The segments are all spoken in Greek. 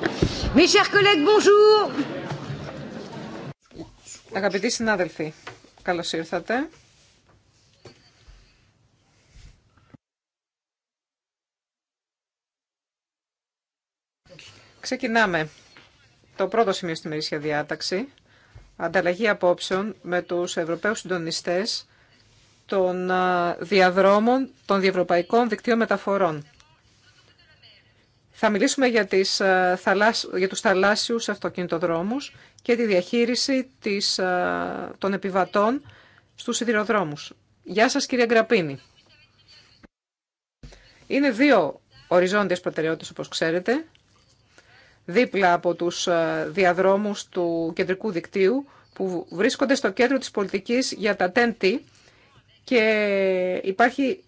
chers bonjour. Αγαπητοί συνάδελφοι, καλώ ήρθατε. Ξεκινάμε το πρώτο σημείο στη μερίσια διάταξη, ανταλλαγή απόψεων με τους Ευρωπαίους συντονιστές των διαδρόμων των διευρωπαϊκών δικτύων μεταφορών. Θα μιλήσουμε για, τις, ε, για τους θαλάσσιους αυτοκινητοδρόμους και τη διαχείριση της, ε, των επιβατών στους σιδηροδρόμους. Γεια σας κυρία Γκραπίνη. Είναι δύο οριζόντιες προτεραιότητες όπως ξέρετε, δίπλα από τους ε, διαδρόμους του κεντρικού δικτύου που βρίσκονται στο κέντρο της πολιτικής για τα Τέντη. και υπάρχει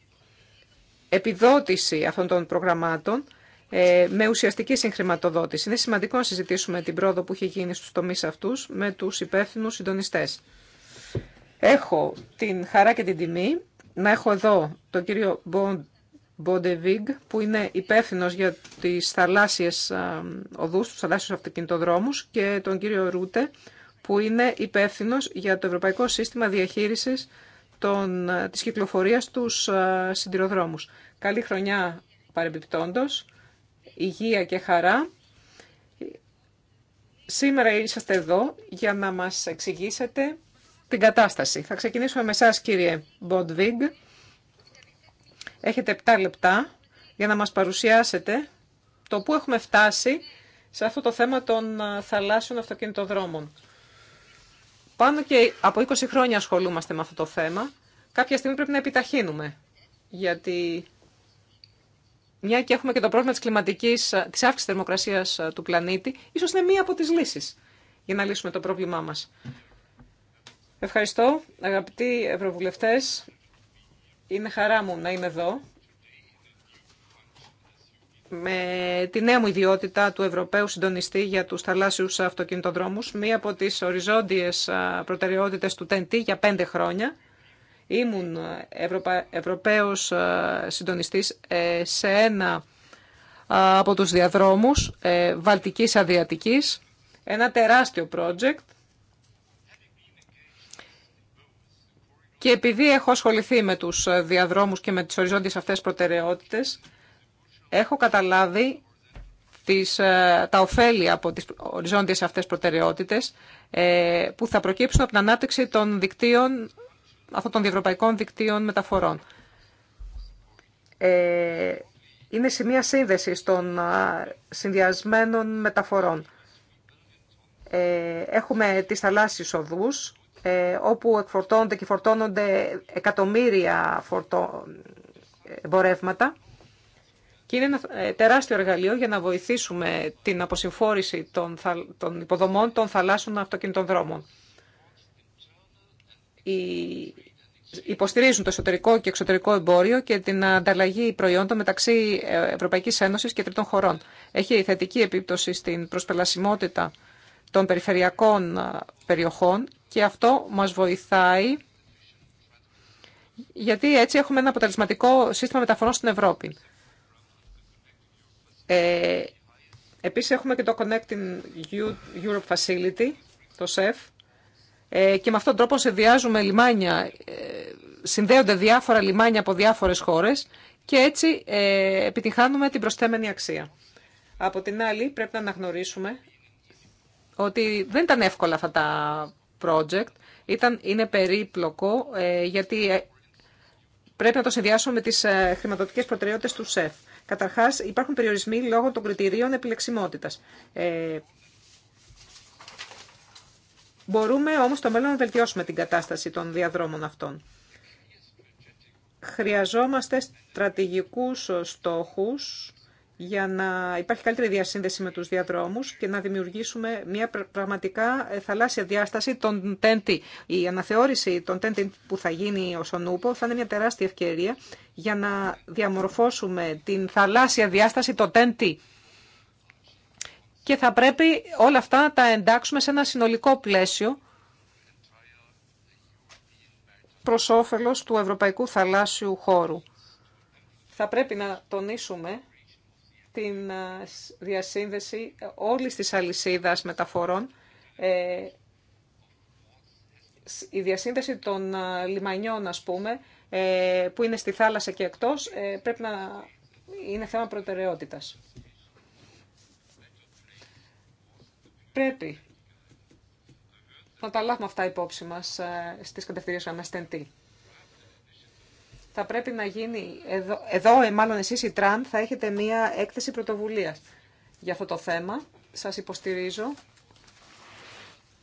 επιδότηση αυτών των προγραμμάτων ε, με ουσιαστική συγχρηματοδότηση. Είναι σημαντικό να συζητήσουμε την πρόοδο που έχει γίνει στους τομείς αυτούς με τους υπεύθυνους συντονιστές. Έχω την χαρά και την τιμή να έχω εδώ τον κύριο Μποντεβίγκ που είναι υπεύθυνο για τις θαλάσσιες οδούς, τους θαλάσσιους αυτοκινητοδρόμους και τον κύριο Ρούτε που είναι υπεύθυνο για το Ευρωπαϊκό Σύστημα Διαχείρισης των, της κυκλοφορίας στους συντηροδρόμους. Καλή χρονιά παρεμπιπτόντος υγεία και χαρά. Σήμερα είσαστε εδώ για να μας εξηγήσετε την κατάσταση. Θα ξεκινήσουμε με εσάς κύριε Μποντβίγκ. Έχετε 7 λεπτά για να μας παρουσιάσετε το που έχουμε φτάσει σε αυτό το θέμα των ε, θαλάσσιων αυτοκινητοδρόμων. Πάνω και από 20 χρόνια ασχολούμαστε με αυτό το θέμα. Κάποια στιγμή πρέπει να επιταχύνουμε, γιατί μια και έχουμε και το πρόβλημα της κλιματικής, της αύξησης θερμοκρασίας ε, του πλανήτη, ίσως είναι μία από τις λύσεις για να λύσουμε το πρόβλημά μας. Ευχαριστώ, αγαπητοί ευρωβουλευτές. Είναι χαρά μου να είμαι εδώ με τη νέα μου ιδιότητα του Ευρωπαίου Συντονιστή για τους θαλάσσιους αυτοκινητοδρόμους, μία από τις οριζόντιες ε, προτεραιότητες του ΤΕΝΤΗ για πέντε χρόνια. Ήμουν ε, Ευρωπα... Ευρωπαίος ε, συντονιστής ε, σε ένα από τους διαδρόμους Βαλτικής Αδιατικής, ένα τεράστιο project και επειδή έχω ασχοληθεί με τους διαδρόμους και με τις οριζόντιες αυτές προτεραιότητες, έχω καταλάβει τις, τα ωφέλη από τις οριζόντιες αυτές προτεραιότητες που θα προκύψουν από την ανάπτυξη των δικτύων αυτών των διευρωπαϊκών δικτύων μεταφορών. Ε, είναι σημεία σύνδεση των συνδυασμένων μεταφορών. Ε, έχουμε τις θαλάσσιες οδούς, ε, όπου εκφορτώνονται και φορτώνονται εκατομμύρια φορτώ, εμπορεύματα και είναι ένα τεράστιο εργαλείο για να βοηθήσουμε την αποσυμφόρηση των, υποδομών των θαλάσσιων αυτοκινητών δρόμων υποστηρίζουν το εσωτερικό και εξωτερικό εμπόριο και την ανταλλαγή προϊόντων μεταξύ ε, Ευρωπαϊκής Ένωσης και τριτών χωρών. Έχει θετική επίπτωση στην προσπελασιμότητα των περιφερειακών ε, περιοχών και αυτό μας βοηθάει γιατί έτσι έχουμε ένα αποτελεσματικό σύστημα μεταφορών στην Ευρώπη. Ε, επίσης έχουμε και το Connecting Europe Facility, το SEF, ε, και με αυτόν τον τρόπο συνδυάζουμε λιμάνια, ε, συνδέονται διάφορα λιμάνια από διάφορες χώρες και έτσι ε, επιτυχάνουμε την προσθέμενη αξία. Από την άλλη πρέπει να αναγνωρίσουμε ότι δεν ήταν εύκολα αυτά τα project, ήταν, είναι περίπλοκο γιατί πρέπει να το συνδυάσουμε με τις ε, χρηματοδοτικές προτεραιότητες του ΣΕΦ. Καταρχά, υπάρχουν περιορισμοί λόγω των κριτηρίων επιλεξιμότητα. Μπορούμε όμως στο μέλλον να βελτιώσουμε την κατάσταση των διαδρόμων αυτών. Χρειαζόμαστε στρατηγικούς στόχους για να υπάρχει καλύτερη διασύνδεση με τους διαδρόμους και να δημιουργήσουμε μια πραγματικά ε, θαλάσσια διάσταση των τέντη. Η αναθεώρηση των τέντη που θα γίνει ως ο Σονούπο θα είναι μια τεράστια ευκαιρία για να διαμορφώσουμε την θαλάσσια διάσταση των τέντη και θα πρέπει όλα αυτά να τα εντάξουμε σε ένα συνολικό πλαίσιο προς όφελος του Ευρωπαϊκού Θαλάσσιου Χώρου. Θα πρέπει να τονίσουμε την ε, διασύνδεση όλης της αλυσίδας μεταφορών, ε, η διασύνδεση των ε, λιμανιών, ας πούμε, που είναι στη θάλασσα και εκτός, πρέπει να είναι θέμα προτεραιότητας. Πρέπει να τα λάβουμε αυτά υπόψη μας ε, στις κατευθυντήρε γραμμές TNT. Θα πρέπει να γίνει, εδώ, εδώ ε, μάλλον εσείς οι Τραν θα έχετε μία έκθεση πρωτοβουλίας για αυτό το θέμα. Σας υποστηρίζω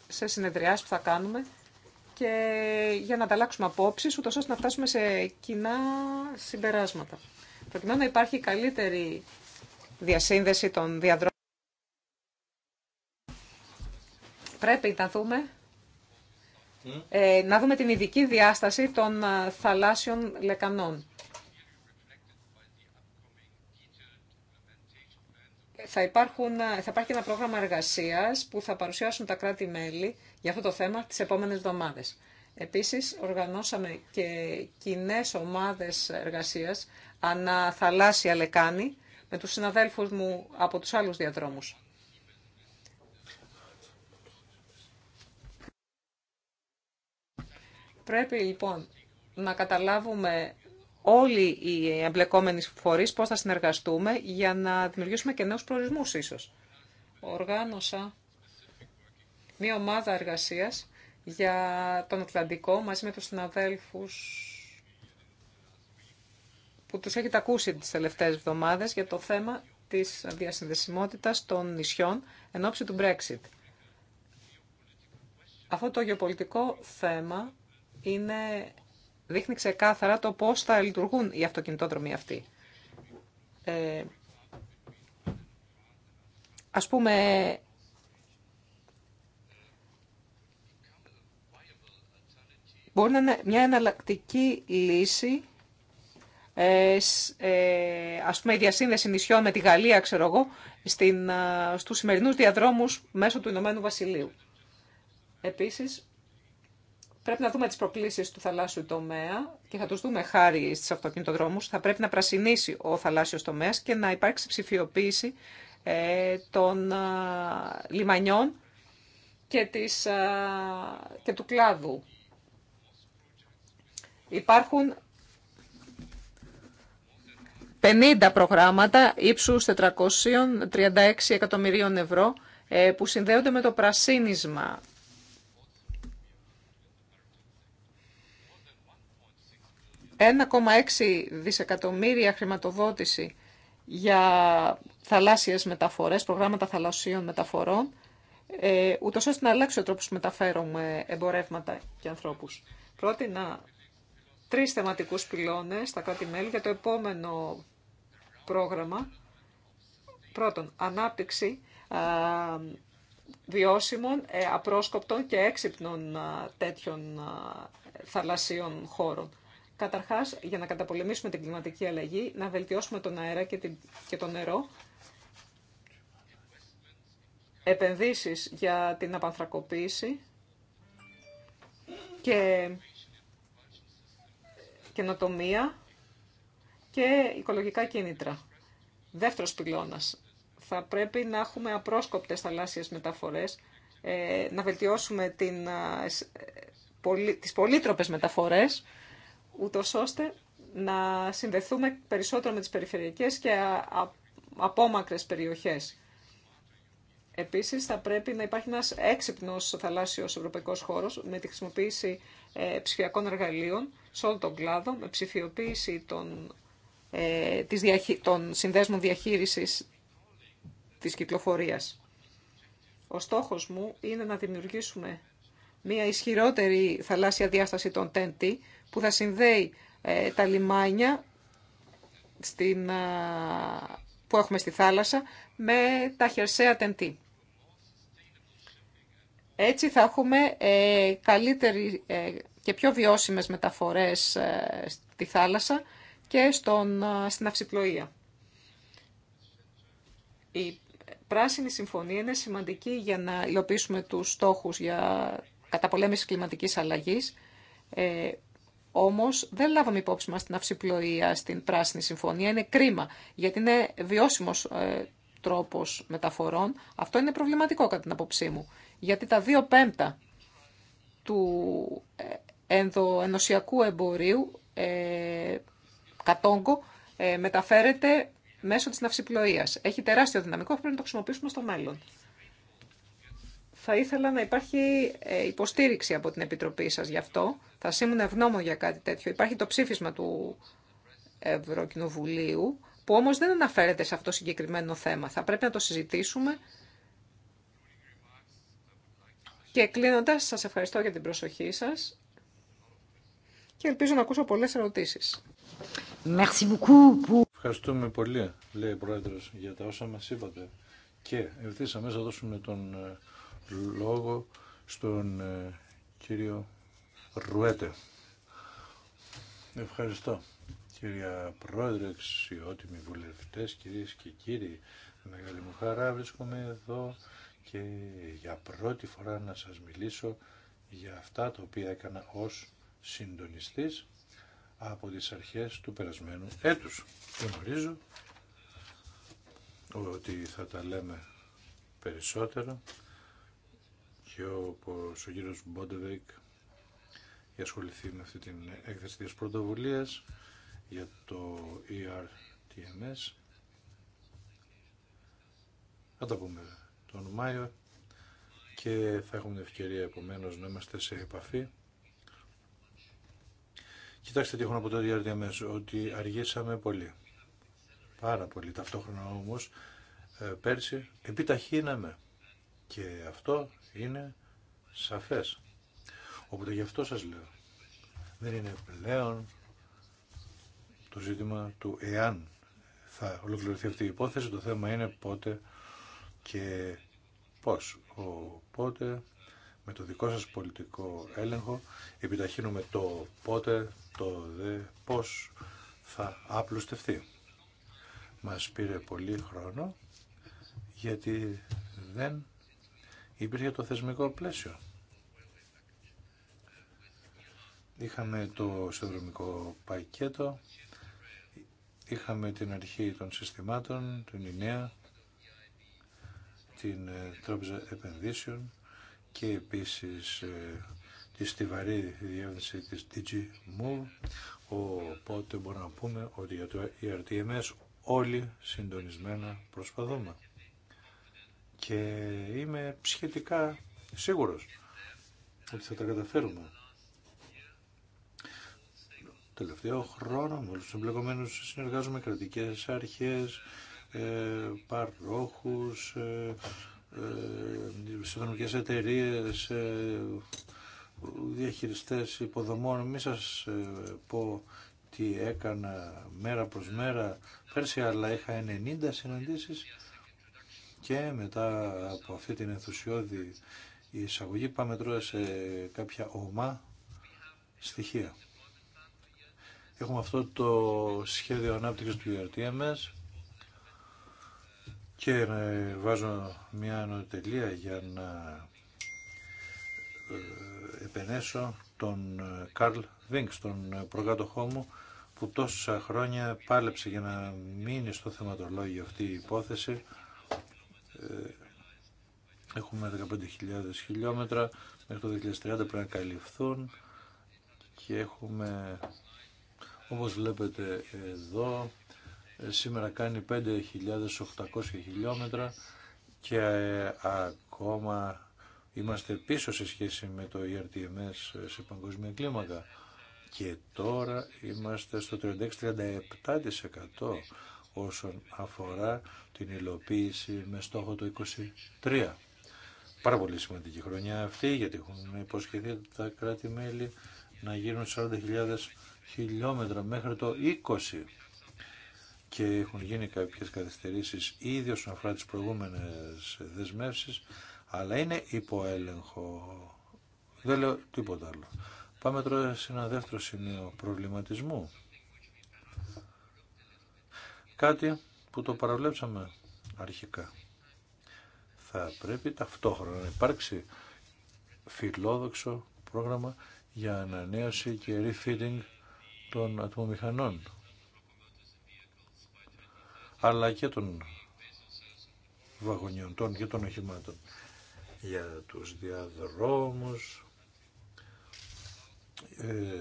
σε συνεδριάς που θα κάνουμε και για να ανταλλάξουμε απόψεις, ούτως ώστε να φτάσουμε σε κοινά συμπεράσματα. Προκειμένου να υπάρχει καλύτερη διασύνδεση των διαδρόμων πρέπει να δούμε, ε, να δούμε την ειδική διάσταση των ε, θαλάσσιων λεκανών. θα, υπάρχουν, ε, θα υπάρχει ένα πρόγραμμα εργασίας που θα παρουσιάσουν τα κράτη-μέλη για αυτό το θέμα τις επόμενες εβδομάδες. Επίσης, οργανώσαμε και κοινέ ομάδες εργασίας ανά λεκάνη με τους συναδέλφους μου από τους άλλους διαδρόμους. Πρέπει λοιπόν να καταλάβουμε όλοι οι εμπλεκόμενοι φορείς πώς θα συνεργαστούμε για να δημιουργήσουμε και νέους προορισμούς ίσως. Οργάνωσα μία ομάδα εργασίας για τον Ατλαντικό μαζί με τους συναδέλφους που τους έχετε ακούσει τις τελευταίες εβδομάδες για το θέμα της διασυνδεσιμότητας των νησιών εν ώψη του Brexit. Αυτό το γεωπολιτικό θέμα είναι, δείχνει ξεκάθαρα το πώς θα λειτουργούν οι αυτοκινητόδρομοι αυτοί. Ε, ας πούμε, μπορεί να είναι μια εναλλακτική λύση, ε, ε ας πούμε η διασύνδεση νησιών με τη Γαλλία, ξέρω εγώ, στην, στους σημερινούς διαδρόμους μέσω του Ηνωμένου Βασιλείου. Επίσης, Πρέπει να δούμε τις προκλήσεις του θαλάσσιου τομέα και θα του δούμε χάρη στις αυτοκινητοδρόμους. Θα πρέπει να πρασινίσει ο θαλάσσιος τομέας και να υπάρξει ψηφιοποίηση ε, των ε, λιμανιών και, της, ε, και του κλάδου. Υπάρχουν 50 προγράμματα ύψους 436 εκατομμυρίων ευρώ που συνδέονται με το πρασίνισμα 1,6 δισεκατομμύρια χρηματοδότηση για θαλάσσιες μεταφορές, προγράμματα θαλασσίων μεταφορών, ε, ούτως ώστε να αλλάξει ο τρόπος που μεταφέρουμε εμπορεύματα και ανθρώπους. Πρότεινα τρεις θεματικούς πυλώνες στα κράτη-μέλη για το επόμενο πρόγραμμα. Πρώτον, ανάπτυξη α, βιώσιμων, ε, απρόσκοπτων και έξυπνων τέτοιων θαλασσίων χώρων. Καταρχάς, για να καταπολεμήσουμε την κλιματική αλλαγή, να βελτιώσουμε τον αέρα και, την, το νερό, επενδύσεις για την απανθρακοποίηση και καινοτομία και οικολογικά κίνητρα. Δεύτερος πυλώνας. Θα πρέπει να έχουμε απρόσκοπτες θαλάσσιες μεταφορές, ε, να βελτιώσουμε την, ε, ε, τις πολύτροπες μεταφορές, ούτω ώστε να συνδεθούμε περισσότερο με τις περιφερειακές και απόμακρες περιοχές. Επίσης, θα πρέπει να υπάρχει ένας έξυπνος θαλάσσιος ευρωπαϊκός χώρος με τη χρησιμοποίηση ε, ψηφιακών εργαλείων σε όλο τον κλάδο, με ψηφιοποίηση των, ε, της των συνδέσμων διαχείρισης της κυκλοφορίας. Ο στόχος μου είναι να δημιουργήσουμε μια ισχυρότερη θαλάσσια διάσταση των TEN-T που θα συνδέει ε, τα λιμάνια στην, που έχουμε στη θάλασσα με τα χερσαία τεντή. Έτσι θα έχουμε ε, καλύτερη ε, και πιο βιώσιμες μεταφορές ε, στη θάλασσα και στον, στην αυσιπλοεία. Η Πράσινη Συμφωνία είναι σημαντική για να υλοποιήσουμε τους στόχους για καταπολέμηση κλιματικής αλλαγής Όμω δεν λάβαμε υπόψη μα την αυσιπλοεία στην Πράσινη Συμφωνία. Είναι κρίμα, γιατί είναι βιώσιμο ε, τρόπο μεταφορών. Αυτό είναι προβληματικό κατά την απόψή μου. Γιατί τα δύο πέμπτα του ε, ενδοενωσιακού εμπορίου ε, κατόγκο ε, μεταφέρεται μέσω της ναυσιπλοείας. Έχει τεράστιο δυναμικό, πρέπει να το χρησιμοποιήσουμε στο μέλλον. Θα ήθελα να υπάρχει ε, υποστήριξη από την Επιτροπή σας γι' αυτό θα σήμουν ευγνώμων για κάτι τέτοιο. Υπάρχει το ψήφισμα του Ευρωκοινοβουλίου, που όμως δεν αναφέρεται σε αυτό το συγκεκριμένο θέμα. Θα πρέπει να το συζητήσουμε. Και κλείνοντας, σας ευχαριστώ για την προσοχή σας και ελπίζω να ακούσω πολλές ερωτήσεις. Ευχαριστούμε πολύ, λέει ο Πρόεδρος, για τα όσα μας είπατε. Και ευθύσαμε να δώσουμε τον ε, λόγο στον ε, κύριο Ρουέτε. Ευχαριστώ. Κυρία Πρόεδρε, αξιότιμοι βουλευτές, κυρίες και κύριοι, μεγάλη μου χαρά βρίσκομαι εδώ και για πρώτη φορά να σας μιλήσω για αυτά τα οποία έκανα ως συντονιστής από τις αρχές του περασμένου έτους. Γνωρίζω ότι θα τα λέμε περισσότερο και όπως ο κύριος Μπόντεβεκ για ασχοληθεί με αυτή την έκθεση της πρωτοβουλίας για το ERTMS. Θα τα πούμε τον Μάιο και θα έχουμε την ευκαιρία επομένως να είμαστε σε επαφή. Κοιτάξτε τι έχω από το ERTMS, ότι αργήσαμε πολύ. Πάρα πολύ. Ταυτόχρονα όμως ε, πέρσι επιταχύναμε και αυτό είναι σαφές. Οπότε γι' αυτό σας λέω. Δεν είναι πλέον το ζήτημα του εάν θα ολοκληρωθεί αυτή η υπόθεση. Το θέμα είναι πότε και πώς. Οπότε με το δικό σας πολιτικό έλεγχο επιταχύνουμε το πότε, το δε, πώς θα απλουστευτεί. Μας πήρε πολύ χρόνο γιατί δεν υπήρχε το θεσμικό πλαίσιο. Είχαμε το συνδρομικό πακέτο, είχαμε την αρχή των συστημάτων, την ΙΝΕΑ, την ε, Τράπεζα Επενδύσεων και επίσης ε, τη στιβαρή διεύθυνση της DigiMove, οπότε μπορούμε να πούμε ότι για το ERTMS όλοι συντονισμένα προσπαθούμε. Και είμαι σχετικά σίγουρος ότι θα τα καταφέρουμε τελευταίο χρόνο με όλους τους εμπλεκομένους συνεργάζομαι κρατικές αρχές, ε, παρόχους, ε, ε, εταιρείες, ε, διαχειριστές υποδομών. Μην σας ε, πω τι έκανα μέρα προς μέρα πέρσι, αλλά είχα 90 συναντήσεις και μετά από αυτή την ενθουσιώδη εισαγωγή πάμε τώρα σε κάποια ομά στοιχεία. Έχουμε αυτό το σχέδιο ανάπτυξης του URTMS και βάζω μια ανωτελεία για να ε, επενέσω τον ε, Καρλ Βίνξ, τον ε, προκάτοχό μου, που τόσα χρόνια πάλεψε για να μείνει στο θεματολόγιο αυτή η υπόθεση. Έχουμε 15.000 χιλιόμετρα, μέχρι το 2030 πρέπει να καλυφθούν και έχουμε όπως βλέπετε εδώ, ε, σήμερα κάνει 5.800 χιλιόμετρα και ε, ακόμα είμαστε πίσω σε σχέση με το ERTMS ε, σε παγκόσμια κλίμακα και τώρα είμαστε στο 36-37% όσον αφορά την υλοποίηση με στόχο το 23. Πάρα πολύ σημαντική χρονιά αυτή γιατί έχουν υποσχεθεί τα κράτη-μέλη να γίνουν 40.000 χιλιόμετρα μέχρι το 20 και έχουν γίνει κάποιες καθυστερήσεις ήδη όσον αφορά τις προηγούμενες δεσμεύσεις αλλά είναι υποέλεγχο δεν λέω τίποτα άλλο πάμε τώρα σε ένα δεύτερο σημείο προβληματισμού κάτι που το παραβλέψαμε αρχικά θα πρέπει ταυτόχρονα να υπάρξει φιλόδοξο πρόγραμμα για ανανέωση και refitting των ατμομηχανών αλλά και των βαγονιών και των οχημάτων για τους διαδρόμους ε,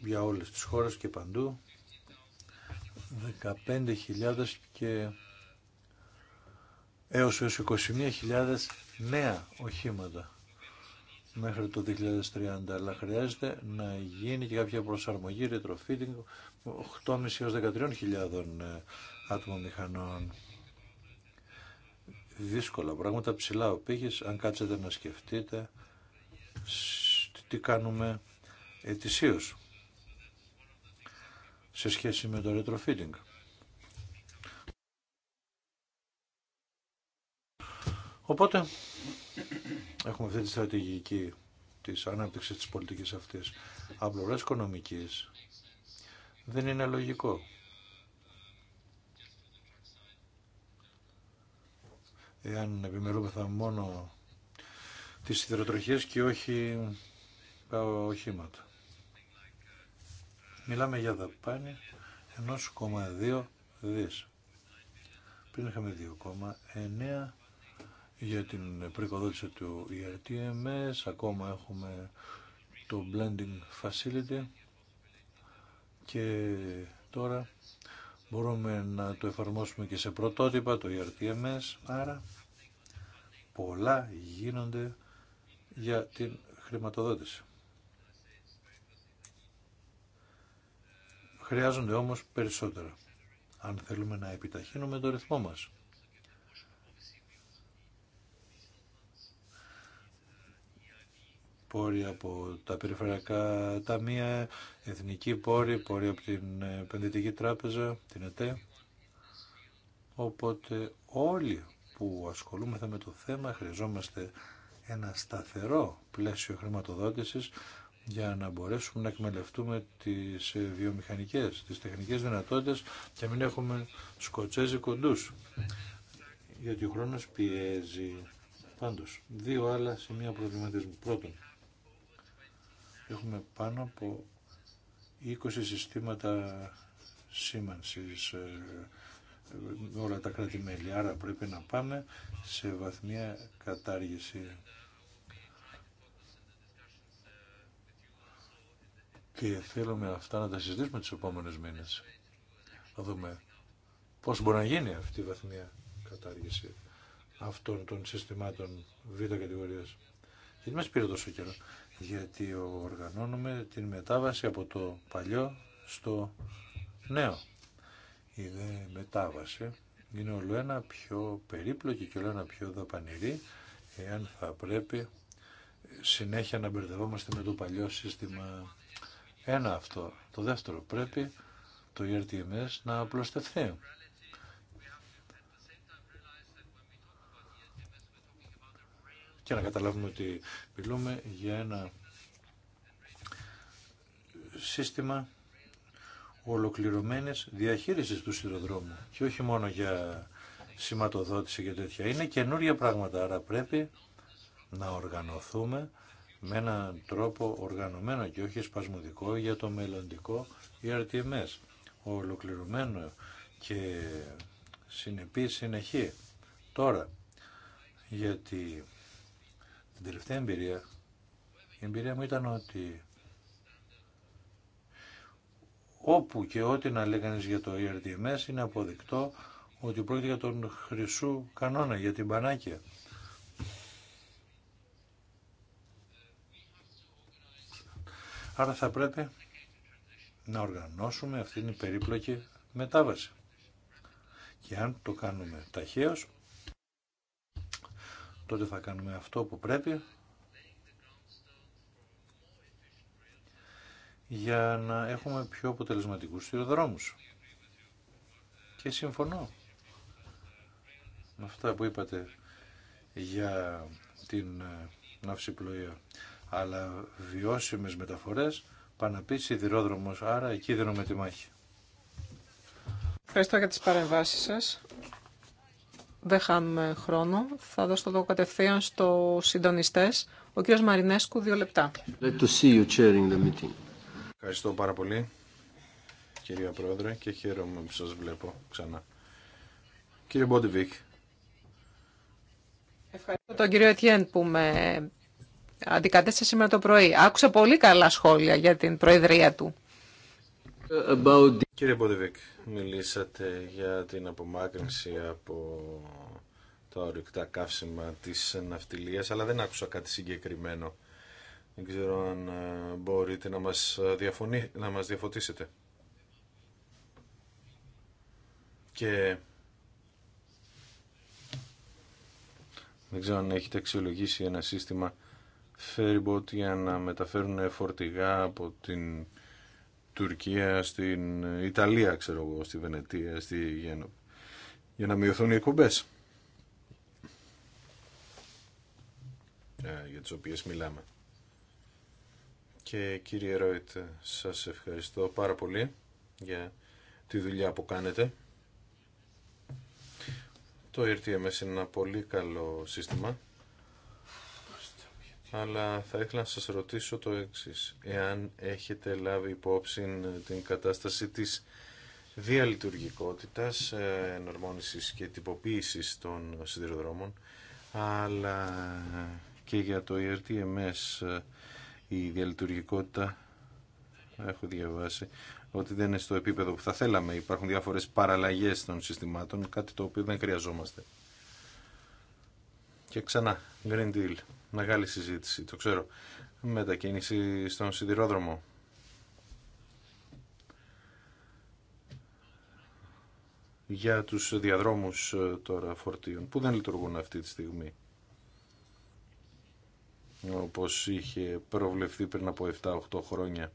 για όλες τις χώρες και παντού 15.000 και έως έως 21.000 νέα οχήματα μέχρι το 2030, αλλά χρειάζεται να γίνει και κάποια προσαρμογή retrofitting 8500 13.000 άτομα μηχανών. Δύσκολα πράγματα, ψηλά ο πύχης, αν κάτσετε να σκεφτείτε τι κάνουμε ετησίως σε σχέση με το retrofitting. Οπότε έχουμε αυτή τη στρατηγική της ανάπτυξης της πολιτικής αυτής από οικονομικής δεν είναι λογικό. Εάν επιμερούμεθα μόνο τις υδροτροχίες και όχι τα οχήματα. Μιλάμε για δαπάνη 1,2 δις. Πριν είχαμε 2,9 για την προϋποδότηση του ERTMS, ακόμα έχουμε το Blending Facility και τώρα μπορούμε να το εφαρμόσουμε και σε πρωτότυπα, το ERTMS, άρα πολλά γίνονται για την χρηματοδότηση. Χρειάζονται όμως περισσότερα, αν θέλουμε να επιταχύνουμε το ρυθμό μας. πόροι από τα περιφερειακά ταμεία, εθνικοί πόροι, πόροι από την επενδυτική τράπεζα, την ΕΤΕ. Οπότε όλοι που ασχολούμεθα με το θέμα χρειαζόμαστε ένα σταθερό πλαίσιο χρηματοδότησης για να μπορέσουμε να εκμελευτούμε τις βιομηχανικές, τις τεχνικές δυνατότητες και μην έχουμε σκοτσέζι κοντούς. Γιατί ο χρόνος πιέζει. Πάντως, δύο άλλα σημεία προβληματισμού. Πρώτον, Έχουμε πάνω από 20 συστήματα σήμανσης ε, ε, όλα τα κράτη-μέλη. Άρα πρέπει να πάμε σε βαθμία κατάργηση. Και θέλουμε αυτά να τα συζητήσουμε τις επόμενες μήνες. Να δούμε πώς μπορεί να γίνει αυτή η βαθμία κατάργηση αυτών των συστημάτων β' κατηγορίας. Γιατί μας πήρε τόσο καιρό γιατί οργανώνουμε την μετάβαση από το παλιό στο νέο. Η μετάβαση είναι όλο ένα πιο περίπλοκη και όλο ένα πιο δαπανηρή εάν θα πρέπει συνέχεια να μπερδευόμαστε με το παλιό σύστημα. Ένα αυτό. Το δεύτερο πρέπει το ERTMS να απλωστευθεί. και να καταλάβουμε ότι μιλούμε για ένα σύστημα ολοκληρωμένης διαχείρισης του σιδηροδρόμου και όχι μόνο για σηματοδότηση και τέτοια. Είναι καινούργια πράγματα, άρα πρέπει να οργανωθούμε με έναν τρόπο οργανωμένο και όχι σπασμωδικό για το μελλοντικό ERTMS. Ολοκληρωμένο και συνεπή συνεχή. Τώρα, γιατί την τελευταία εμπειρία, η εμπειρία μου ήταν ότι όπου και ό,τι να λέγανε για το ERDMS είναι αποδεικτό ότι πρόκειται για τον χρυσού κανόνα, για την πανάκια. Άρα θα πρέπει να οργανώσουμε αυτήν την περίπλοκη μετάβαση. Και αν το κάνουμε ταχαίως, τότε θα κάνουμε αυτό που πρέπει για να έχουμε πιο αποτελεσματικούς στυροδρόμους. Και συμφωνώ με αυτά που είπατε για την ε, ναυσιπλοεία. Αλλά βιώσιμες μεταφορές πάνω πει σιδηρόδρομος, άρα εκεί δίνουμε τη μάχη. Ευχαριστώ για τις παρεμβάσεις σας δεν χάνουμε χρόνο. Θα δώσω το λόγο κατευθείαν στο συντονιστέ. Ο κύριος Μαρινέσκου, δύο λεπτά. Ευχαριστώ πάρα πολύ, κυρία Πρόεδρε, και χαίρομαι που σας βλέπω ξανά. Κύριε Μπόντιβικ. Ευχαριστώ τον κύριο Ετιέν που με αντικατέστησε σήμερα το πρωί. Άκουσα πολύ καλά σχόλια για την προεδρία του. Κύριε Μποδεβίκ, μιλήσατε για την απομάκρυνση από τα ορυκτά καύσιμα της ναυτιλίας, αλλά δεν άκουσα κάτι συγκεκριμένο. Δεν ξέρω αν ε, μπορείτε να μας, ε, διαφωνεί, μας διαφωτίσετε. Και δεν ξέρω αν έχετε αξιολογήσει ένα σύστημα ferryboat για να μεταφέρουν φορτηγά από την Τουρκία, στην Ιταλία, ξέρω εγώ, στη Βενετία, στη Γένο, για να μειωθούν οι εκπομπέ. Ε, για τις οποίες μιλάμε. Και κύριε Ρόιτ, σας ευχαριστώ πάρα πολύ για τη δουλειά που κάνετε. Το RTMS είναι ένα πολύ καλό σύστημα αλλά θα ήθελα να σας ρωτήσω το εξή. Εάν έχετε λάβει υπόψη την κατάσταση της διαλειτουργικότητας, ε, ενορμόνησης και τυποποίησης των σιδηροδρόμων, αλλά και για το ERTMS ε, η διαλειτουργικότητα, έχω διαβάσει, ότι δεν είναι στο επίπεδο που θα θέλαμε. Υπάρχουν διάφορες παραλλαγές των συστημάτων, κάτι το οποίο δεν χρειαζόμαστε. Και ξανά, Green Deal. Μεγάλη συζήτηση, το ξέρω. Μετακίνηση στον σιδηρόδρομο. για τους διαδρόμους ε, τώρα φορτίων που δεν λειτουργούν αυτή τη στιγμή όπως είχε προβλεφθεί πριν από 7-8 χρόνια.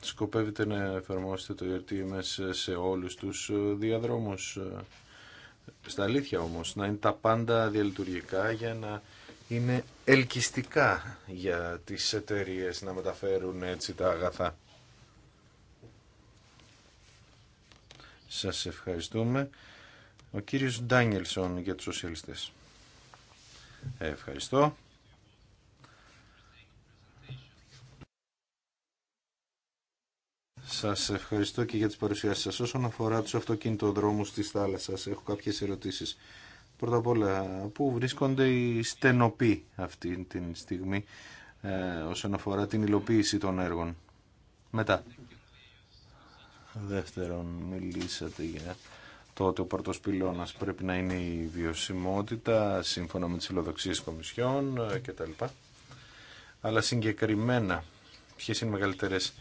σκοπεύετε να εφαρμόσετε το ERTMS σε όλους τους διαδρόμους. Στα αλήθεια όμως, να είναι τα πάντα διαλειτουργικά για να είναι ελκυστικά για τις εταιρείε να μεταφέρουν έτσι τα αγαθά. Σας ευχαριστούμε. Ο κύριος Ντάνιελσον για τους σοσιαλιστές. Ε, ευχαριστώ. Σας ευχαριστώ και για τις παρουσιάσεις σας. Όσον αφορά τους αυτοκινητοδρόμους της θάλασσας, έχω κάποιες ερωτήσεις. Πρώτα απ' όλα, πού βρίσκονται οι στενοποί αυτή τη στιγμή ε, όσον αφορά την υλοποίηση των έργων. Μετά. Δεύτερον, μιλήσατε για το ότι ο πρώτος πυλώνας πρέπει να είναι η βιωσιμότητα σύμφωνα με τις φιλοδοξίε κομισιών ε, κτλ. Αλλά συγκεκριμένα, ποιες είναι οι μεγαλύτερες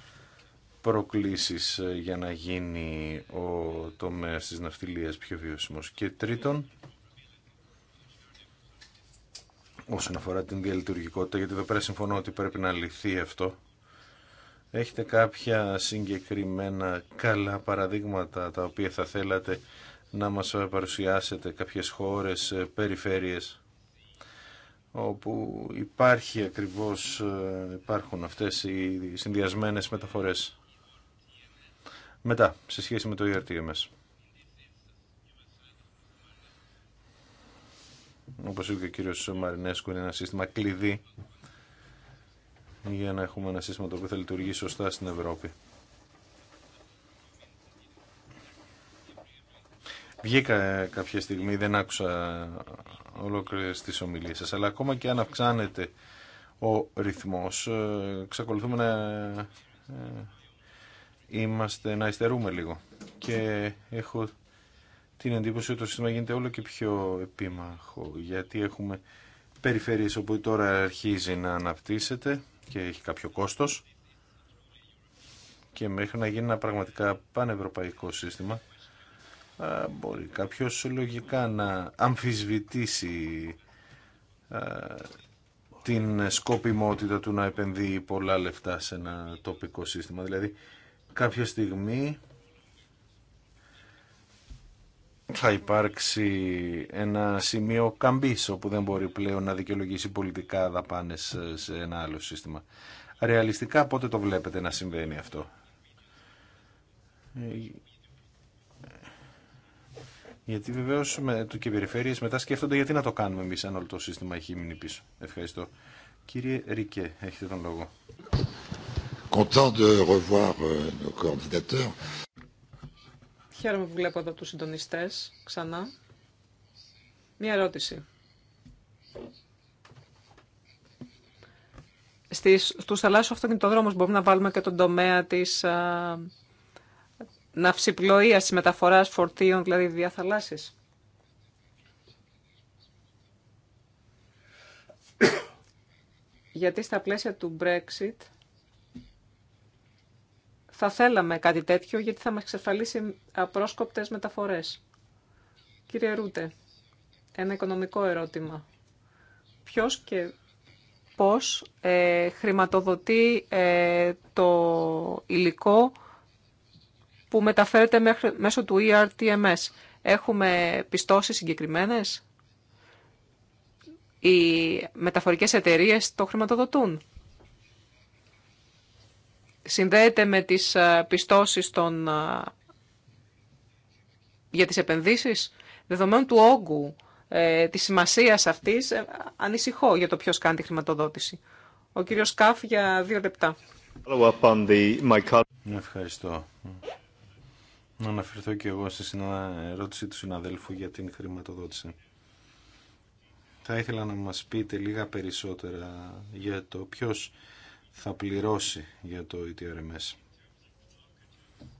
προκλήσεις ε, για να γίνει ο τομέας της ναυτιλίας πιο βιώσιμος. Και τρίτον, όσον αφορά την διαλειτουργικότητα, γιατί εδώ πέρα συμφωνώ ότι πρέπει να λυθεί αυτό, έχετε κάποια συγκεκριμένα καλά παραδείγματα τα οποία θα θέλατε να μας παρουσιάσετε κάποιες χώρες, ε, περιφέρειες όπου υπάρχει ακριβώς, ε, υπάρχουν αυτές οι συνδυασμένες μεταφορές. Μετά, σε σχέση με το ERTMS. Όπως είπε και ο κύριος Μαρινέσκου, είναι ένα σύστημα κλειδί για να έχουμε ένα σύστημα το οποίο θα λειτουργεί σωστά στην Ευρώπη. Βγήκα ε, κάποια στιγμή, δεν άκουσα ολόκληρες τις ομιλίες σας, αλλά ακόμα και αν αυξάνεται ο ρυθμός, ε, ξεκολουθούμε να ε, είμαστε, να υστερούμε λίγο. Και έχω την εντύπωση ότι το σύστημα γίνεται όλο και πιο επίμαχο, γιατί έχουμε περιφέρειες όπου τώρα αρχίζει να αναπτύσσεται και έχει κάποιο κόστος και μέχρι να γίνει ένα πραγματικά πανευρωπαϊκό σύστημα μπορεί κάποιος λογικά να αμφισβητήσει την σκοπιμότητα του να επενδύει πολλά λεφτά σε ένα τοπικό σύστημα. Δηλαδή κάποια στιγμή θα υπάρξει ένα σημείο καμπής όπου δεν μπορεί πλέον να δικαιολογήσει πολιτικά δαπάνες σε ένα άλλο σύστημα. Ρεαλιστικά πότε το βλέπετε να συμβαίνει αυτό. Γιατί βεβαίω και οι περιφέρειε μετά σκέφτονται γιατί να το κάνουμε εμεί αν όλο το σύστημα έχει μείνει πίσω. Ευχαριστώ. Κύριε Ρικέ, έχετε τον λόγο. Content de revoir euh, Χαίρομαι που βλέπω εδώ τους συντονιστές ξανά. Μία ερώτηση. Στις, στους θαλάσσιους αυτοκινητοδρόμους μπορούμε να βάλουμε και τον τομέα της α, ναυσιπλοείας, της μεταφοράς φορτίων, δηλαδή διαθαλάσσης. Γιατί στα πλαίσια του Brexit θα θέλαμε κάτι τέτοιο γιατί θα μας εξασφαλίσει απρόσκοπτες μεταφορές. Κύριε Ρούτε, ένα οικονομικό ερώτημα. Ποιος και πώς ε, χρηματοδοτεί ε, το υλικό που μεταφέρεται μέσω του ERTMS. Έχουμε πιστώσεις συγκεκριμένες. Οι μεταφορικές εταιρείες το χρηματοδοτούν συνδέεται με τις ε, πιστώσεις των, ε, για τις επενδύσεις. Δεδομένου του όγκου ε, της σημασίας αυτής, ε, ανησυχώ για το ποιος κάνει τη χρηματοδότηση. Ο κύριος Καφ για δύο λεπτά. Ευχαριστώ. Να αναφερθώ και εγώ σε ερώτηση του συναδέλφου για την χρηματοδότηση. Θα ήθελα να μας πείτε λίγα περισσότερα για το ποιος θα πληρώσει για το ETRMS.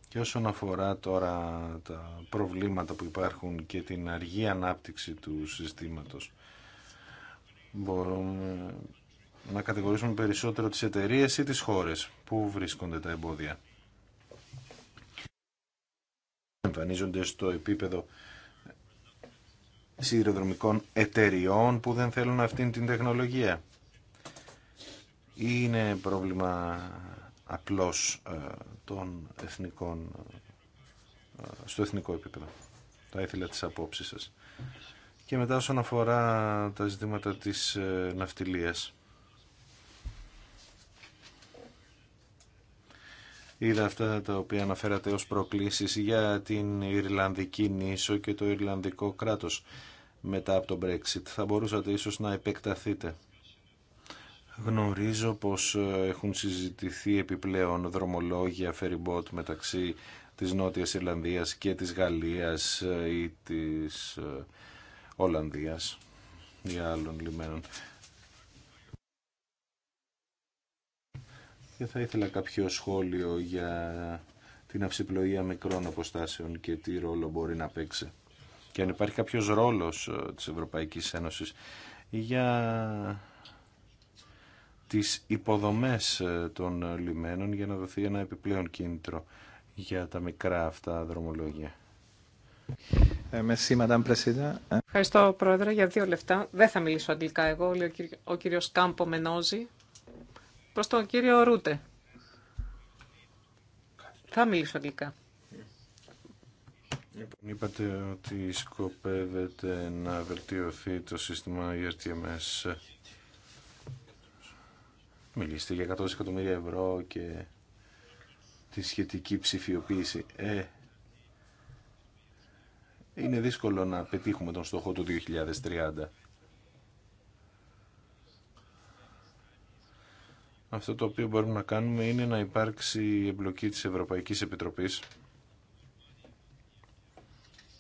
Και όσον αφορά τώρα τα προβλήματα που υπάρχουν και την αργή ανάπτυξη του συστήματος, μπορούμε να κατηγορήσουμε περισσότερο τις εταιρείες ή τις χώρες που βρίσκονται τα εμπόδια. Εμφανίζονται στο επίπεδο σιδηροδρομικών εταιριών που δεν θέλουν αυτήν την τεχνολογία είναι πρόβλημα απλώς ε, των εθνικών, ε, στο εθνικό επίπεδο. τα ήθελα της απόψεις σας. Και μετά όσον αφορά τα ζητήματα της ε, ναυτιλίας. Είδα αυτά τα οποία αναφέρατε ως προκλήσεις για την Ιρλανδική νήσο και το Ιρλανδικό κράτος μετά από το Brexit. Θα μπορούσατε ίσως να επεκταθείτε. Γνωρίζω πως ε, έχουν συζητηθεί επιπλέον δρομολόγια φεριμπότ μεταξύ της Νότιας Ιρλανδίας και της Γαλλίας ε, ή της ε, Ολλανδίας ή άλλων λιμένων. Και θα ήθελα κάποιο σχόλιο για την αυσιπλοεία μικρών αποστάσεων και τι ρόλο μπορεί να παίξει. Και αν υπάρχει κάποιος ρόλος της Ευρωπαϊκής Ένωσης για τις υποδομές ε, των λιμένων για να δοθεί ένα επιπλέον κίνητρο για τα μικρά αυτά δρομολόγια. Ε, Ευχαριστώ, Πρόεδρε, για δύο λεφτά. Δεν θα μιλήσω αγγλικά εγώ, λέει ο κύριος Κάμπο Μενόζη. Προς τον κύριο Ρούτε. Θα μιλήσω αγγλικά. Λοιπόν, είπατε ότι σκοπεύετε να βελτιωθεί το σύστημα ERTMS Μιλήσετε για 100 εκατομμύρια ευρώ και τη σχετική ψηφιοποίηση. Ε, είναι δύσκολο να πετύχουμε τον στόχο του 2030. Αυτό το οποίο μπορούμε να κάνουμε είναι να υπάρξει η εμπλοκή της Ευρωπαϊκής Επιτροπής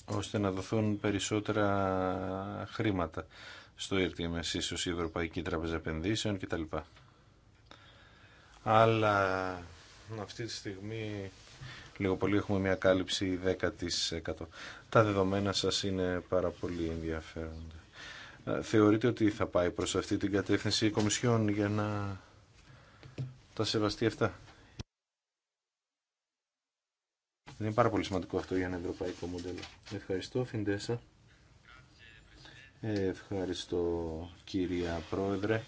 ώστε να δοθούν περισσότερα χρήματα στο ERTMS, ίσως η Ευρωπαϊκή Τράπεζα Επενδύσεων κτλ αλλά αυτή τη στιγμή λίγο πολύ έχουμε μια κάλυψη 10%. Τα δεδομένα σας είναι πάρα πολύ ενδιαφέροντα. Ε, θεωρείτε ότι θα πάει προς αυτή την κατεύθυνση η Κομισιόν για να τα σεβαστεί αυτά. είναι πάρα πολύ σημαντικό αυτό για ένα ευρωπαϊκό μοντέλο. Ευχαριστώ, Φιντέσα. Ευχαριστώ, κυρία Πρόεδρε.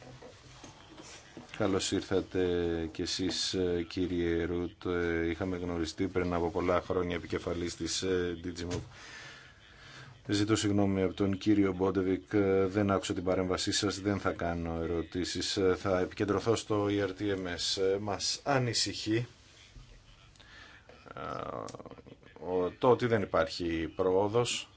Καλώς ήρθατε και εσείς κύριε Ρουτ. Είχαμε γνωριστεί πριν από πολλά χρόνια επικεφαλής της ε, Digimove. Ζητώ συγγνώμη από τον κύριο Μπόντεβικ, δεν άκουσα την παρέμβασή σας, δεν θα κάνω ερωτήσεις. Θα επικεντρωθώ στο ERTMS. Μας ανησυχεί ε, το ότι δεν υπάρχει πρόοδος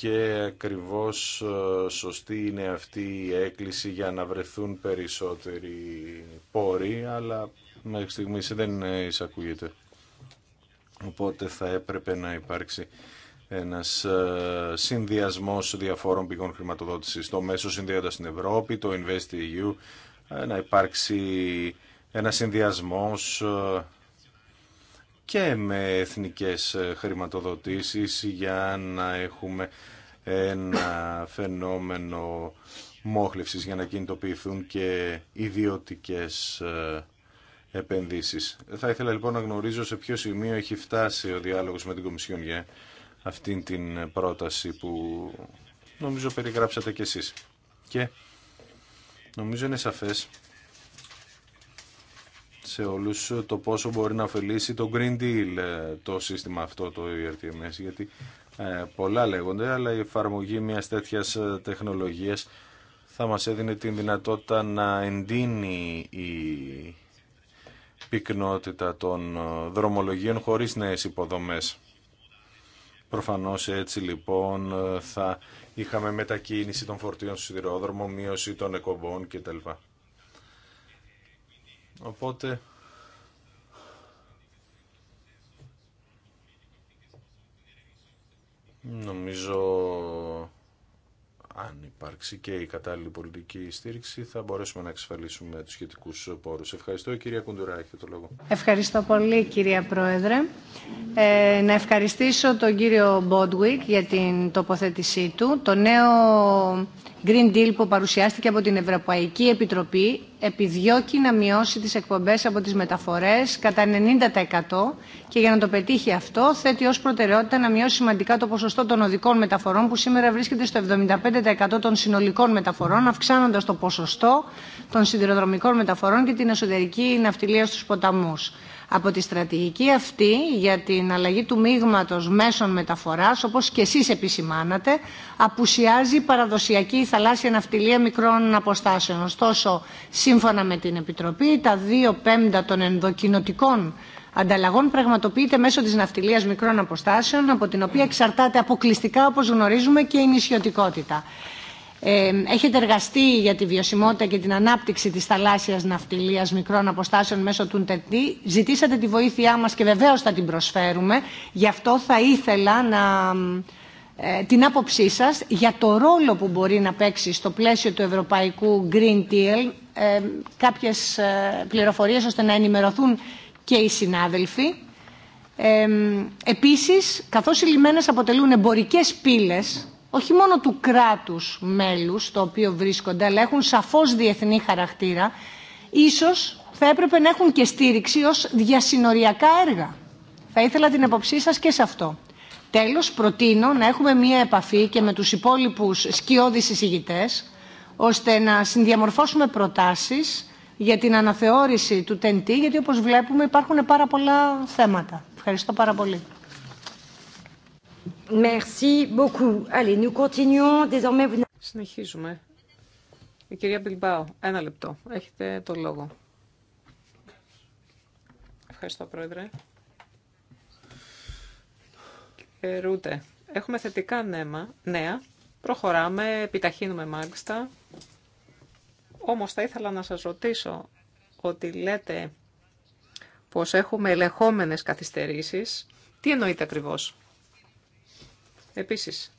και ακριβώς ε, σωστή είναι αυτή η έκκληση για να βρεθούν περισσότεροι πόροι, αλλά μέχρι στιγμής δεν εισακούγεται. Οπότε θα έπρεπε να υπάρξει ένας ε, συνδυασμός διαφόρων πηγών χρηματοδότησης. Το μέσο συνδέοντας στην Ευρώπη, το InvestEU, ε, να υπάρξει ένα συνδυασμός και με εθνικές ε, χρηματοδοτήσεις για να έχουμε ένα φαινόμενο μόχλευσης για να κινητοποιηθούν και ιδιωτικές ε, επενδύσεις. Θα ήθελα λοιπόν να γνωρίζω σε ποιο σημείο έχει φτάσει ο διάλογος με την Κομισιόν για αυτήν την πρόταση που νομίζω περιγράψατε κι εσείς. Και νομίζω είναι σαφές σε όλους το πόσο μπορεί να ωφελήσει το Green Deal ε, το σύστημα αυτό το ERTMS γιατί ε, πολλά λέγονται αλλά η εφαρμογή μιας τέτοιας ε, τεχνολογίας θα μας έδινε την δυνατότητα να εντείνει η πυκνότητα των ε, δρομολογίων χωρίς νέες υποδομές. Προφανώς έτσι λοιπόν θα είχαμε μετακίνηση των φορτίων στο σιδηρόδρομο, μείωση των εκπομπών κτλ. Οπότε νομίζω αν υπάρξει και η κατάλληλη πολιτική στήριξη θα μπορέσουμε να εξασφαλίσουμε τους σχετικούς πόρους. Ευχαριστώ κυρία Κουντουρά, έχετε το λόγο. Ευχαριστώ πολύ κυρία Πρόεδρε. Ε, να ευχαριστήσω τον κύριο Μπόντουικ για την τοποθέτησή του. Το νέο Green Deal που παρουσιάστηκε από την Ευρωπαϊκή Επιτροπή επιδιώκει να μειώσει τις εκπομπές από τις μεταφορές κατά 90% και για να το πετύχει αυτό θέτει ως προτεραιότητα να μειώσει σημαντικά το ποσοστό των οδικών μεταφορών που σήμερα βρίσκεται στο 75% των συνολικών μεταφορών αυξάνοντας το ποσοστό των σιδηροδρομικών μεταφορών και την εσωτερική ναυτιλία στους ποταμούς από τη στρατηγική αυτή για την αλλαγή του μείγματος μέσων μεταφοράς, όπως και εσείς επισημάνατε, απουσιάζει η παραδοσιακή θαλάσσια ναυτιλία μικρών αποστάσεων. Ωστόσο, σύμφωνα με την Επιτροπή, τα δύο πέμπτα των ενδοκινοτικών ανταλλαγών πραγματοποιείται μέσω της ναυτιλίας μικρών αποστάσεων, από την οποία εξαρτάται αποκλειστικά, όπως γνωρίζουμε, και η νησιωτικότητα έχετε εργαστεί για τη βιωσιμότητα και την ανάπτυξη της θαλάσσιας ναυτιλίας μικρών αποστάσεων μέσω του ΝΤΕΤΗ. Ζητήσατε τη βοήθειά μας και βεβαίως θα την προσφέρουμε. Γι' αυτό θα ήθελα να, ε, την άποψή σας για το ρόλο που μπορεί να παίξει στο πλαίσιο του Ευρωπαϊκού Green Deal κάποιες ε, πληροφορίες ώστε να ενημερωθούν και οι συνάδελφοι. Επίσης, καθώς οι λιμένες αποτελούν εμπορικές πύλες όχι μόνο του κράτους μέλους το οποίο βρίσκονται, αλλά έχουν σαφώς διεθνή χαρακτήρα, ίσως θα έπρεπε να έχουν και στήριξη ως διασυνοριακά έργα. Θα ήθελα την εποψή σας και σε αυτό. Τέλος, προτείνω να έχουμε μία επαφή και με τους υπόλοιπους σκιώδεις εισηγητές, ώστε να συνδιαμορφώσουμε προτάσεις για την αναθεώρηση του ΤΕΝΤΗ, γιατί όπως βλέπουμε υπάρχουν πάρα πολλά θέματα. Ευχαριστώ πάρα πολύ. Merci beaucoup. Allez, nous continuons. Désormais... Συνεχίζουμε. Η κυρία Μπιλμπάου, ένα λεπτό. Έχετε το λόγο. Ευχαριστώ, Πρόεδρε. Κύριε Ρούτε, έχουμε θετικά νέα, νέα. Προχωράμε, επιταχύνουμε μάλιστα. Όμως θα ήθελα να σας ρωτήσω ότι λέτε πως έχουμε ελεγχόμενες καθυστερήσεις. Τι εννοείτε ακριβώς. Επίσης,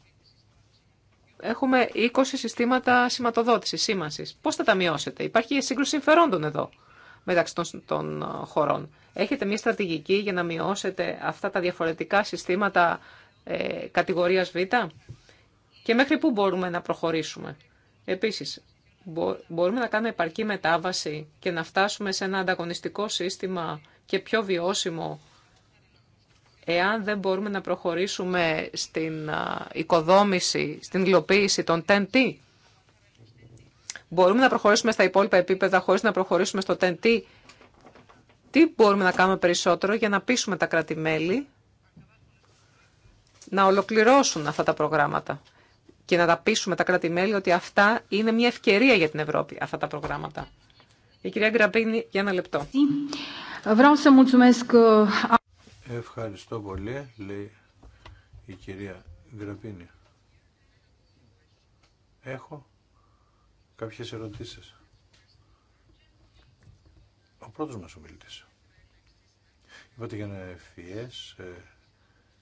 έχουμε 20 συστήματα σηματοδότηση σήμανση. Πώς θα τα μειώσετε. Υπάρχει σύγκρουση συμφερόντων εδώ μεταξύ των, ε, χωρών. Έχετε μια στρατηγική για να μειώσετε αυτά τα διαφορετικά συστήματα ε, κατηγορίας Β και μέχρι πού μπορούμε να προχωρήσουμε. Επίσης, μπορούμε να κάνουμε επαρκή μετάβαση και να φτάσουμε σε ένα ανταγωνιστικό σύστημα και πιο βιώσιμο εάν δεν μπορούμε να προχωρήσουμε στην οικοδόμηση, στην υλοποίηση των TNT. Μπορούμε να προχωρήσουμε στα υπόλοιπα επίπεδα χωρίς να προχωρήσουμε στο TNT. Τι μπορούμε να κάνουμε περισσότερο για να πείσουμε τα κράτη-μέλη να ολοκληρώσουν αυτά τα προγράμματα και να τα πείσουμε τα κράτη-μέλη ότι αυτά είναι μια ευκαιρία για την Ευρώπη, αυτά τα προγράμματα. Η κυρία Γκραμπίνη, για ένα λεπτό. Ευχαριστώ πολύ, λέει η κυρία Γκραπίνη. Έχω κάποιες ερωτήσεις. Ο πρώτος μας ομιλητής. Είπατε για ένα ευφυές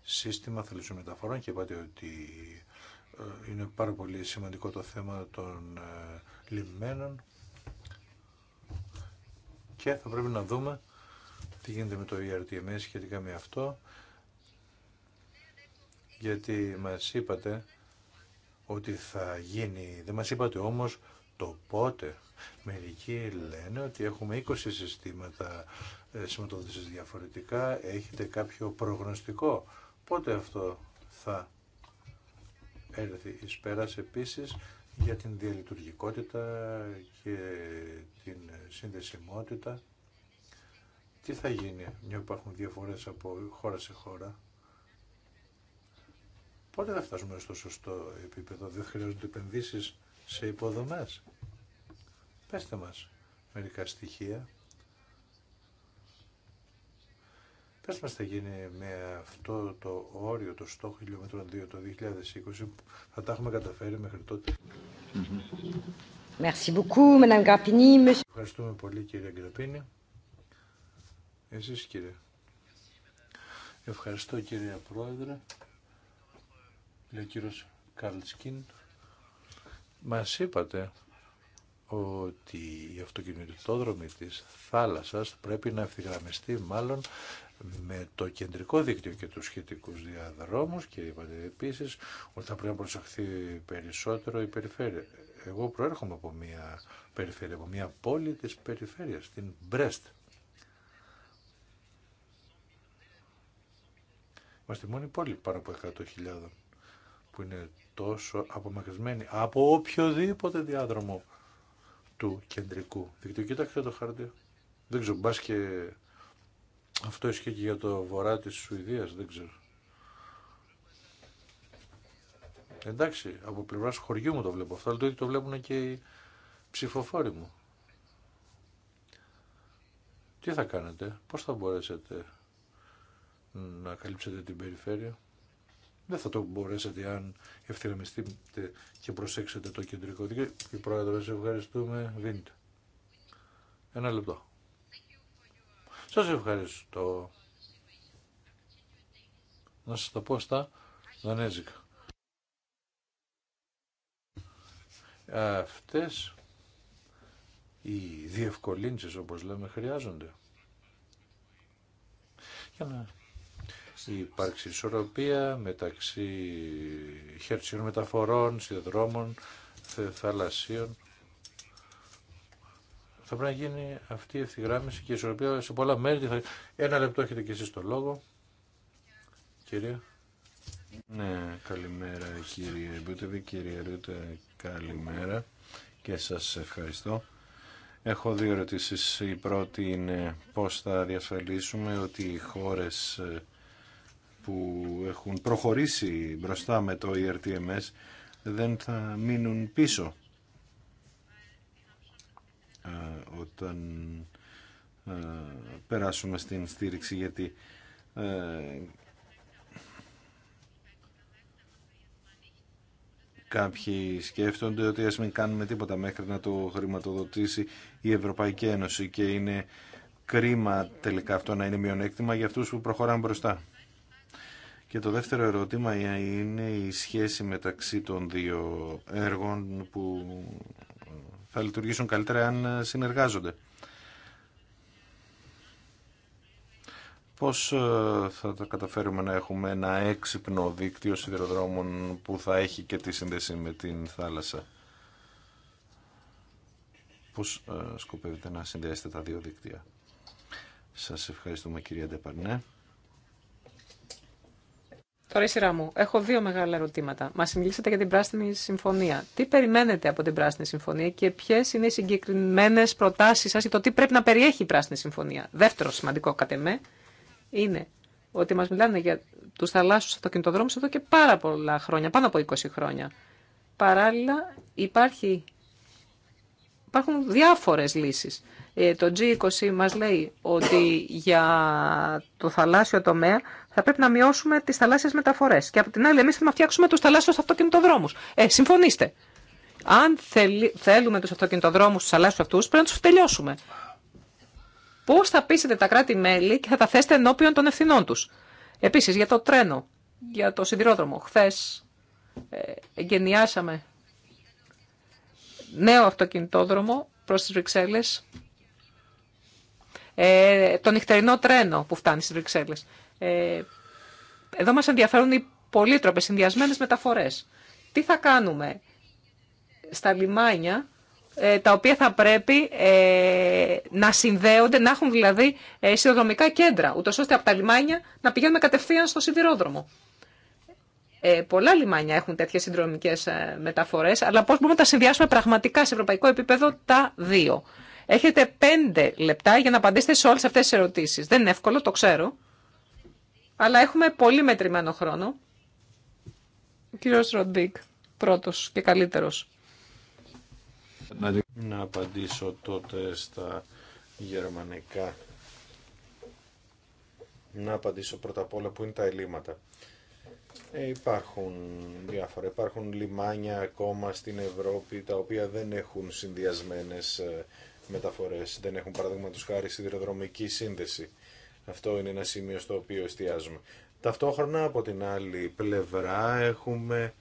σύστημα θελήσεων μεταφορών και είπατε ότι ε, είναι πάρα πολύ σημαντικό το θέμα των ε, λιμμένων και θα πρέπει να δούμε τι γίνεται με το ERTMS σχετικά με αυτό, γιατί μας είπατε ότι θα γίνει, δεν μας είπατε όμως το πότε. Μερικοί λένε ότι έχουμε 20 συστήματα ε, σηματοδότησης διαφορετικά, έχετε κάποιο προγνωστικό. Πότε αυτό θα έρθει εις πέρας επίσης για την διαλειτουργικότητα και την συνδεσιμότητα τι θα γίνει, μια που υπάρχουν διαφορές από χώρα σε χώρα. Πότε θα φτάσουμε στο σωστό επίπεδο, δεν χρειάζονται επενδύσεις σε υποδομές. Πέστε μας μερικά στοιχεία. Πες μας θα γίνει με αυτό το όριο, το στόχο χιλιόμετρων 2 το 2020, θα τα έχουμε καταφέρει μέχρι τότε. Ευχαριστούμε πολύ, κύριε Γκραπίνη. Εσείς κύριε. Ευχαριστώ κύριε Πρόεδρε. Λέει ο κύριος Καλτσκίν. Μας είπατε ότι η αυτοκινητόδρομη της θάλασσας πρέπει να ευθυγραμμιστεί μάλλον με το κεντρικό δίκτυο και τους σχετικούς διαδρόμους και είπατε επίσης ότι θα πρέπει να προσεχθεί περισσότερο η περιφέρεια. Εγώ προέρχομαι από μια περιφέρεια, από μια πόλη της περιφέρειας, την Μπρέστ. Είμαστε μόνοι πόλοι πάνω από 100.000 που είναι τόσο απομακρυσμένοι από οποιοδήποτε διάδρομο του κεντρικού δικτύου. Κοίταξε το χάρτι. Δεν ξέρω, μπας και αυτό ισχύει και για το βορρά της Σουηδίας, δεν ξέρω. Εντάξει, από πλευράς χωριού μου το βλέπω αυτό, αλλά το ίδιο το βλέπουν και οι ψηφοφόροι μου. Τι θα κάνετε, πώς θα μπορέσετε να καλύψετε την περιφέρεια. Δεν θα το μπορέσετε αν ευθυγραμμιστείτε και προσέξετε το κεντρικό δίκαιο. Η πρόεδρε, σε ευχαριστούμε. Βίντε. Ένα λεπτό. Σας ευχαριστώ. Να σας τα πω στα δανέζικα. Αυτές οι διευκολύνσεις όπως λέμε χρειάζονται. Για να υπάρξει ισορροπία μεταξύ χερσιών μεταφορών, σιδρομών, θαλασσίων. Θα πρέπει να γίνει αυτή η ευθυγράμμιση και η ισορροπία σε πολλά μέρη. Ένα λεπτό έχετε και εσείς το λόγο. Κυρία. Ναι, καλημέρα κύριε Μπούτεβη, κύριε Ρούτε, καλημέρα και σας ευχαριστώ. Έχω δύο ερωτήσει. Η πρώτη είναι πώς θα διασφαλίσουμε ότι οι χώρες ε, που έχουν προχωρήσει μπροστά με το ERTMS δεν θα μείνουν πίσω όταν περάσουμε στην στήριξη γιατί ε, Κάποιοι σκέφτονται ότι ας μην κάνουμε τίποτα μέχρι να το χρηματοδοτήσει η Ευρωπαϊκή Ένωση και είναι κρίμα τελικά αυτό να είναι μειονέκτημα για αυτούς που προχωράνε μπροστά. Και το δεύτερο ερώτημα είναι η σχέση μεταξύ των δύο έργων που θα λειτουργήσουν καλύτερα αν συνεργάζονται. Πώς ε, θα τα καταφέρουμε να έχουμε ένα έξυπνο δίκτυο σιδηροδρόμων που θα έχει και τη σύνδεση με την θάλασσα. Πώς ε, σκοπεύετε να συνδέσετε τα δύο δίκτυα. Σας ευχαριστούμε κυρία Ντεπαρνέ. Τώρα η σειρά μου. Έχω δύο μεγάλα ερωτήματα. Μα μιλήσατε για την Πράσινη Συμφωνία. Τι περιμένετε από την Πράσινη Συμφωνία και ποιε είναι οι συγκεκριμένε προτάσει σα για το τι πρέπει να περιέχει η Πράσινη Συμφωνία. Δεύτερο σημαντικό κατ' με, είναι ότι μα μιλάνε για του θαλάσσιου αυτοκινητοδρόμου εδώ και πάρα πολλά χρόνια, πάνω από 20 χρόνια. Παράλληλα, υπάρχει Υπάρχουν διάφορες λύσεις. Ε, το G20 μας λέει ότι για το θαλάσσιο τομέα θα πρέπει να μειώσουμε τις θαλάσσιες μεταφορές. Και από την άλλη εμείς θέλουμε να φτιάξουμε τους θαλάσσιους αυτοκινητοδρόμους. Ε, συμφωνήστε. Αν θέλουμε τους αυτοκινητοδρόμους, τους θαλάσσιους αυτούς, πρέπει να τους τελειώσουμε. Πώς θα πείσετε τα κράτη-μέλη και θα τα θέσετε ενώπιον των ευθυνών τους. Επίσης, για το τρένο, για το σιδηρόδρομο. Χθε ε, εγκαινιάσαμε νέο αυτοκινητόδρομο προς τις Βρυξέλλες, ε, το νυχτερινό τρένο που φτάνει στις Βρυξέλλες. Ε, εδώ μας ενδιαφέρουν οι πολύτροπες, συνδυασμένε μεταφορές. Τι θα κάνουμε στα λιμάνια, ε, τα οποία θα πρέπει ε, να συνδέονται, να έχουν δηλαδή ε, κέντρα, ούτως ώστε από τα λιμάνια να πηγαίνουμε κατευθείαν στο σιδηρόδρομο. Ε, πολλά λιμάνια έχουν τέτοιες συνδρομικές ε, μεταφορές, αλλά πώ μπορούμε να τα συνδυάσουμε πραγματικά σε ευρωπαϊκό επίπεδο τα δύο. Έχετε πέντε λεπτά για να απαντήσετε σε όλε αυτέ τις ερωτήσεις. Δεν είναι εύκολο, το ξέρω, αλλά έχουμε πολύ μετρημένο χρόνο. Ο κύριο Ροντίκ, πρώτος και καλύτερος. Να απαντήσω τότε στα γερμανικά. Να απαντήσω πρώτα απ' όλα που είναι τα ελλείμματα. Ε, υπάρχουν διάφορα. Υπάρχουν λιμάνια ακόμα στην Ευρώπη τα οποία δεν έχουν συνδυασμένες ε, μεταφορές. Δεν έχουν παραδείγματος χάρη σιδηροδρομική σύνδεση. Αυτό είναι ένα σημείο στο οποίο εστιάζουμε. Ταυτόχρονα από την άλλη πλευρά έχουμε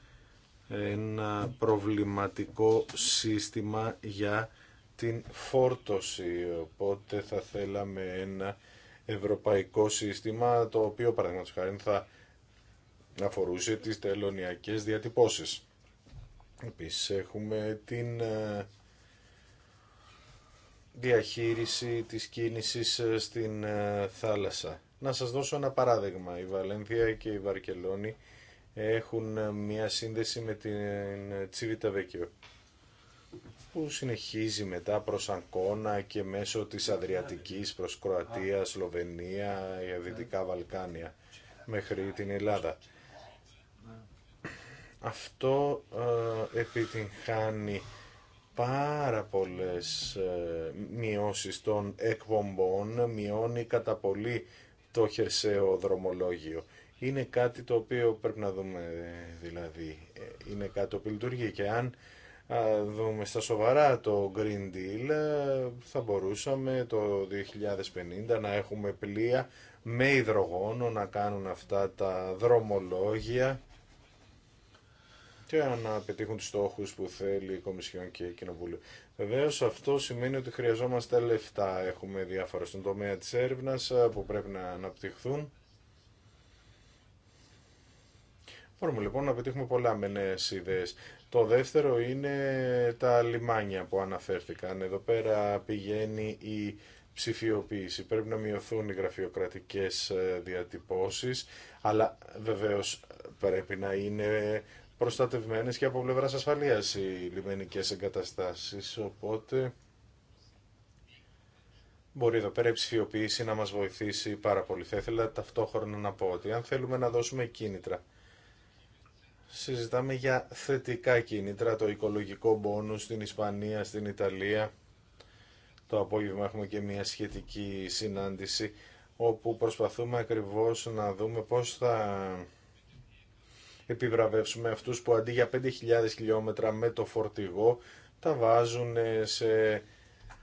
ένα προβληματικό σύστημα για την φόρτωση. Οπότε θα θέλαμε ένα ευρωπαϊκό σύστημα το οποίο παραδείγματος χάρη θα αφορούσε τις τελωνιακές διατυπώσεις. Επίσης έχουμε την ε, διαχείριση της κίνησης ε, στην ε, θάλασσα. Να σας δώσω ένα παράδειγμα. Η Βαλένθια και η Βαρκελόνη έχουν μια σύνδεση με την Τσίβιτα Βέκιο που συνεχίζει μετά προς Αγκώνα και μέσω της Αδριατικής προς Κροατία, Σλοβενία, η Δυτικά Βαλκάνια μέχρι την Ελλάδα. Αυτό ε, επιτυγχάνει πάρα πολλές ε, μειώσεις των εκπομπών, μειώνει κατά πολύ το χερσαίο δρομολόγιο. Είναι κάτι το οποίο πρέπει να δούμε δηλαδή, ε, είναι κάτι το λειτουργεί και αν δούμε στα σοβαρά το Green Deal θα μπορούσαμε το 2050 να έχουμε πλοία με υδρογόνο να κάνουν αυτά τα δρομολόγια και να πετύχουν τους στόχους που θέλει η Κομισιόν και η Κοινοβούλιο. Βεβαίω αυτό σημαίνει ότι χρειαζόμαστε λεφτά. Έχουμε διάφορα στον τομέα της έρευνας ε, που πρέπει να αναπτυχθούν. Μπορούμε λοιπόν να πετύχουμε πολλά με νέες ιδέες. Το δεύτερο είναι τα λιμάνια που αναφέρθηκαν. Εδώ πέρα πηγαίνει η ψηφιοποίηση. Πρέπει να μειωθούν οι γραφειοκρατικές ε, διατυπώσεις, αλλά βεβαίως πρέπει να είναι προστατευμένες και από πλευράς ασφαλείας οι λιμενικές εγκαταστάσεις, οπότε μπορεί εδώ πέρα η ψηφιοποίηση να μας βοηθήσει πάρα πολύ. Θα ήθελα ταυτόχρονα να πω ότι αν θέλουμε να δώσουμε κίνητρα, συζητάμε για θετικά κίνητρα, το οικολογικό μπόνους στην Ισπανία, στην Ιταλία, το απόγευμα έχουμε και μια σχετική συνάντηση, όπου προσπαθούμε ακριβώς να δούμε πώς θα επιβραβεύσουμε αυτούς που αντί για 5.000 χιλιόμετρα με το φορτηγό τα βάζουν ε, σε,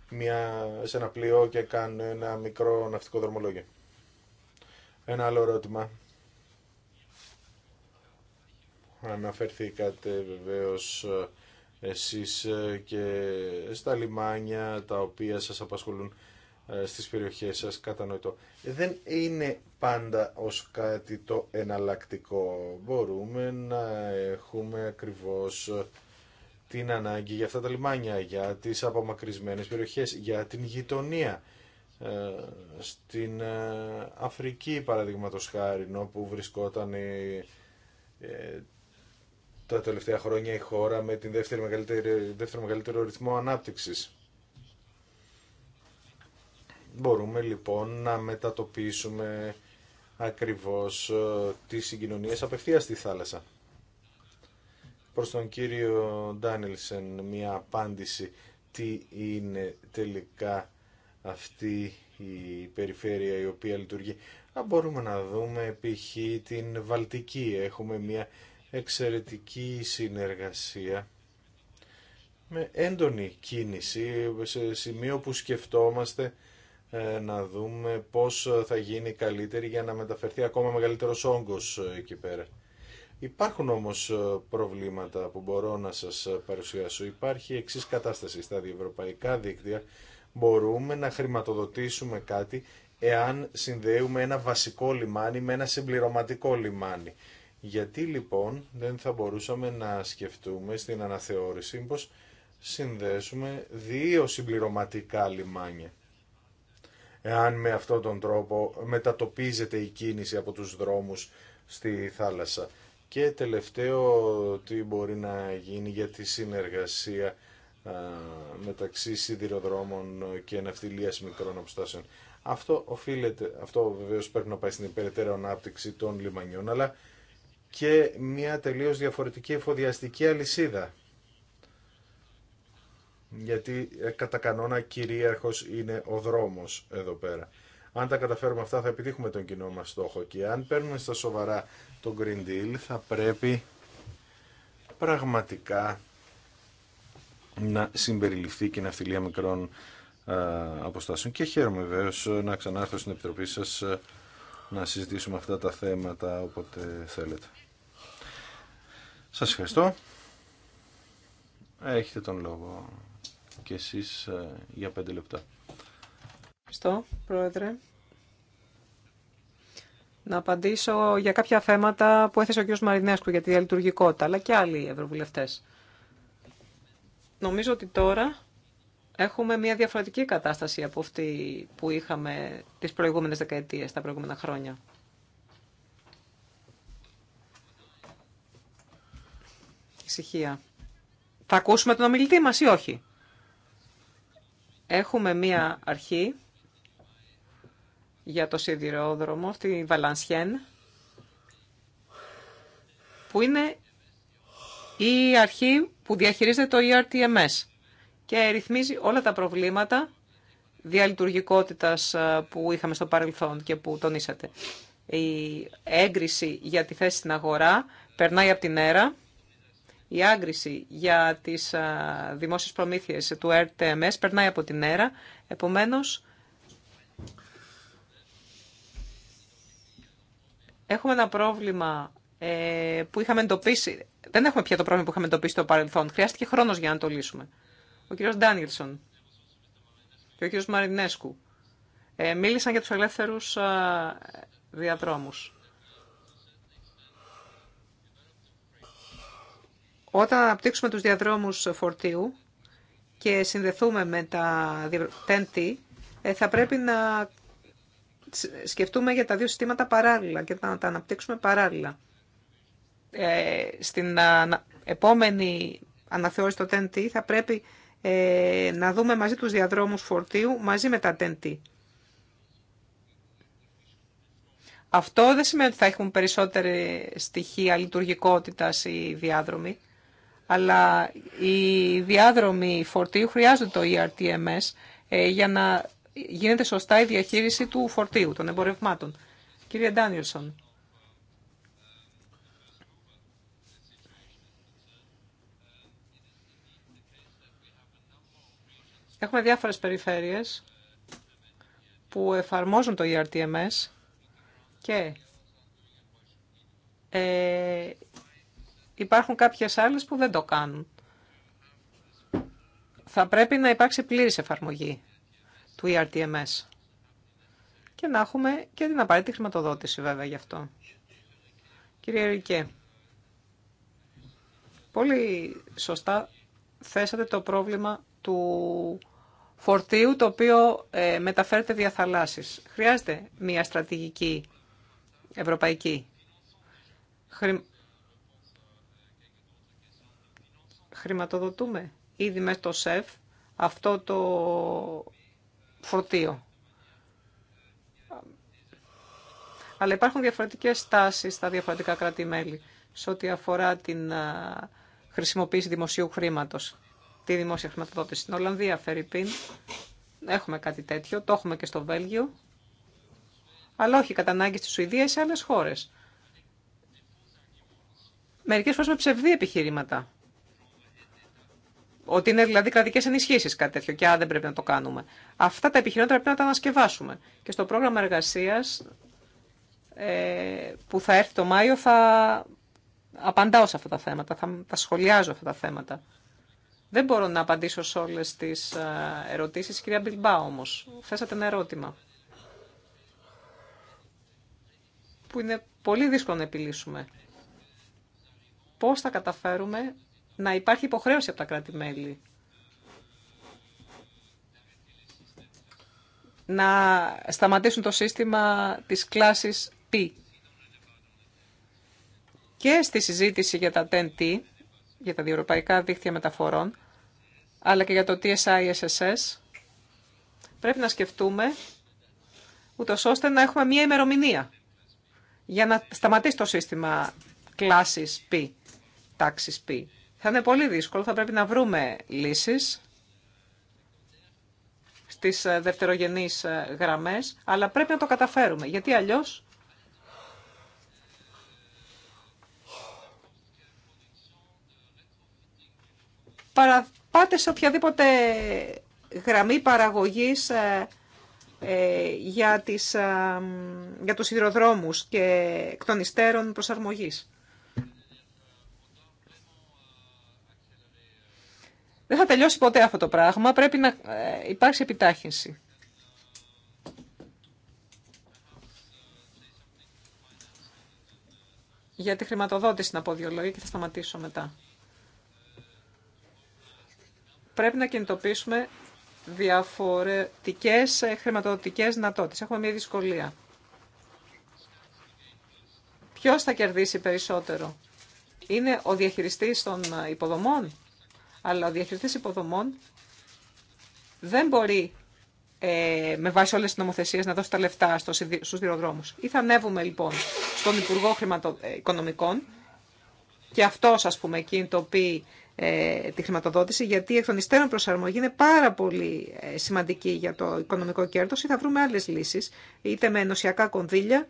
μια, σε ένα πλοίο και κάνουν ένα μικρό ναυτικό δρομολόγιο. Ένα άλλο ερώτημα. Αναφερθήκατε βεβαίως ε, εσείς ε, και στα λιμάνια τα οποία σας απασχολούν ε, στις περιοχές σας κατανοητό. Δεν είναι πάντα ως κάτι το εναλλακτικό. Μπορούμε να έχουμε ακριβώς ε, την ανάγκη για αυτά τα λιμάνια, για τις απομακρυσμένες περιοχές, για την γειτονία. Ε, στην Αφρική παραδείγματο χάρη, όπου βρισκόταν η τα τελευταία χρόνια η χώρα με την δεύτερο μεγαλύτερο ρυθμό ανάπτυξης. Μπορούμε λοιπόν να μετατοπίσουμε ακριβώς ε, τις συγκοινωνίες απευθείας στη θάλασσα. Προς τον κύριο Ντάνιλσεν μια απάντηση τι είναι τελικά αυτή η περιφέρεια η οποία λειτουργεί. Αν μπορούμε να δούμε π.χ. την Βαλτική. Έχουμε μια εξαιρετική συνεργασία με έντονη κίνηση σε σημείο που σκεφτόμαστε ε, να δούμε πώς ε, θα γίνει καλύτερη για να μεταφερθεί ακόμα μεγαλύτερος όγκος ε, εκεί πέρα. Υπάρχουν όμως προβλήματα που μπορώ να σας παρουσιάσω. Υπάρχει εξή κατάσταση στα διευρωπαϊκά δίκτυα. Μπορούμε να χρηματοδοτήσουμε κάτι εάν συνδέουμε ένα βασικό λιμάνι με ένα συμπληρωματικό λιμάνι. Γιατί λοιπόν δεν θα μπορούσαμε να σκεφτούμε στην αναθεώρηση πως συνδέσουμε δύο συμπληρωματικά λιμάνια εάν με αυτόν τον τρόπο μετατοπίζεται η κίνηση από τους δρόμους στη θάλασσα. Και τελευταίο, τι μπορεί να γίνει για τη συνεργασία μεταξύ σιδηροδρόμων και ναυτιλίας μικρών αποστάσεων. Αυτό οφείλεται, αυτό βεβαίως πρέπει να πάει στην υπεραιτέρω ανάπτυξη των λιμανιών, αλλά και μια τελείως διαφορετική εφοδιαστική αλυσίδα γιατί ε, κατά κανόνα κυρίαρχος είναι ο δρόμος εδώ πέρα. Αν τα καταφέρουμε αυτά θα επιτύχουμε τον κοινό μας στόχο και αν παίρνουμε στα σοβαρά τον Green Deal θα πρέπει πραγματικά να συμπεριληφθεί και η ναυτιλία μικρών αποστάσεων. Και χαίρομαι βεβαίω να ξανάρθω στην Επιτροπή σας ε, να συζητήσουμε αυτά τα θέματα όποτε θέλετε. Σας ευχαριστώ. Έχετε τον λόγο και εσείς ε, για πέντε λεπτά. Ευχαριστώ, Πρόεδρε. Να απαντήσω για κάποια θέματα που έθεσε ο κ. Μαρινέσκου για τη διαλειτουργικότητα, αλλά και άλλοι ευρωβουλευτές. Νομίζω ότι τώρα έχουμε μια διαφορετική κατάσταση από αυτή που είχαμε τις προηγούμενες δεκαετίες, τα προηγούμενα χρόνια. Ησυχία. Θα ακούσουμε τον ομιλητή μας ή όχι. Έχουμε μία αρχή για το σιδηρόδρομο, τη Βαλανσιέν, που είναι η αρχή που διαχειρίζεται το ERTMS και ρυθμίζει όλα τα προβλήματα διαλειτουργικότητας ε, που είχαμε στο παρελθόν και που τονίσατε. Η έγκριση για τη θέση στην αγορά περνάει από την αίρα η άγκριση για τις δημόσιες προμήθειες του RTMS περνάει από την ΕΡΑ, επομένως έχουμε ένα πρόβλημα ε, που είχαμε εντοπίσει. Δεν έχουμε πια το πρόβλημα που είχαμε εντοπίσει στο παρελθόν. Χρειάστηκε χρόνος για να το λύσουμε. Ο κ. Ντάνιλσον και ο κ. Μαρινέσκου ε, μίλησαν για του ελεύθερου διαδρόμους. Όταν αναπτύξουμε τους διαδρόμους φορτίου και συνδεθούμε με τα 10T ε, θα πρέπει να σκεφτούμε για τα δύο συστήματα παράλληλα και να τα αναπτύξουμε παράλληλα. Ε, στην επόμενη αναθεώρηση των 10T θα πρέπει ε, να δούμε μαζί τους διαδρόμους φορτίου μαζί με τα 10T. Αυτό δεν σημαίνει ότι θα έχουν περισσότερη στοιχεία λειτουργικότητας οι διάδρομοι αλλά οι διάδρομοι φορτίου χρειάζονται το ERTMS ε, για να γίνεται σωστά η διαχείριση του φορτίου, των εμπορευμάτων. Κύριε Ντάνιελσον. Έχουμε διάφορες περιφέρειες που εφαρμόζουν το ERTMS και ε, υπάρχουν κάποιες άλλες που δεν το κάνουν. Θα πρέπει να υπάρξει πλήρης εφαρμογή του ERTMS και να έχουμε και την απαραίτητη χρηματοδότηση βέβαια γι' αυτό. Κύριε Ρικέ, πολύ σωστά θέσατε το πρόβλημα του φορτίου το οποίο ε, μεταφέρεται δια θαλάσσης. Χρειάζεται μια στρατηγική ευρωπαϊκή. χρηματοδοτούμε ήδη μέσα στο ΣΕΦ αυτό το φορτίο. Αλλά υπάρχουν διαφορετικές στάσεις στα διαφορετικά κράτη-μέλη σε ό,τι αφορά την χρησιμοποίηση δημοσίου χρήματος, τη δημόσια χρηματοδότηση. Στην Ολλανδία, Φερρυπίν, έχουμε κάτι τέτοιο, το έχουμε και στο Βέλγιο, αλλά όχι κατά ανάγκη στη Σουηδία ή σε άλλες χώρες. Μερικές φορές με ψευδή επιχειρήματα. Ότι είναι δηλαδή κρατικέ ενισχύσει κάτι τέτοιο και αν δεν πρέπει να το κάνουμε. Αυτά τα επιχειρήματα πρέπει να τα ανασκευάσουμε. Και στο πρόγραμμα εργασία ε, που θα έρθει το Μάιο θα απαντάω σε αυτά τα θέματα, θα, θα σχολιάζω αυτά τα θέματα. Δεν μπορώ να απαντήσω σε όλες τις ε, ερωτήσεις. Κυρία Μπιλμπά όμως, θέσατε ένα ερώτημα που είναι πολύ δύσκολο να επιλύσουμε. Πώς θα καταφέρουμε να υπάρχει υποχρέωση από τα κράτη-μέλη να σταματήσουν το σύστημα της κλάσης P. Και στη συζήτηση για τα T για τα διευρωπαϊκά δίκτυα μεταφορών, αλλά και για το TSI SSS, πρέπει να σκεφτούμε ούτως ώστε να έχουμε μία ημερομηνία για να σταματήσει το σύστημα κλάσης P, τάξης P. Θα είναι πολύ δύσκολο, θα πρέπει να βρούμε λύσεις στις ε, δευτερογενείς ε, γραμμές, αλλά πρέπει να το καταφέρουμε, γιατί αλλιώς πάτε σε οποιαδήποτε γραμμή παραγωγής ε, για, τις, για τους υδροδρόμους και εκ των προσαρμογής. Δεν θα τελειώσει ποτέ αυτό το πράγμα, πρέπει να ε, υπάρξει επιτάχυνση. Για τη χρηματοδότηση να πω δύο λόγια και θα σταματήσω μετά. Πρέπει να κινητοποιήσουμε διαφορετικές ε, χρηματοδοτικές δυνατότητες. Έχουμε μια δυσκολία. Ποιος θα κερδίσει περισσότερο. Είναι ο διαχειριστής των ε, υποδομών αλλά ο διαχειριστής υποδομών δεν μπορεί ε, με βάση όλες τις νομοθεσίες να δώσει τα λεφτά στο, στους διοδρόμους. Ή θα ανέβουμε λοιπόν στον Υπουργό Χρηματο, ε, Οικονομικών και αυτός ας πούμε το ε, τη χρηματοδότηση γιατί εκ των υστέρων προσαρμογή είναι πάρα πολύ ε, σημαντική για το οικονομικό κέρδος ή θα βρούμε άλλες λύσεις είτε με ενωσιακά κονδύλια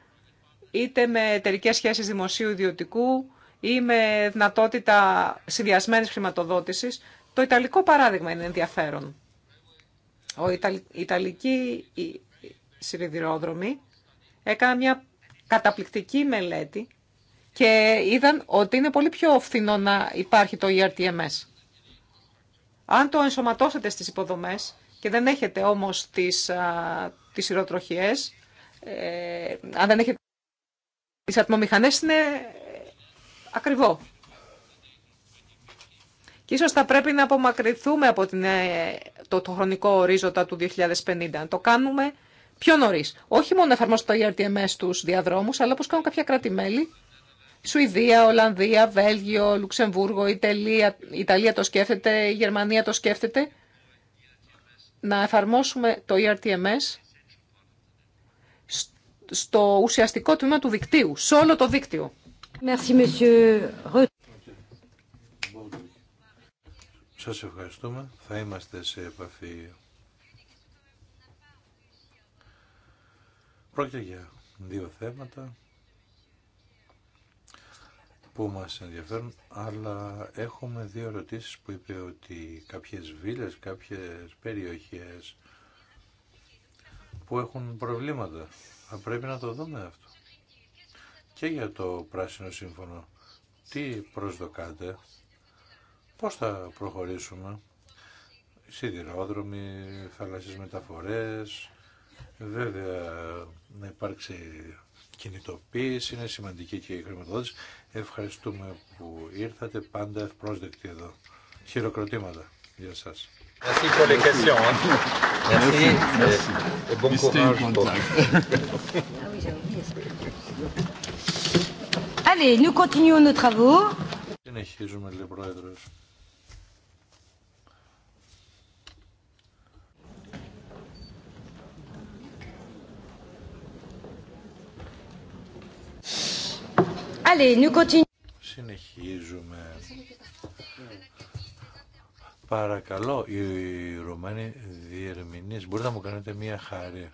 είτε με εταιρικέ σχέσεις δημοσίου ιδιωτικού ή με δυνατότητα συνδυασμενη χρηματοδοτηση Το Ιταλικό παράδειγμα είναι ενδιαφέρον. Ο Ιταλ... Ιταλική σιδηρόδρομοι έκανα μια καταπληκτική μελέτη και είδαν ότι είναι πολύ πιο φθηνό να υπάρχει το ERTMS. Αν το ενσωματώσετε στις υποδομές και δεν έχετε όμως τις, α, τις σειροτροχιές, ε, αν δεν έχετε τις ατμομηχανές είναι Ακριβώς. Και ίσως θα πρέπει να απομακρυνθούμε από την, ε, το, το χρονικό ορίζοντα του 2050. Να το κάνουμε πιο νωρί. Όχι μόνο να εφαρμόσουμε το ERTMS στου διαδρόμου, αλλά όπω κάνουν κάποια κράτη-μέλη. Σουηδία, Ολλανδία, Βέλγιο, Λουξεμβούργο, Ιταλία, Ιταλία το σκέφτεται, η Γερμανία το σκέφτεται. Να εφαρμόσουμε το ERTMS στο ουσιαστικό τμήμα του δικτύου, σε όλο το δίκτυο. Σας ευχαριστούμε. Θα είμαστε σε επαφή. Πρόκειται για δύο θέματα που μας ενδιαφέρουν, αλλά έχουμε δύο ερωτήσεις που είπε ότι κάποιες βίλες, κάποιες περιοχές που έχουν προβλήματα. Θα πρέπει να το δούμε αυτό και για το Πράσινο Σύμφωνο. Τι προσδοκάτε, πώς θα προχωρήσουμε, σιδηρόδρομοι, θαλασσίες μεταφορές, βέβαια να υπάρξει κινητοποίηση, είναι σημαντική και η χρηματοδότηση. Ευχαριστούμε που ήρθατε πάντα ευπρόσδεκτοι εδώ. Χειροκροτήματα για σας. Merci Allez, nous continuons nos travaux. Συνεχίζουμε, λέει Πρόεδρος. Allez, nous continuons. Συνεχίζουμε. Παρακαλώ, οι Ρωμανοί διερμηνείς, μπορείτε να μου κάνετε μία χάρη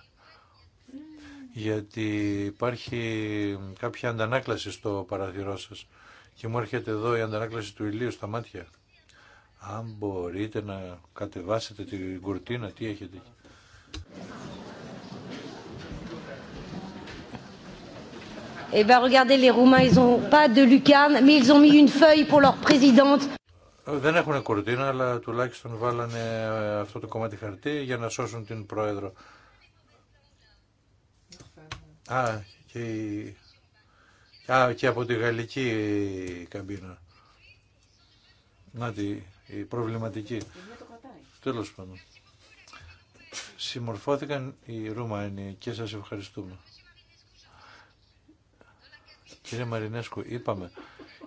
γιατί υπάρχει κάποια αντανάκλαση στο παραθυρό σας και μου έρχεται εδώ η αντανάκλαση του ηλίου στα μάτια. Αν μπορείτε να κατεβάσετε την κουρτίνα, τι έχετε εκεί. Eh ben regardez, les Roumains, ils ont pas de lucarne, mais ils ont mis une feuille pour leur présidente. Δεν έχουν κουρτίνα, αλλά τουλάχιστον βάλανε ε, αυτό το κομμάτι χαρτί για να σώσουν την πρόεδρο. Α, και, Α, και από τη γαλλική καμπίνα. Να τη, η προβληματική. Τέλος πάντων. Συμμορφώθηκαν οι Ρουμάνοι και σας ευχαριστούμε. Κύριε Μαρινέσκου, είπαμε,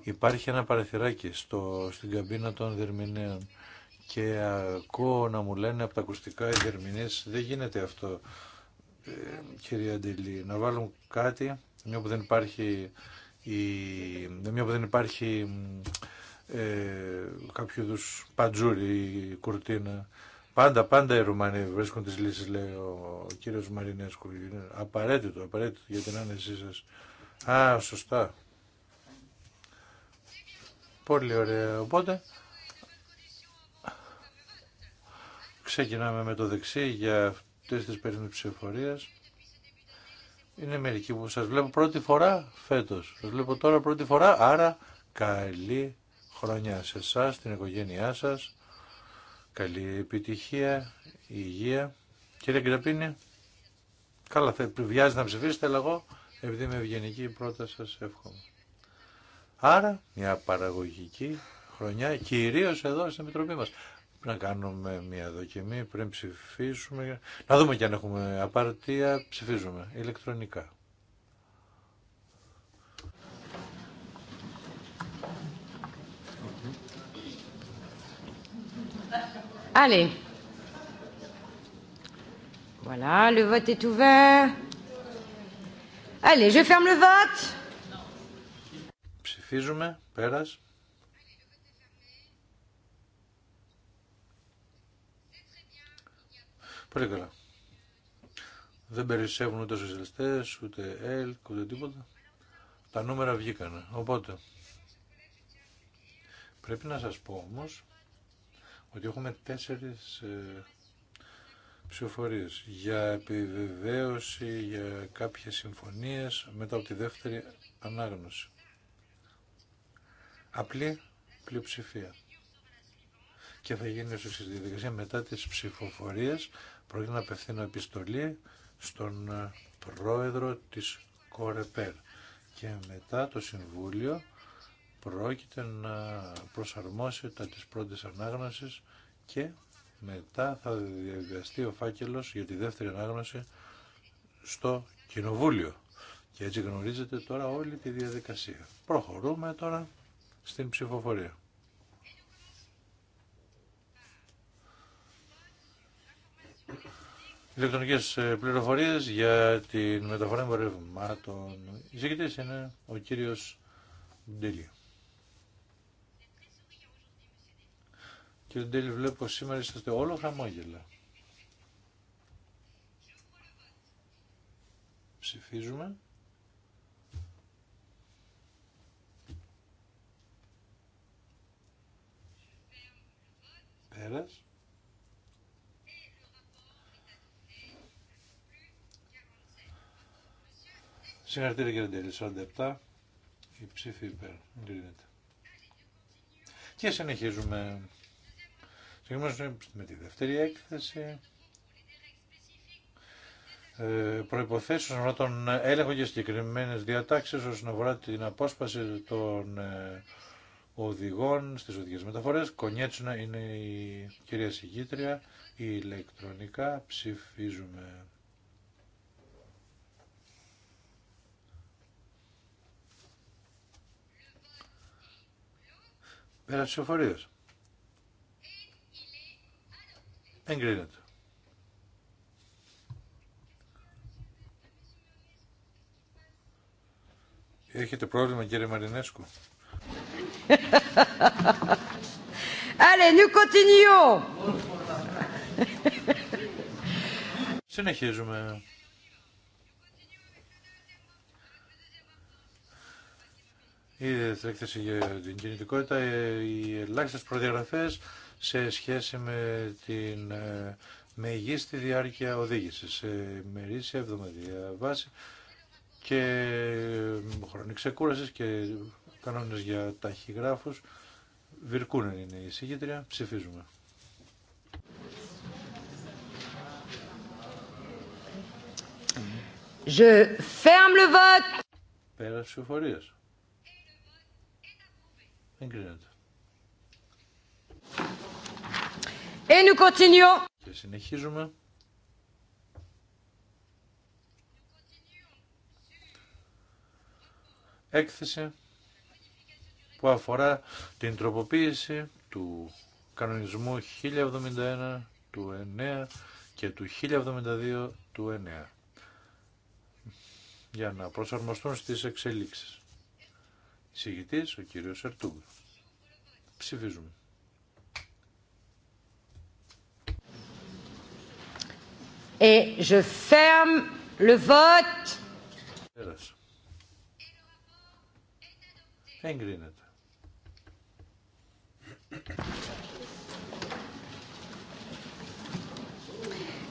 υπάρχει ένα παραθυράκι στο, στην καμπίνα των δερμηνέων και ακούω να μου λένε από τα ακουστικά οι δερμηνείς, δεν γίνεται αυτό ε, κυρία Αντελή, να βάλουν κάτι, μια που δεν υπάρχει, η, μια που δεν υπάρχει ε, κάποιο είδου παντζούρι ή κουρτίνα. Πάντα, πάντα οι Ρουμανοί βρίσκουν τις λύσεις, λέει ο κύριος Μαρινέσκου. Είναι απαραίτητο, απαραίτητο για την άνεσή σας. Α, σωστά. Πολύ ωραία. Οπότε, ξεκινάμε με το δεξί για της περίπτωσης ψηφοφορίας. Είναι μερικοί που σας βλέπω πρώτη φορά φέτος. Σας βλέπω τώρα πρώτη φορά, άρα καλή χρονιά σε εσά, την οικογένειά σας. Καλή επιτυχία, υγεία. Κύριε Γκραπίνη, καλά θα βιάζει να ψηφίσετε, αλλά εγώ επειδή είμαι ευγενική πρώτα σας εύχομαι. Άρα μια παραγωγική χρονιά, κυρίως εδώ στην Επιτροπή μας να κάνουμε μια δοκιμή, πριν ψηφίσουμε. Να δούμε και αν έχουμε απαρτία, ψηφίζουμε ηλεκτρονικά. Allez. Voilà, le vote est ouvert. Allez, je ferme le vote. Ψηφίζουμε, πέρας. Πολύ καλά. Δεν περισσεύουν ούτε σοσιαλιστέ, ούτε ΕΛΚ, ούτε τίποτα. Τα νούμερα βγήκανε. Οπότε, πρέπει να σας πω όμως ότι έχουμε τέσσερις ε, για επιβεβαίωση, για κάποιες συμφωνίες μετά από τη δεύτερη ανάγνωση. Απλή πλειοψηφία. Και θα γίνει ο διαδικασία μετά τις ψηφοφορίες Πρόκειται να απευθύνω επιστολή στον ε, πρόεδρο της Κορεπέρ και μετά το Συμβούλιο πρόκειται να προσαρμόσει τα της πρώτης ανάγνωσης και μετά θα διαβιαστεί ο φάκελος για τη δεύτερη ανάγνωση στο Κοινοβούλιο. Και έτσι γνωρίζετε τώρα όλη τη διαδικασία. Προχωρούμε τώρα στην ψηφοφορία. ηλεκτρονικές ε, πληροφορίες για την μεταφορά εμπορευμάτων. Εισηγητής είναι ο κύριο Ντέλη. Κύριε Ντέλη, βλέπω σήμερα είστε όλο χαμόγελα. Ψηφίζουμε. Πέρας. Συγχαρητήρια κύριε Ντέλη, 47 η ψήφη υπέρ. Και συνεχίζουμε. με τη δεύτερη έκθεση. Ε, προϋποθέσεις όσον αφορά τον έλεγχο για συγκεκριμένες διατάξεις όσον αφορά την απόσπαση των ε, οδηγών στις οδηγές μεταφορές. Κονιέτσουνα είναι η κυρία Συγγήτρια. Η ηλεκτρονικά ψηφίζουμε. Πέρα της οφορίας. Εγκρίνεται. Έχετε πρόβλημα κύριε Μαρινέσκου. Allez, nous continuons. Συνεχίζουμε. η την έκθεση για την κινητικότητα, ε, οι ελάχιστε προδιαγραφέ σε σχέση με την ε, μεγίστη διάρκεια οδήγηση σε μερίσια, εβδομαδιαία βάση και ε, χρόνια ξεκούραση και κανόνες για ταχυγραφου Βυρκούνεν είναι η συγκέντρια. ψηφίζουμε. Je ferme le ψηφοφορίας. Εγκρίνεται. Και συνεχίζουμε. Έκθεση που αφορά την τροποποίηση του κανονισμού 1071 του 9 και του 1072 του 9 για να προσαρμοστούν στις εξελίξεις. Συγητής ο κύριος Αρτούγκ. Ψηφίζουμε. Et je ferme le vote. Πέρασε. Εγκρίνεται.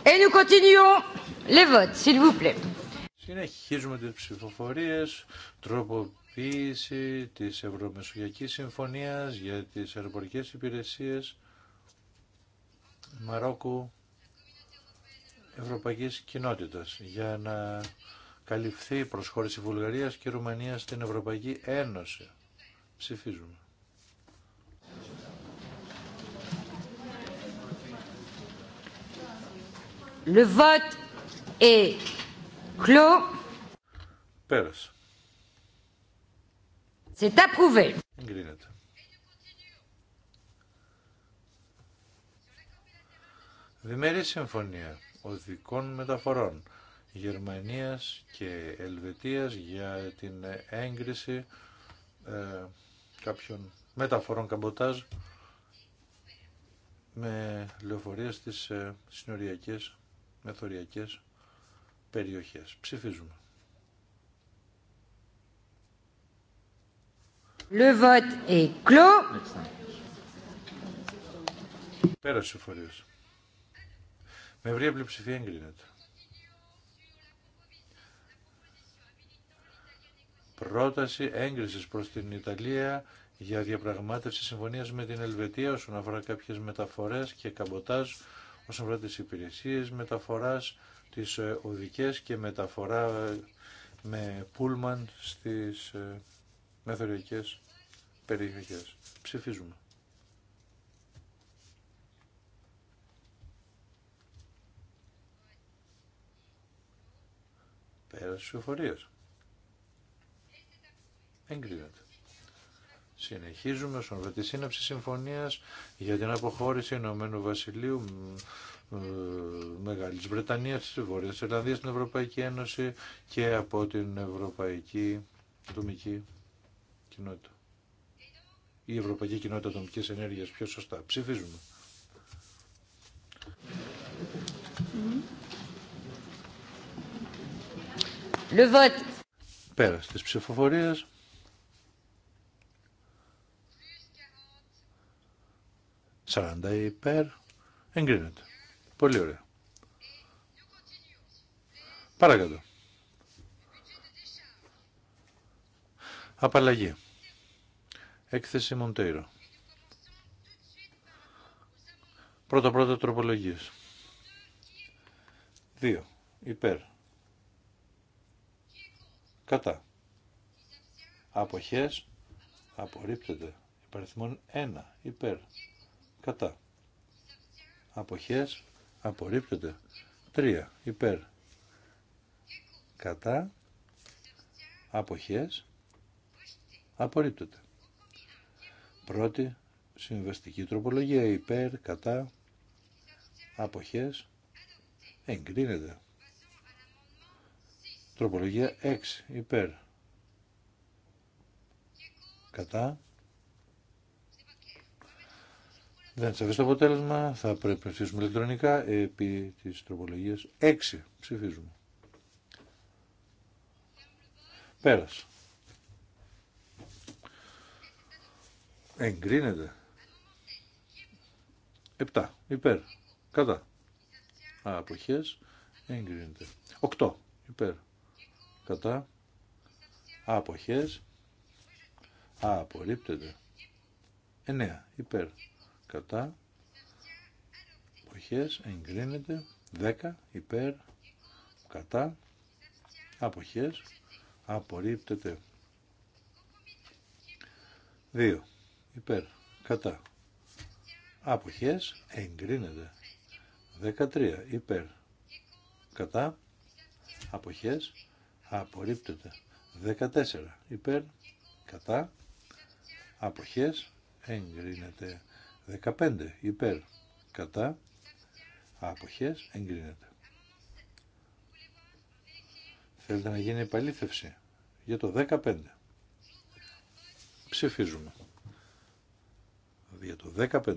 Et nous continuons les votes, s'il vous plaît. Συνεχίζουμε τις ψηφοφορίες, τρόπο ψηφίση της Ευρωμεσογειακής Συμφωνίας για τις αεροπορικές υπηρεσίες Μαρόκου Ευρωπαϊκής Κοινότητας για να καλυφθεί η προσχώρηση Βουλγαρίας και Ρουμανίας στην Ευρωπαϊκή Ένωση. Ψηφίζουμε. Le vote est clos. Πέρασε. C'est approuvé. συμφωνία οδικών μεταφορών Γερμανίας και Ελβετίας για την έγκριση ε, κάποιων μεταφορών καμποτάζ με λεωφορεία στις ε, συνοριακές μεθοριακές περιοχές. Ψηφίζουμε. Le vote est Πέρασε ο Με ευρία πλειοψηφία εγκρίνεται. Πρόταση έγκριση προς την Ιταλία για διαπραγμάτευση συμφωνίας με την Ελβετία όσον αφορά κάποιες μεταφορές και καμποτάζ όσον αφορά τις υπηρεσίες μεταφοράς, τι ε, οδικές και μεταφορά ε, με πούλμαν στις ε, μεθοριακές περιοχές. Ψηφίζουμε. Πέρα στις ψηφοφορίες. Εγκρίνεται. Συνεχίζουμε στον τη σύναψη συμφωνίας για την αποχώρηση Ηνωμένου Βασιλείου Μεγάλης Βρετανίας της Βόρειας στην Ευρωπαϊκή Ένωση και από την Ευρωπαϊκή Δομική κοινότητα. Η Ευρωπαϊκή Κοινότητα Ατομική Ενέργεια πιο σωστά. Ψηφίζουμε. Le vote. Πέρα τη ψηφοφορία. Σαράντα υπέρ. Εγκρίνεται. Πολύ ωραία. Παρακαλώ. Απαλλαγή. Έκθεση Μοντέιρο. Πρώτα-πρώτα τροπολογίες. 2. Υπέρ. Κατά. Αποχές. Απορρίπτεται. Υπαριθμόν 1. Υπέρ. Κατά. Αποχές. Απορρίπτεται. 3. Υπέρ. Κατά. Αποχές. Απορρίπτεται. Πρώτη συμβαστική τροπολογία υπέρ, κατά, αποχές, εγκρίνεται. Τροπολογία 6 υπέρ, κατά, δεν σας το αποτέλεσμα, θα πρέπει να ψηφίσουμε ηλεκτρονικά επί της τροπολογίας 6 ψηφίζουμε. Πέρασε. Εγκρίνεται. 7. Υπέρ. Κατά. Αποχές. Εγκρίνεται. 8. Υπέρ. Κατά. Αποχές. Απορρίπτεται. 9. Υπέρ. Κατά. Αποχές. Εγκρίνεται. 10. Υπέρ. Κατά. Αποχές. Απορρίπτεται. 2 υπέρ, κατά. Αποχές εγκρίνεται. 13 υπέρ, κατά. Αποχές απορρίπτεται. 14 υπέρ, κατά. Αποχές εγκρίνεται. 15 υπέρ, κατά. Αποχές εγκρίνεται. Θέλετε να γίνει επαλήθευση για το 15. Ψηφίζουμε για το 15.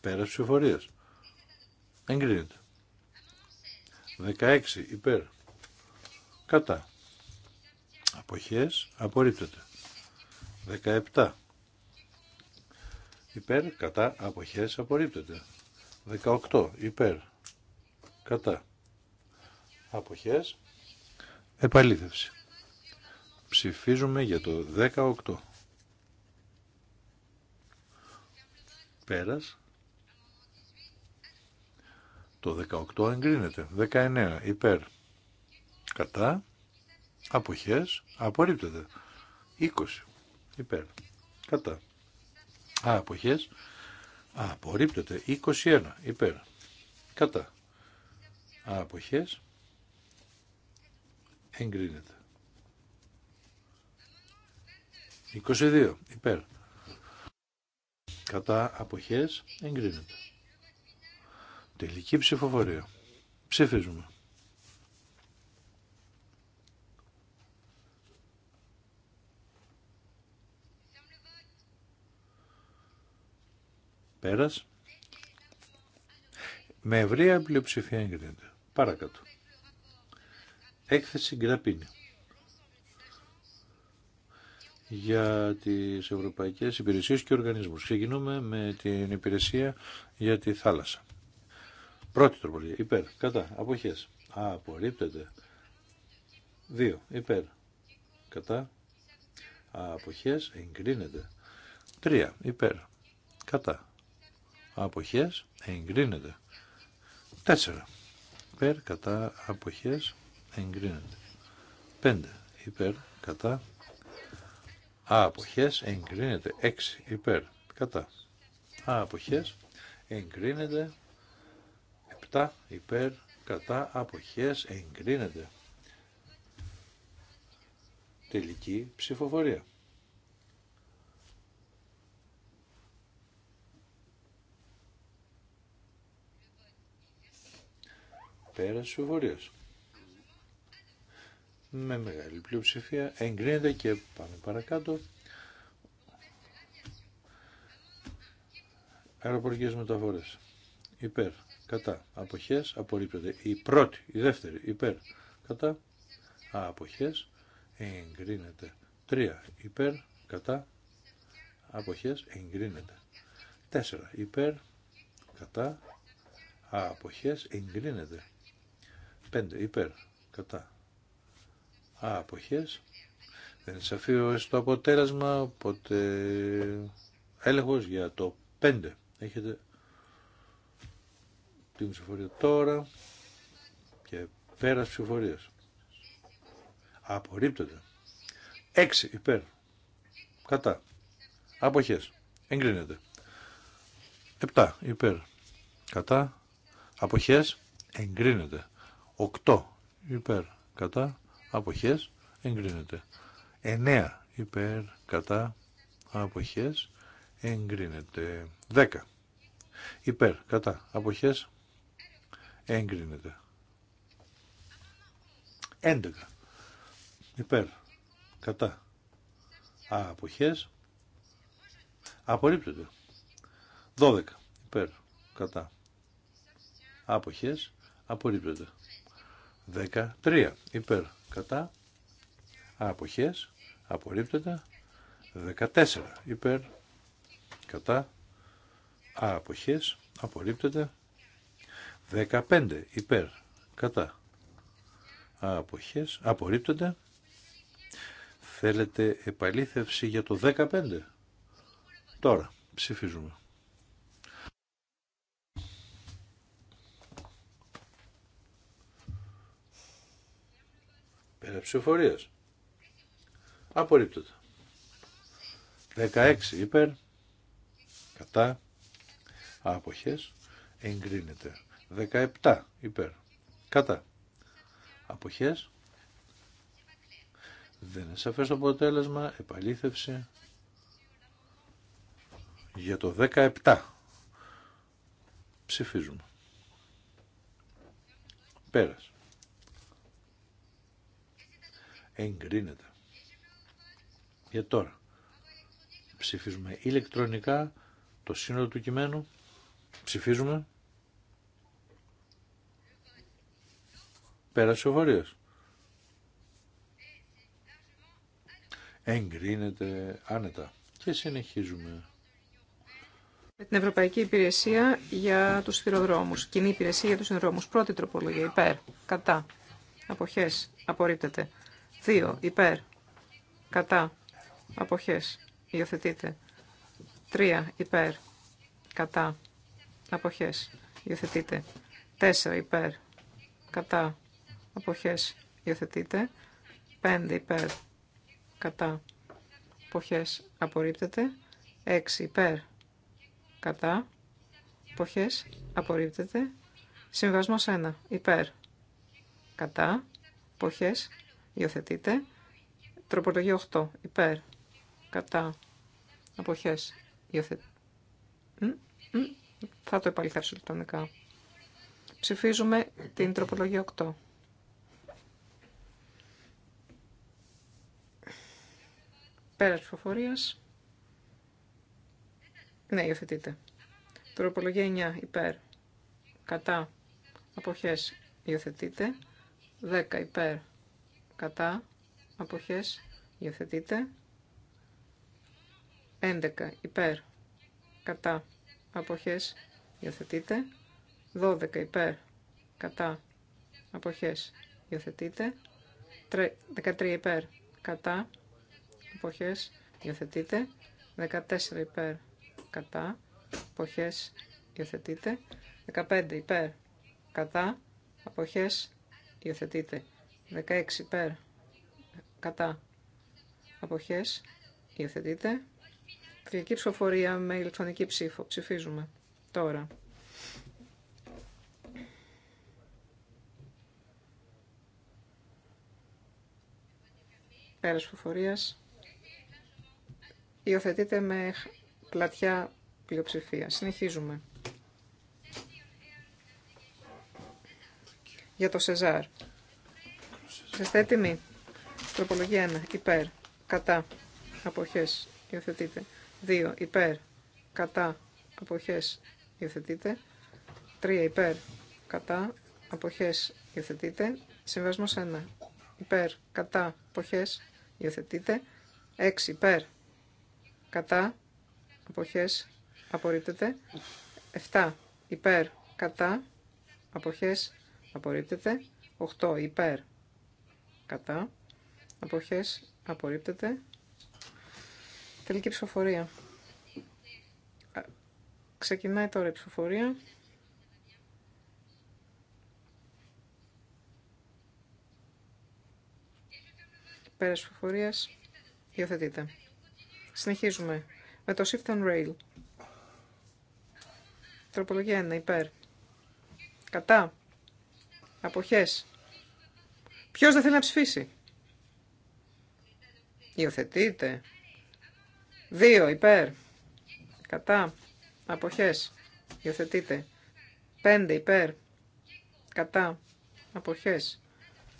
Πέρα ψηφορίας. Εγκρίνεται. 16 υπέρ. Κατά. Αποχές απορρίπτεται. 17. Υπέρ, κατά, αποχές απορρίπτεται. 18. Υπέρ, κατά, αποχές, επαλήθευση. Ψηφίζουμε για το 18. Πέρας. Το 18 εγκρίνεται. 19 υπέρ. Κατά. Αποχές. Απορρίπτεται. 20 υπέρ. Κατά. Α, αποχές. απορρίπτεται. 21 υπέρ. Κατά. Α, αποχές. Εγκρίνεται. 22 υπέρ κατά αποχές εγκρίνεται. Τελική ψηφοφορία. Ψηφίζουμε. Πέρας. Με ευρεία πλειοψηφία εγκρίνεται. Παρακάτω. Έκθεση Γκραπίνη για τις ευρωπαϊκές υπηρεσίες και οργανισμούς. Ξεκινούμε με την υπηρεσία για τη θάλασσα. Πρώτη τροπολογία, υπέρ, κατά, αποχές. Α, απορρίπτεται. Δύο, υπέρ, κατά, αποχές, εγκρίνεται. Τρία, υπέρ, κατά, αποχές, εγκρίνεται. Τέσσερα, υπέρ, κατά, αποχές, εγκρίνεται. Πέντε, υπέρ, κατά, αποχές εγκρίνεται 6 υπέρ κατά αποχές εγκρίνεται 7 υπέρ κατά αποχές εγκρίνεται τελική ψηφοφορία πέρας ψηφοφορίας με μεγάλη πλειοψηφία εγκρίνεται και πάμε παρακάτω αεροπορικές μεταφορές υπέρ, κατά, αποχές απορρίπτεται η πρώτη, η δεύτερη υπέρ, κατά α, αποχές εγκρίνεται τρία υπέρ, κατά αποχές εγκρίνεται τέσσερα υπέρ, κατά α, αποχές εγκρίνεται πέντε υπέρ, κατά Α, αποχές. Δεν είναι σαφή το αποτέλεσμα, οπότε έλεγχος για το 5. Έχετε την ψηφορία τώρα και πέρα ψηφορίας. Απορρίπτεται. 6 υπέρ. Κατά. Αποχές. Εγκρίνεται. 7 υπέρ. Κατά. Αποχές. Εγκρίνεται. 8 υπέρ. Κατά αποχές εγκρίνεται. 9 υπέρ κατά αποχές εγκρίνεται. 10 υπέρ κατά αποχές εγκρίνεται. 11 υπέρ κατά αποχές απορρίπτεται. 12 υπέρ κατά αποχές απορρίπτεται. 13 υπέρ κατά αποχές απορρίπτεται 14 υπέρ κατά αποχές απορρίπτεται 15 υπέρ κατά αποχές απορρίπτεται θέλετε επαλήθευση για το 15 τώρα ψηφίζουμε ψηφοφορίας. Απορρίπτωτα. 16 υπέρ, κατά, άποχες, εγκρίνεται. 17 υπέρ, κατά, αποχές, δεν είναι σαφές το αποτέλεσμα, επαλήθευση για το 17. Ψηφίζουμε. Πέρασε εγκρίνεται. Για τώρα ψηφίζουμε ηλεκτρονικά το σύνολο του κειμένου. Ψηφίζουμε. Πέρασε ο βορείος. Εγκρίνεται άνετα. Και συνεχίζουμε. Με την Ευρωπαϊκή Υπηρεσία για τους Σιδηροδρόμους. Κοινή Υπηρεσία για τους Σιδηροδρόμους. Πρώτη τροπολογία. Υπέρ. Κατά. Αποχές. Απορρίπτεται. 2. Υπέρ. Κατά. Αποχές. Υιοθετείτε. 3. Υπέρ. Κατά. Αποχές. Υιοθετείτε. 4. Υπέρ. Κατά. Αποχές. Υιοθετείτε. 5. Υπέρ. Κατά. Αποχές. Απορρίπτεται. 6. Υπέρ. Κατά. Αποχές. Απορρίπτεται. Συμβασμός 1. Υπέρ. Κατά. Αποχές. Υιοθετείτε. Τροπολογία 8. Ναι, Υπέρ. Κατά. Αποχές. Υιοθετείτε. Θα το επαληθεύσω λεπτονικά. Ψηφίζουμε την τροπολογία 8. Πέρα της ψηφοφορίας. Ναι, υιοθετείτε. Τροπολογία 9. Υπέρ. Κατά. Αποχές. Υιοθετείτε. 10. Υπέρ κατά, αποχές, υιοθετείτε. 11 υπέρ, κατά, αποχές, υιοθετείτε. 12 υπέρ, κατά, αποχές, υιοθετείτε. 13 υπέρ, κατά, αποχές, υιοθετείτε. 14 υπέρ, κατά, αποχές, υιοθετείτε. 15 υπέρ, κατά, αποχές, υιοθετείτε. 16 υπέρ. Κατά. Αποχές. Υιοθετείτε. Τελική ψηφοφορία με ηλεκτρονική ψήφο. Ψηφίζουμε. Τώρα. Πέρας ψηφοφορίας. Υιοθετείτε με πλατιά πλειοψηφία. Συνεχίζουμε. Για το Σεζάρ. Είστε έτοιμοι. Τροπολογία 1. Υπέρ. Κατά. Αποχές. Υιοθετείτε. 2. Υπέρ. Κατά. Αποχές. Υιοθετείτε. 3. Υπέρ. Κατά. Αποχές. Υιοθετείτε. Συμβασμό 1. Υπέρ. Κατά. Αποχές. Υιοθετείτε. 6. Υπέρ. Κατά. Αποχές. Απορρίπτεται. 7. Υπέρ. Κατά. Αποχές. Απορρίπτεται. 8. Υπέρ κατά, αποχές απορρίπτεται. Τελική ψηφοφορία. Ξεκινάει τώρα η ψηφοφορία. Πέρας ψηφοφορίας υιοθετείται. Συνεχίζουμε με το Shift and Rail. Τροπολογία 1, υπέρ. Κατά. Αποχές. Ποιος δεν θέλει να ψηφίσει. Υιοθετείτε. Δύο υπέρ. Κατά. Αποχές. Υιοθετείτε. Πέντε υπέρ. Κατά. Αποχές.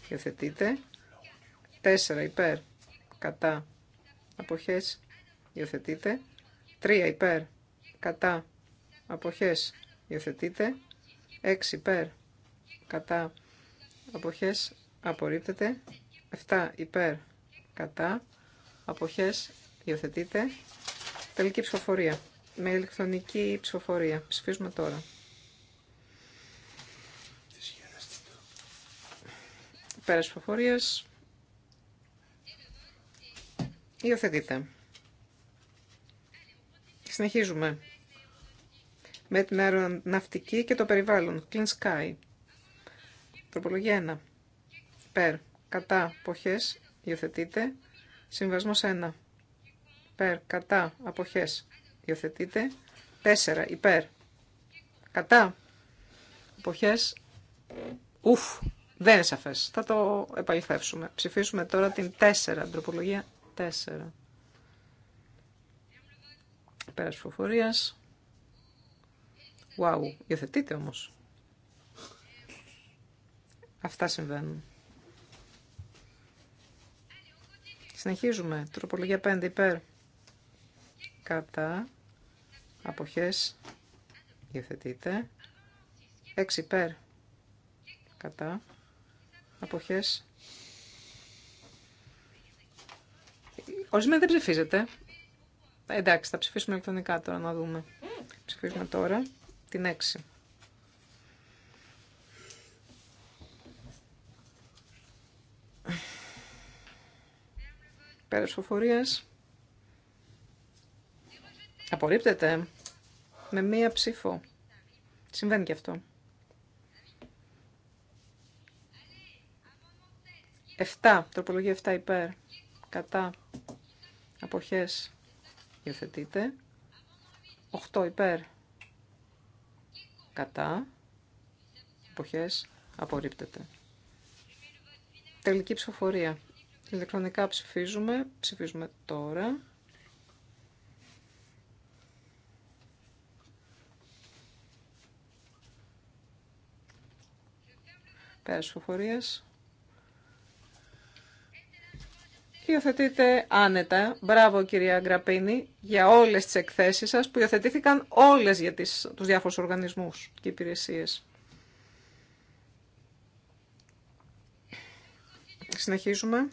Υιοθετείτε. Τέσσερα υπέρ. Κατά. Αποχές. Υιοθετείτε. Τρία υπέρ. Κατά. Αποχές. Υιοθετείτε. Έξι υπέρ. Κατά. Αποχές απορρίπτεται. 7 υπέρ κατά αποχές υιοθετείται. Τελική ψηφοφορία. Με ηλεκτρονική ψηφοφορία. Ψηφίζουμε τώρα. Πέρας ψηφοφορίας. Υιοθετείται. Συνεχίζουμε με την αεροναυτική και το περιβάλλον. Clean Sky. Τροπολογία 1. Περ. Κατά. Αποχές. Υιοθετείτε. Συμβασμός 1. Περ. Κατά. Αποχές. Υιοθετείτε. 4. Υπέρ. Κατά. Αποχές. Ουφ. Δεν είναι σαφές. Θα το επαληθεύσουμε. Ψηφίσουμε τώρα την 4. Τροπολογία 4. Πέρας ψηφοφορίας. Wow. Υιοθετείτε όμως. Αυτά συμβαίνουν. Συνεχίζουμε. Τροπολογία 5 υπέρ. Κατά. Αποχές. Υιοθετείτε. 6 υπέρ. Κατά. Αποχές. Ορισμένοι δεν ψηφίζετε. Εντάξει, θα ψηφίσουμε ηλεκτρονικά τώρα να δούμε. Ψηφίζουμε τώρα την 6. Πέρας ψηφοφορίας. Απορρίπτεται με μία ψήφο. Συμβαίνει και αυτό. 7. Τροπολογία 7 υπέρ. Κατά. Αποχές. Υιοθετείται. 8 υπέρ. Κατά. Αποχές. Απορρίπτεται. Τελική ψηφοφορία. Ηλεκτρονικά ψηφίζουμε. Ψηφίζουμε τώρα. Πέρας ψηφοφορίας. Υιοθετείτε άνετα. Μπράβο κυρία Γκραπίνη για όλες τις εκθέσεις σας που υιοθετήθηκαν όλες για τις, τους διάφορους οργανισμούς και υπηρεσίες. Συνεχίζουμε.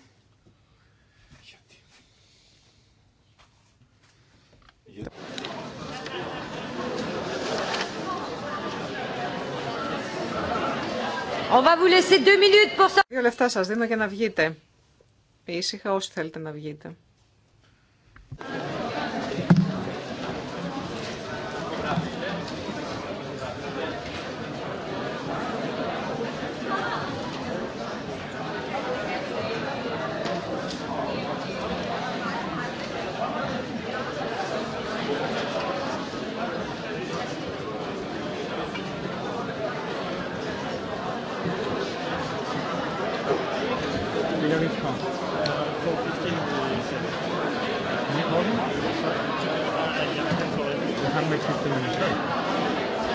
On va vous laisser deux minutes pour ça. Δύο λεφτά σας δίνω για να βγείτε. Ήσυχα όσοι θέλετε να βγείτε.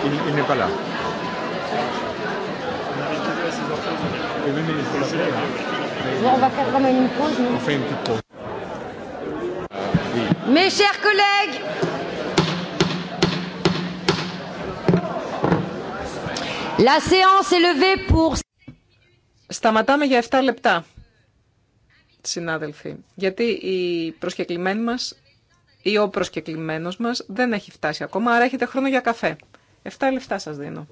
Il, n'est Σταματάμε για 7 λεπτά, συνάδελφοι, γιατί η προσκεκλημένη μας ή ο προσκεκλημένος μας δεν έχει φτάσει ακόμα, άρα έχετε χρόνο για καφέ. 7 λεφτά σας δίνω.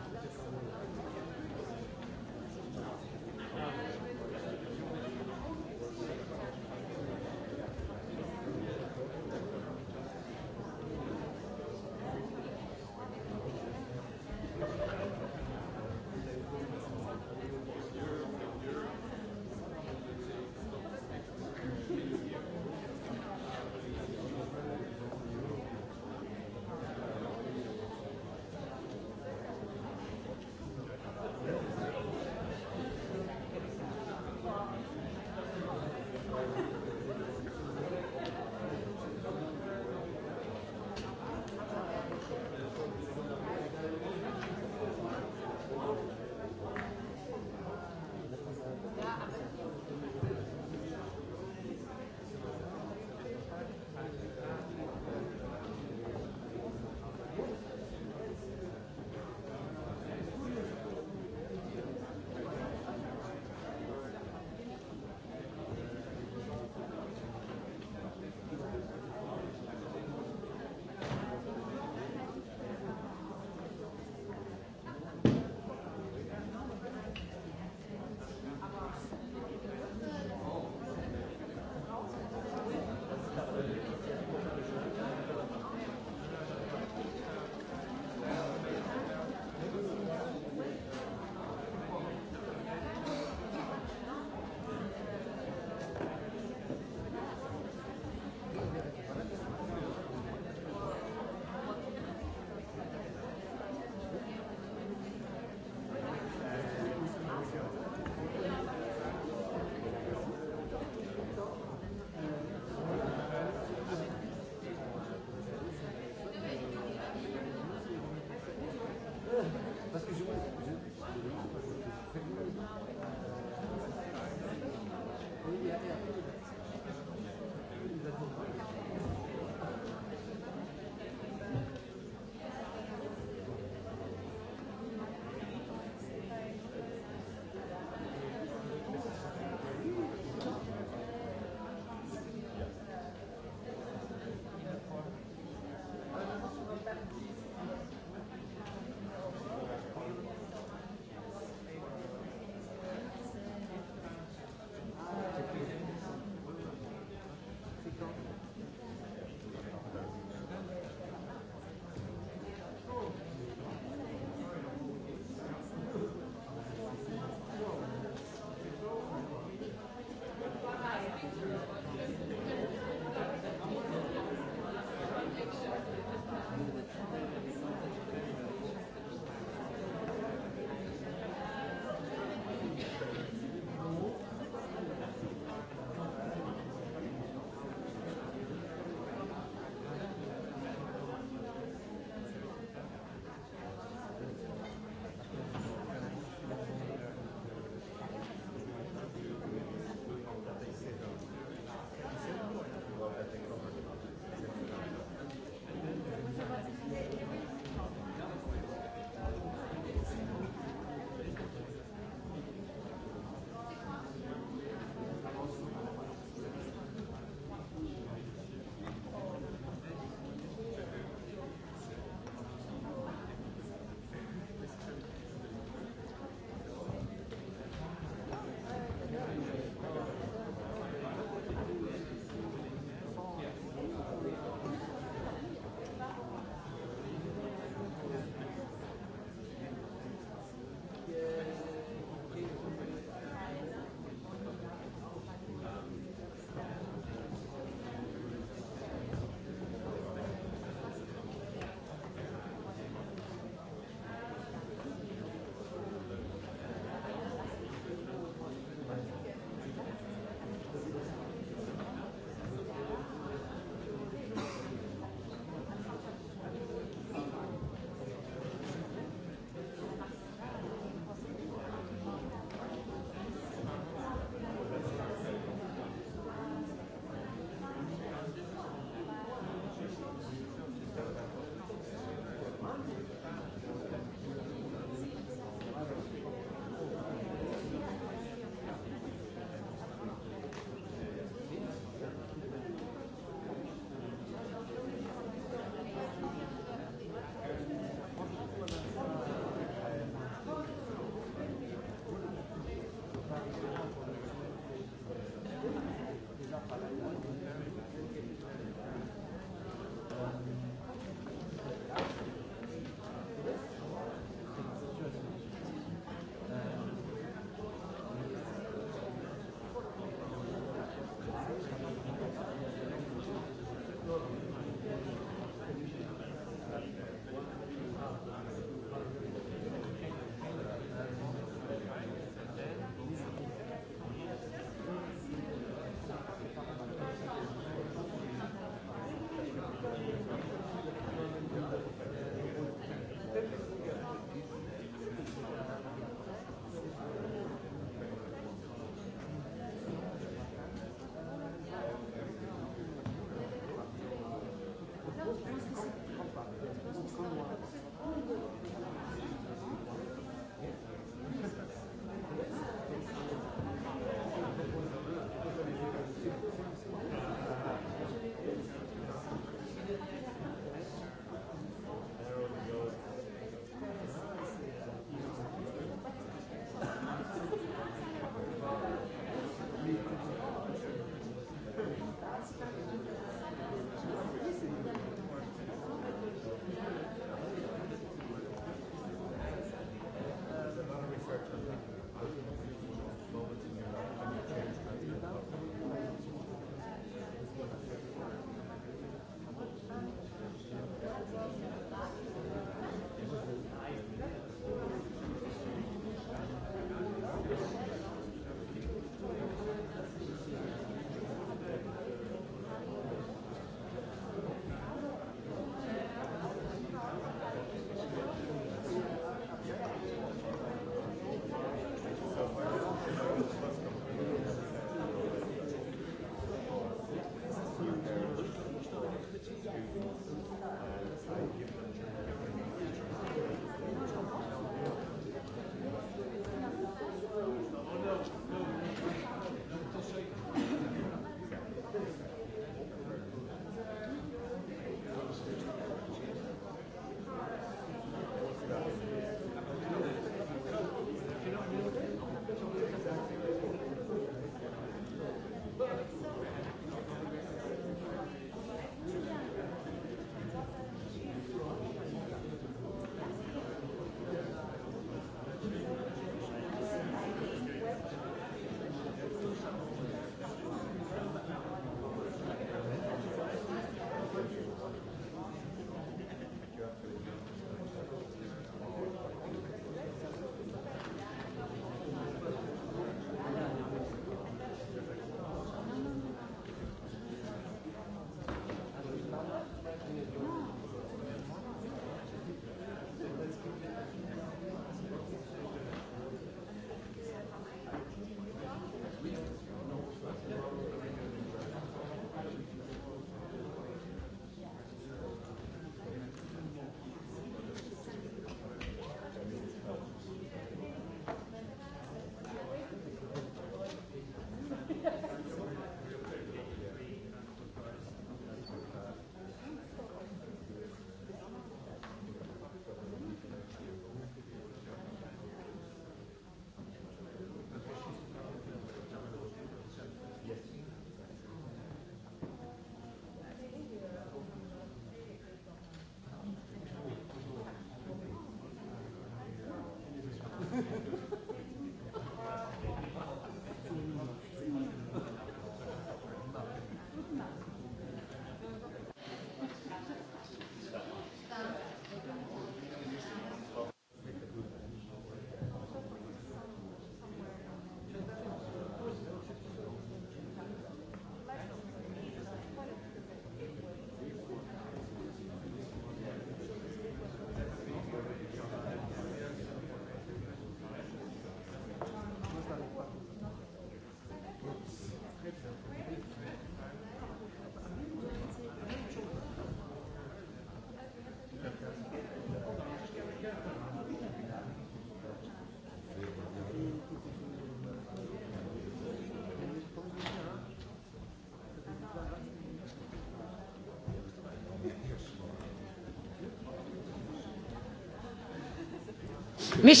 Mes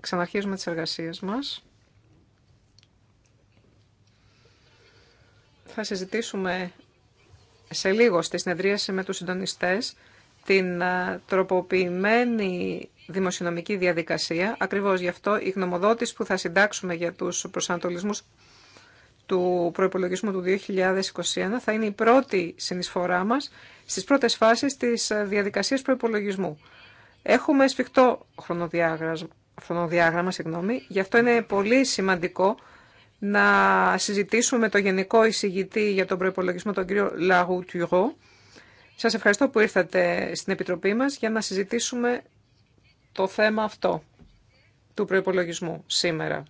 ξαναρχίζουμε τις εργασίες μας. Θα συζητήσουμε σε λίγο στη συνεδρίαση με τους συντονιστές την ε, τροποποιημένη δημοσιονομική διαδικασία. Ακριβώς γι' αυτό η γνωμοδότηση που θα συντάξουμε για τους προσανατολισμούς του προϋπολογισμού του 2021 θα είναι η πρώτη συνεισφορά μας στις πρώτες φάσεις της ε, διαδικασίας προϋπολογισμού. Έχουμε σφιχτό χρονοδιάγραμμα, χρονοδιάγραμμα συγγνώμη, γι' αυτό είναι πολύ σημαντικό να συζητήσουμε με το Γενικό Εισηγητή για τον Προϋπολογισμό, τον κύριο Λαγού Τιουγό. Σας ευχαριστώ που ήρθατε στην Επιτροπή μας για να συζητήσουμε το θέμα αυτό του προϋπολογισμού σήμερα.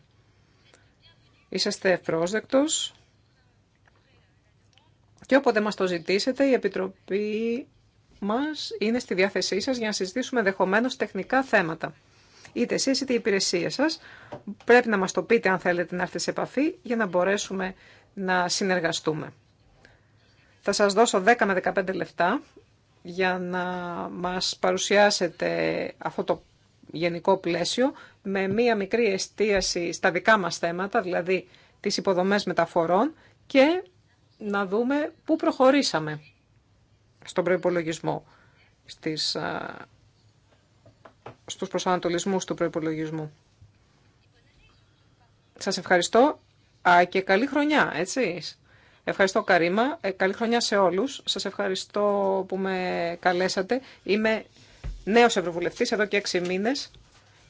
Είσαστε ευπρόσδεκτος και όποτε μας το ζητήσετε η Επιτροπή μας είναι στη διάθεσή σας για να συζητήσουμε ενδεχομένω τεχνικά θέματα. Είτε εσείς είτε η υπηρεσία σας πρέπει να μας το πείτε αν θέλετε να έρθετε σε επαφή για να μπορέσουμε να συνεργαστούμε. Θα σας δώσω 10 με 15 λεπτά για να μας παρουσιάσετε αυτό το γενικό πλαίσιο με μία μικρή εστίαση στα δικά μας θέματα, δηλαδή τις υποδομές μεταφορών και να δούμε πού προχωρήσαμε στον προϋπολογισμό, στις, στους προσανατολισμούς του προϋπολογισμού. Σας ευχαριστώ Α, και καλή χρονιά, έτσι. Ευχαριστώ Καρίμα, ε, καλή χρονιά σε όλους. Σας ευχαριστώ που με καλέσατε. Είμαι νέος Ευρωβουλευτής εδώ και έξι μήνες.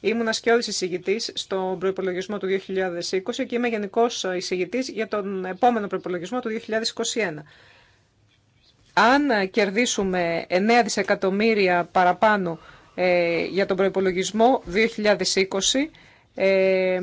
Ήμουν ασκιώδης εισηγητής στον προϋπολογισμό του 2020 και είμαι γενικός εισηγητής για τον επόμενο προϋπολογισμό του 2021 αν κερδίσουμε 9 δισεκατομμύρια παραπάνω ε, για τον προϋπολογισμό 2020, ε,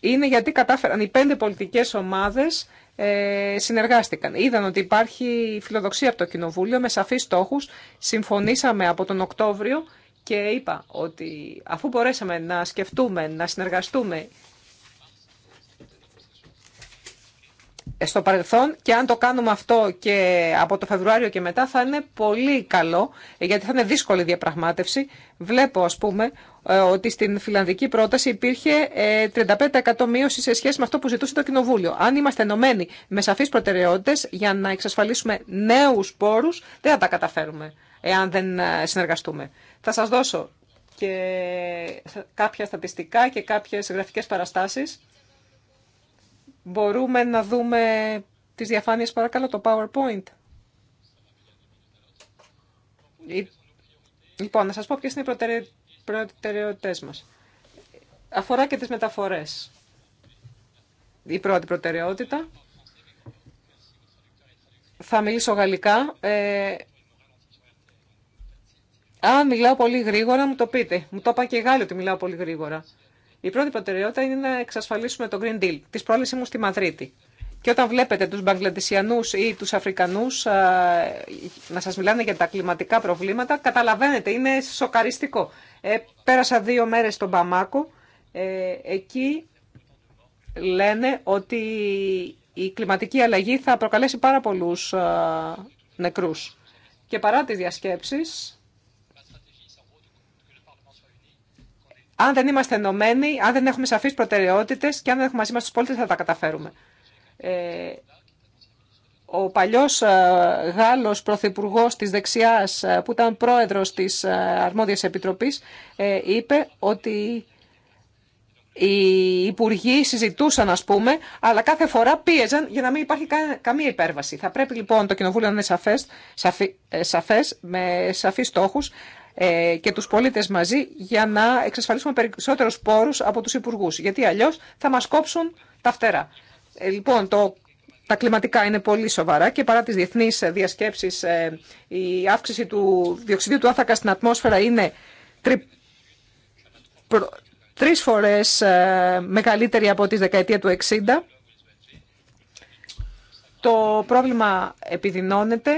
είναι γιατί κατάφεραν οι πέντε πολιτικές ομάδες ε, συνεργάστηκαν. Είδαν ότι υπάρχει φιλοδοξία από το Κοινοβούλιο με σαφείς στόχους. Συμφωνήσαμε από τον Οκτώβριο και είπα ότι αφού μπορέσαμε να σκεφτούμε, να συνεργαστούμε στο παρελθόν και αν το κάνουμε αυτό και από το Φεβρουάριο και μετά θα είναι πολύ καλό γιατί θα είναι δύσκολη διαπραγμάτευση. Βλέπω ας πούμε ε, ότι στην φιλανδική πρόταση υπήρχε 35% ε, μείωση σε σχέση με αυτό που ζητούσε το Κοινοβούλιο. Αν είμαστε ενωμένοι με σαφείς προτεραιότητες για να εξασφαλίσουμε νέους πόρους δεν θα τα καταφέρουμε εάν δεν ε, συνεργαστούμε. Θα σας δώσω και κάποια στατιστικά και κάποιες γραφικές παραστάσεις Μπορούμε να δούμε τις διαφάνειες παρακαλώ, το PowerPoint. Λοιπόν, να σας πω ποιες είναι οι προτεραιότητες μας. Αφορά και τις μεταφορές. Η πρώτη προτεραιότητα. Θα μιλήσω γαλλικά. Ε, αν μιλάω πολύ γρήγορα, μου το πείτε. Μου το είπα και οι Γάλλοι ότι μιλάω πολύ γρήγορα. Η πρώτη προτεραιότητα είναι να εξασφαλίσουμε το Green Deal. Τη πρόληση μου στη Μαδρίτη. Και όταν βλέπετε τους Μπαγκλαντισιανούς ή τους Αφρικανούς να σας μιλάνε για τα κλιματικά προβλήματα, καταλαβαίνετε, είναι σοκαριστικό. Ε, πέρασα δύο μέρες στον Παμάκο. Ε, εκεί λένε ότι η κλιματική αλλαγή θα προκαλέσει πάρα πολλούς νεκρούς. Και παρά τις διασκέψεις, αν δεν είμαστε ενωμένοι, αν δεν έχουμε σαφείς προτεραιότητες και αν δεν έχουμε μαζί μας τους πολίτες θα τα καταφέρουμε. Ε, ο παλιός ε, Γάλλος πρωθυπουργός της δεξιάς ε, που ήταν πρόεδρος της Αρμόδιας Επιτροπής είπε ότι οι υπουργοί συζητούσαν, α πούμε, αλλά κάθε φορά πίεζαν για να μην υπάρχει καμία υπέρβαση. Θα πρέπει λοιπόν το Κοινοβούλιο να είναι σαφέ, σαφές, με σαφεί στόχου, ε, και τους πολίτες μαζί για να εξασφαλίσουμε περισσότερους πόρους από τους υπουργού. γιατί αλλιώς θα μας κόψουν τα φτερά. Ε, λοιπόν, το, τα κλιματικά είναι πολύ σοβαρά και παρά τις διεθνείς διασκέψεις ε, η αύξηση του διοξιδίου του άνθρακα στην ατμόσφαιρα είναι τρι, προ, τρεις φορές μεγαλύτερη από τις δεκαετία του 60. Το πρόβλημα επιδεινώνεται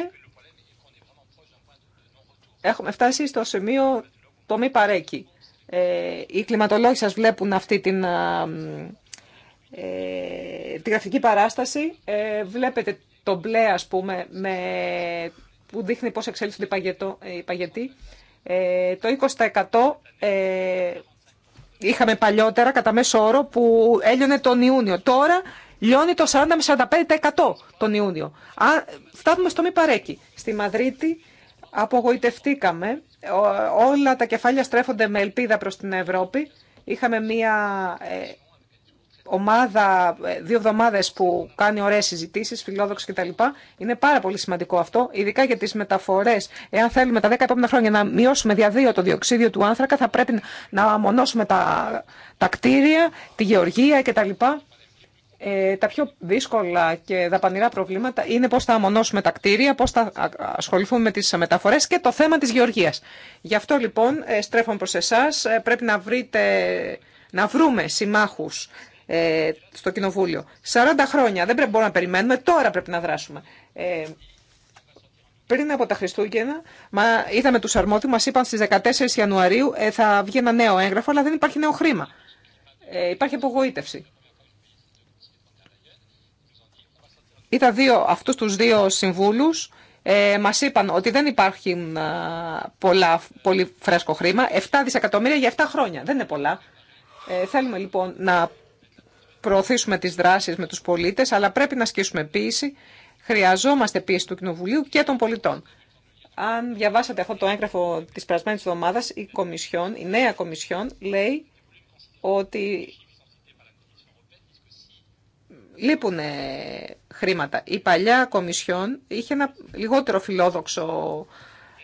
Έχουμε φτάσει στο σημείο το μη παρέκει. Ε, οι κλιματολόγοι σας βλέπουν αυτή την, ε, τη γραφική παράσταση. Ε, βλέπετε το μπλε, ας πούμε, με, που δείχνει πώς εξέλιξονται ε, οι παγετοί. Ε, το 20% ε, είχαμε παλιότερα, κατά μέσο όρο, που έλειωνε τον Ιούνιο. Τώρα λιώνει το 40 45% τον Ιούνιο. Α, φτάνουμε στο μη παρέκει. Στη Μαδρίτη Απογοητευτήκαμε. Όλα τα κεφάλια στρέφονται με ελπίδα προς την Ευρώπη. Είχαμε μία ε, ομάδα, ε, δύο εβδομάδε που κάνει ωραίε συζητήσει, φιλόδοξες κτλ. Είναι πάρα πολύ σημαντικό αυτό, ειδικά για τις μεταφορές. Εάν θέλουμε τα δέκα επόμενα χρόνια να μειώσουμε δια δύο το διοξίδιο του άνθρακα, θα πρέπει να αμονώσουμε τα, τα κτίρια, τη γεωργία κτλ. Ε, τα πιο δύσκολα και δαπανηρά προβλήματα είναι πώς θα αμονώσουμε τα κτίρια, πώς θα ασχοληθούμε με τις μεταφορές και το θέμα της γεωργίας. Γι' αυτό λοιπόν ε, στρέφομαι προς εσάς, ε, πρέπει να, βρείτε, να βρούμε συμμάχους ε, στο Κοινοβούλιο. 40 χρόνια, δεν πρέπει μπορούμε να περιμένουμε, τώρα πρέπει να δράσουμε. Ε, πριν από τα Χριστούγεννα, μα, είδαμε τους αρμόδιους, μας είπαν στις 14 Ιανουαρίου ε, θα βγει ένα νέο έγγραφο, αλλά δεν υπάρχει νέο χρήμα. Ε, υπάρχει απογοήτευση. Ήταν δύο, αυτούς τους δύο συμβούλους ε, μας είπαν ότι δεν υπάρχει ε, πολλά, πολύ φρέσκο χρήμα, 7 δισεκατομμύρια για 7 χρόνια, δεν είναι πολλά. Ε, θέλουμε λοιπόν να προωθήσουμε τις δράσεις με τους πολίτες, αλλά πρέπει να ασκήσουμε πίεση. Χρειαζόμαστε πίεση του Κοινοβουλίου και των πολιτών. Αν διαβάσατε αυτό το έγγραφο της περασμένης εβδομάδα, η, η νέα Κομισιόν λέει ότι λείπουν χρήματα. Η παλιά Κομισιόν είχε ένα λιγότερο φιλόδοξο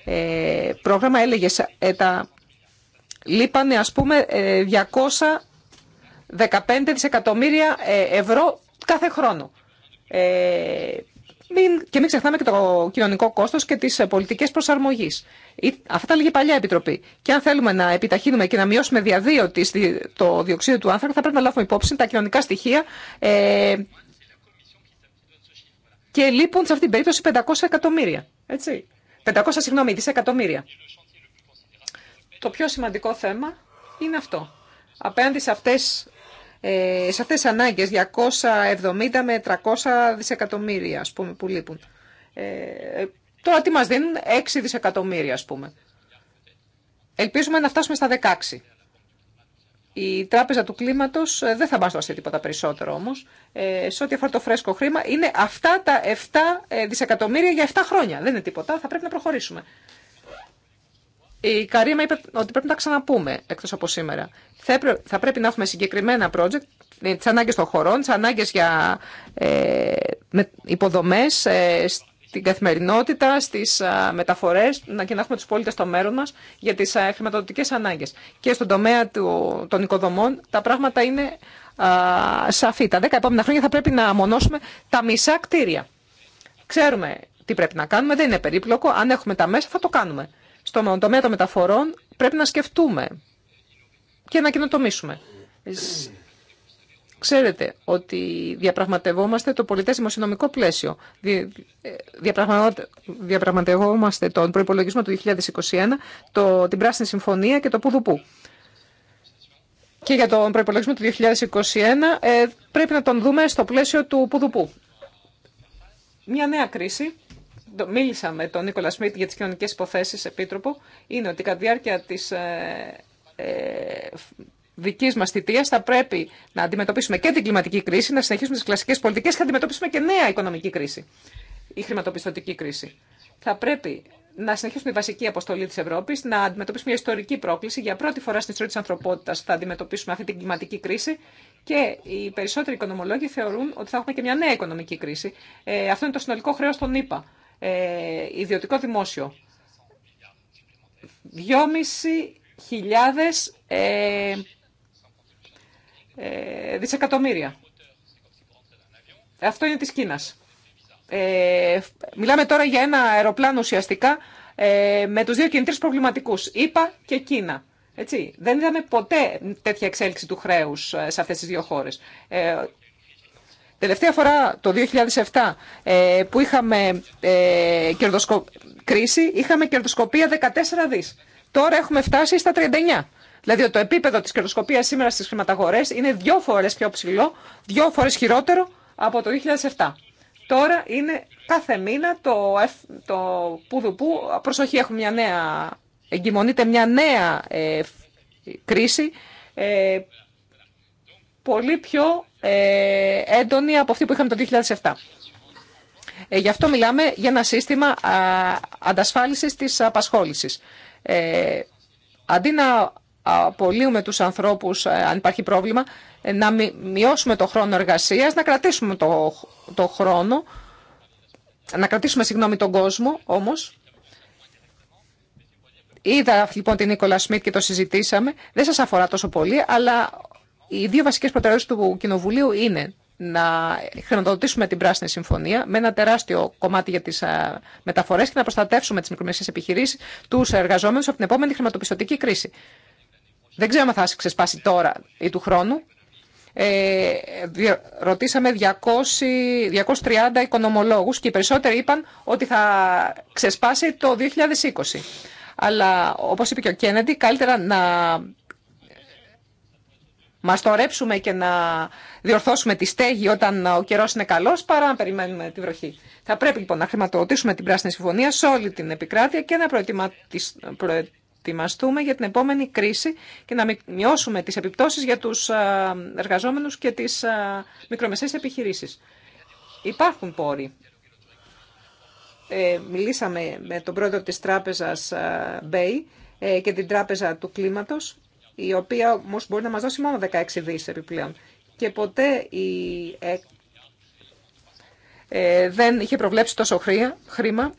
ε, πρόγραμμα, έλεγε ε, τα λείπανε ας πούμε 215 ε, δισεκατομμύρια ε, ευρώ κάθε χρόνο. Ε, μην, και μην ξεχνάμε και το κοινωνικό κόστος και τις πολιτικές προσαρμογής. Αυτά τα λέγει η παλιά Επιτροπή. Και αν θέλουμε να επιταχύνουμε και να μειώσουμε δια δύο το διοξείδιο του άνθρακα, θα πρέπει να λάβουμε υπόψη τα κοινωνικά στοιχεία ε, και λείπουν σε αυτήν την περίπτωση 500 εκατομμύρια. Έτσι. 500, συγγνώμη, δισεκατομμύρια. Το πιο σημαντικό θέμα είναι αυτό. Απέναντι σε αυτές, ε, σε αυτές τις ανάγκες 270 με 300 δισεκατομμύρια ας πούμε, που λείπουν. Ε, τώρα τι μας δίνουν 6 δισεκατομμύρια ας πούμε. Ελπίζουμε να φτάσουμε στα 16. Η τράπεζα του κλίματο ε, δεν θα δώσει τίποτα περισσότερο όμω. Ε, σε ό,τι αφορά το φρέσκο χρήμα, είναι αυτά τα 7 ε, δισεκατομμύρια για 7 χρόνια. Δεν είναι τίποτα, θα πρέπει να προχωρήσουμε. Η Καρίμα είπε ότι πρέπει να τα ξαναπούμε εκτό από σήμερα. Θα πρέπει να έχουμε συγκεκριμένα project, τι ανάγκε των χωρών, τι ανάγκε για ε, υποδομέ, την καθημερινότητα, στι μεταφορέ να έχουμε του πολίτε στο μέρο μα για τι χρηματοδοτικέ ανάγκε. Και στον τομέα του, των οικοδομών τα πράγματα είναι α, σαφή. Τα δέκα επόμενα χρόνια θα πρέπει να μονώσουμε τα μισά κτίρια. Ξέρουμε τι πρέπει να κάνουμε, δεν είναι περίπλοκο. Αν έχουμε τα μέσα θα το κάνουμε. Στον τομέα των μεταφορών πρέπει να σκεφτούμε και να κοινοτομήσουμε. Ξέρετε ότι διαπραγματευόμαστε το πολιτές δημοσιονομικό πλαίσιο. Διαπραγματευόμαστε τον προϋπολογισμό του 2021, το, την Πράσινη Συμφωνία και το Πουδουπού. Και για τον προϋπολογισμό του 2021 ε, πρέπει να τον δούμε στο πλαίσιο του Πουδουπού. Μια νέα κρίση μίλησα με τον Νίκολα Σμιτ για τις κοινωνικές υποθέσεις επίτροπο, είναι ότι κατά διάρκεια της, ε, ε δική μα θητεία θα πρέπει να αντιμετωπίσουμε και την κλιματική κρίση, να συνεχίσουμε τι κλασικέ πολιτικέ και να αντιμετωπίσουμε και νέα οικονομική κρίση. Η χρηματοπιστωτική κρίση. Θα πρέπει να συνεχίσουμε τη βασική αποστολή τη Ευρώπη, να αντιμετωπίσουμε μια ιστορική πρόκληση. Για πρώτη φορά στην ιστορία τη ανθρωπότητα θα αντιμετωπίσουμε αυτή την κλιματική κρίση και οι περισσότεροι οικονομολόγοι θεωρούν ότι θα έχουμε και μια νέα οικονομική κρίση. Ε, αυτό είναι το συνολικό χρέο των ΗΠΑ. Ε, ιδιωτικό δημόσιο. 2.500 ε, ε, δισεκατομμύρια. Αυτό είναι της Κίνας. Ε, μιλάμε τώρα για ένα αεροπλάνο ουσιαστικά ε, με τους δύο κινητήρες προβληματικούς, ΙΠΑ και Κίνα. Έτσι. Δεν είδαμε ποτέ τέτοια εξέλιξη του χρέους ε, σε αυτές τις δύο χώρες. τελευταία φορά το 2007 που είχαμε ε, κερδοσκο... κρίση, είχαμε κερδοσκοπία 14 δις. Τώρα έχουμε φτάσει στα 39. Δηλαδή το επίπεδο της κερδοσκοπίας σήμερα στις χρηματαγορές είναι δυο φορές πιο ψηλό, δυο φορές χειρότερο από το 2007. Τώρα είναι κάθε μήνα το, το που προσοχή έχουμε μια νέα, εγκυμονείται μια νέα ε, κρίση, ε, πολύ πιο ε, έντονη από αυτή που είχαμε το 2007. Ε, γι' αυτό μιλάμε για ένα σύστημα α, αντασφάλισης της απασχόλησης. Ε, αντί να απολύουμε τους ανθρώπους ε, αν υπάρχει πρόβλημα, ε, να μειώσουμε το χρόνο εργασίας, να κρατήσουμε το, το χρόνο, να κρατήσουμε συγγνώμη τον κόσμο όμως. Είδα λοιπόν την Νίκολα Σμιτ και το συζητήσαμε. Δεν σας αφορά τόσο πολύ, αλλά οι δύο βασικές προτεραιότητες του Κοινοβουλίου είναι να χρηματοδοτήσουμε την Πράσινη Συμφωνία με ένα τεράστιο κομμάτι για τι ε, μεταφορέ και να προστατεύσουμε τις μικρομεσαίες επιχειρήσεις του εργαζόμενου από την επόμενη χρηματοπιστωτική κρίση. Δεν ξέρω αν θα ξεσπάσει τώρα ή του χρόνου. Ε, ρωτήσαμε 200, 230 οικονομολόγους και οι περισσότεροι είπαν ότι θα ξεσπάσει το 2020. Αλλά όπως είπε και ο Κέννεντι, καλύτερα να μας το ρέψουμε και να διορθώσουμε τη στέγη όταν ο καιρός είναι καλός παρά να περιμένουμε τη βροχή. Θα πρέπει λοιπόν να χρηματοδοτήσουμε την Πράσινη Συμφωνία σε όλη την επικράτεια και να προετοιμα προετοιμαστούμε για την επόμενη κρίση και να μειώσουμε τις επιπτώσεις για τους εργαζόμενους και τις μικρομεσαίες επιχειρήσεις. Υπάρχουν πόροι. Ε, μιλήσαμε με τον πρόεδρο της τράπεζας Bay ε, και την τράπεζα του κλίματος, η οποία όμω μπορεί να μας δώσει μόνο 16 δις επιπλέον. Και ποτέ η, ε, ε δεν είχε προβλέψει τόσο χρήμα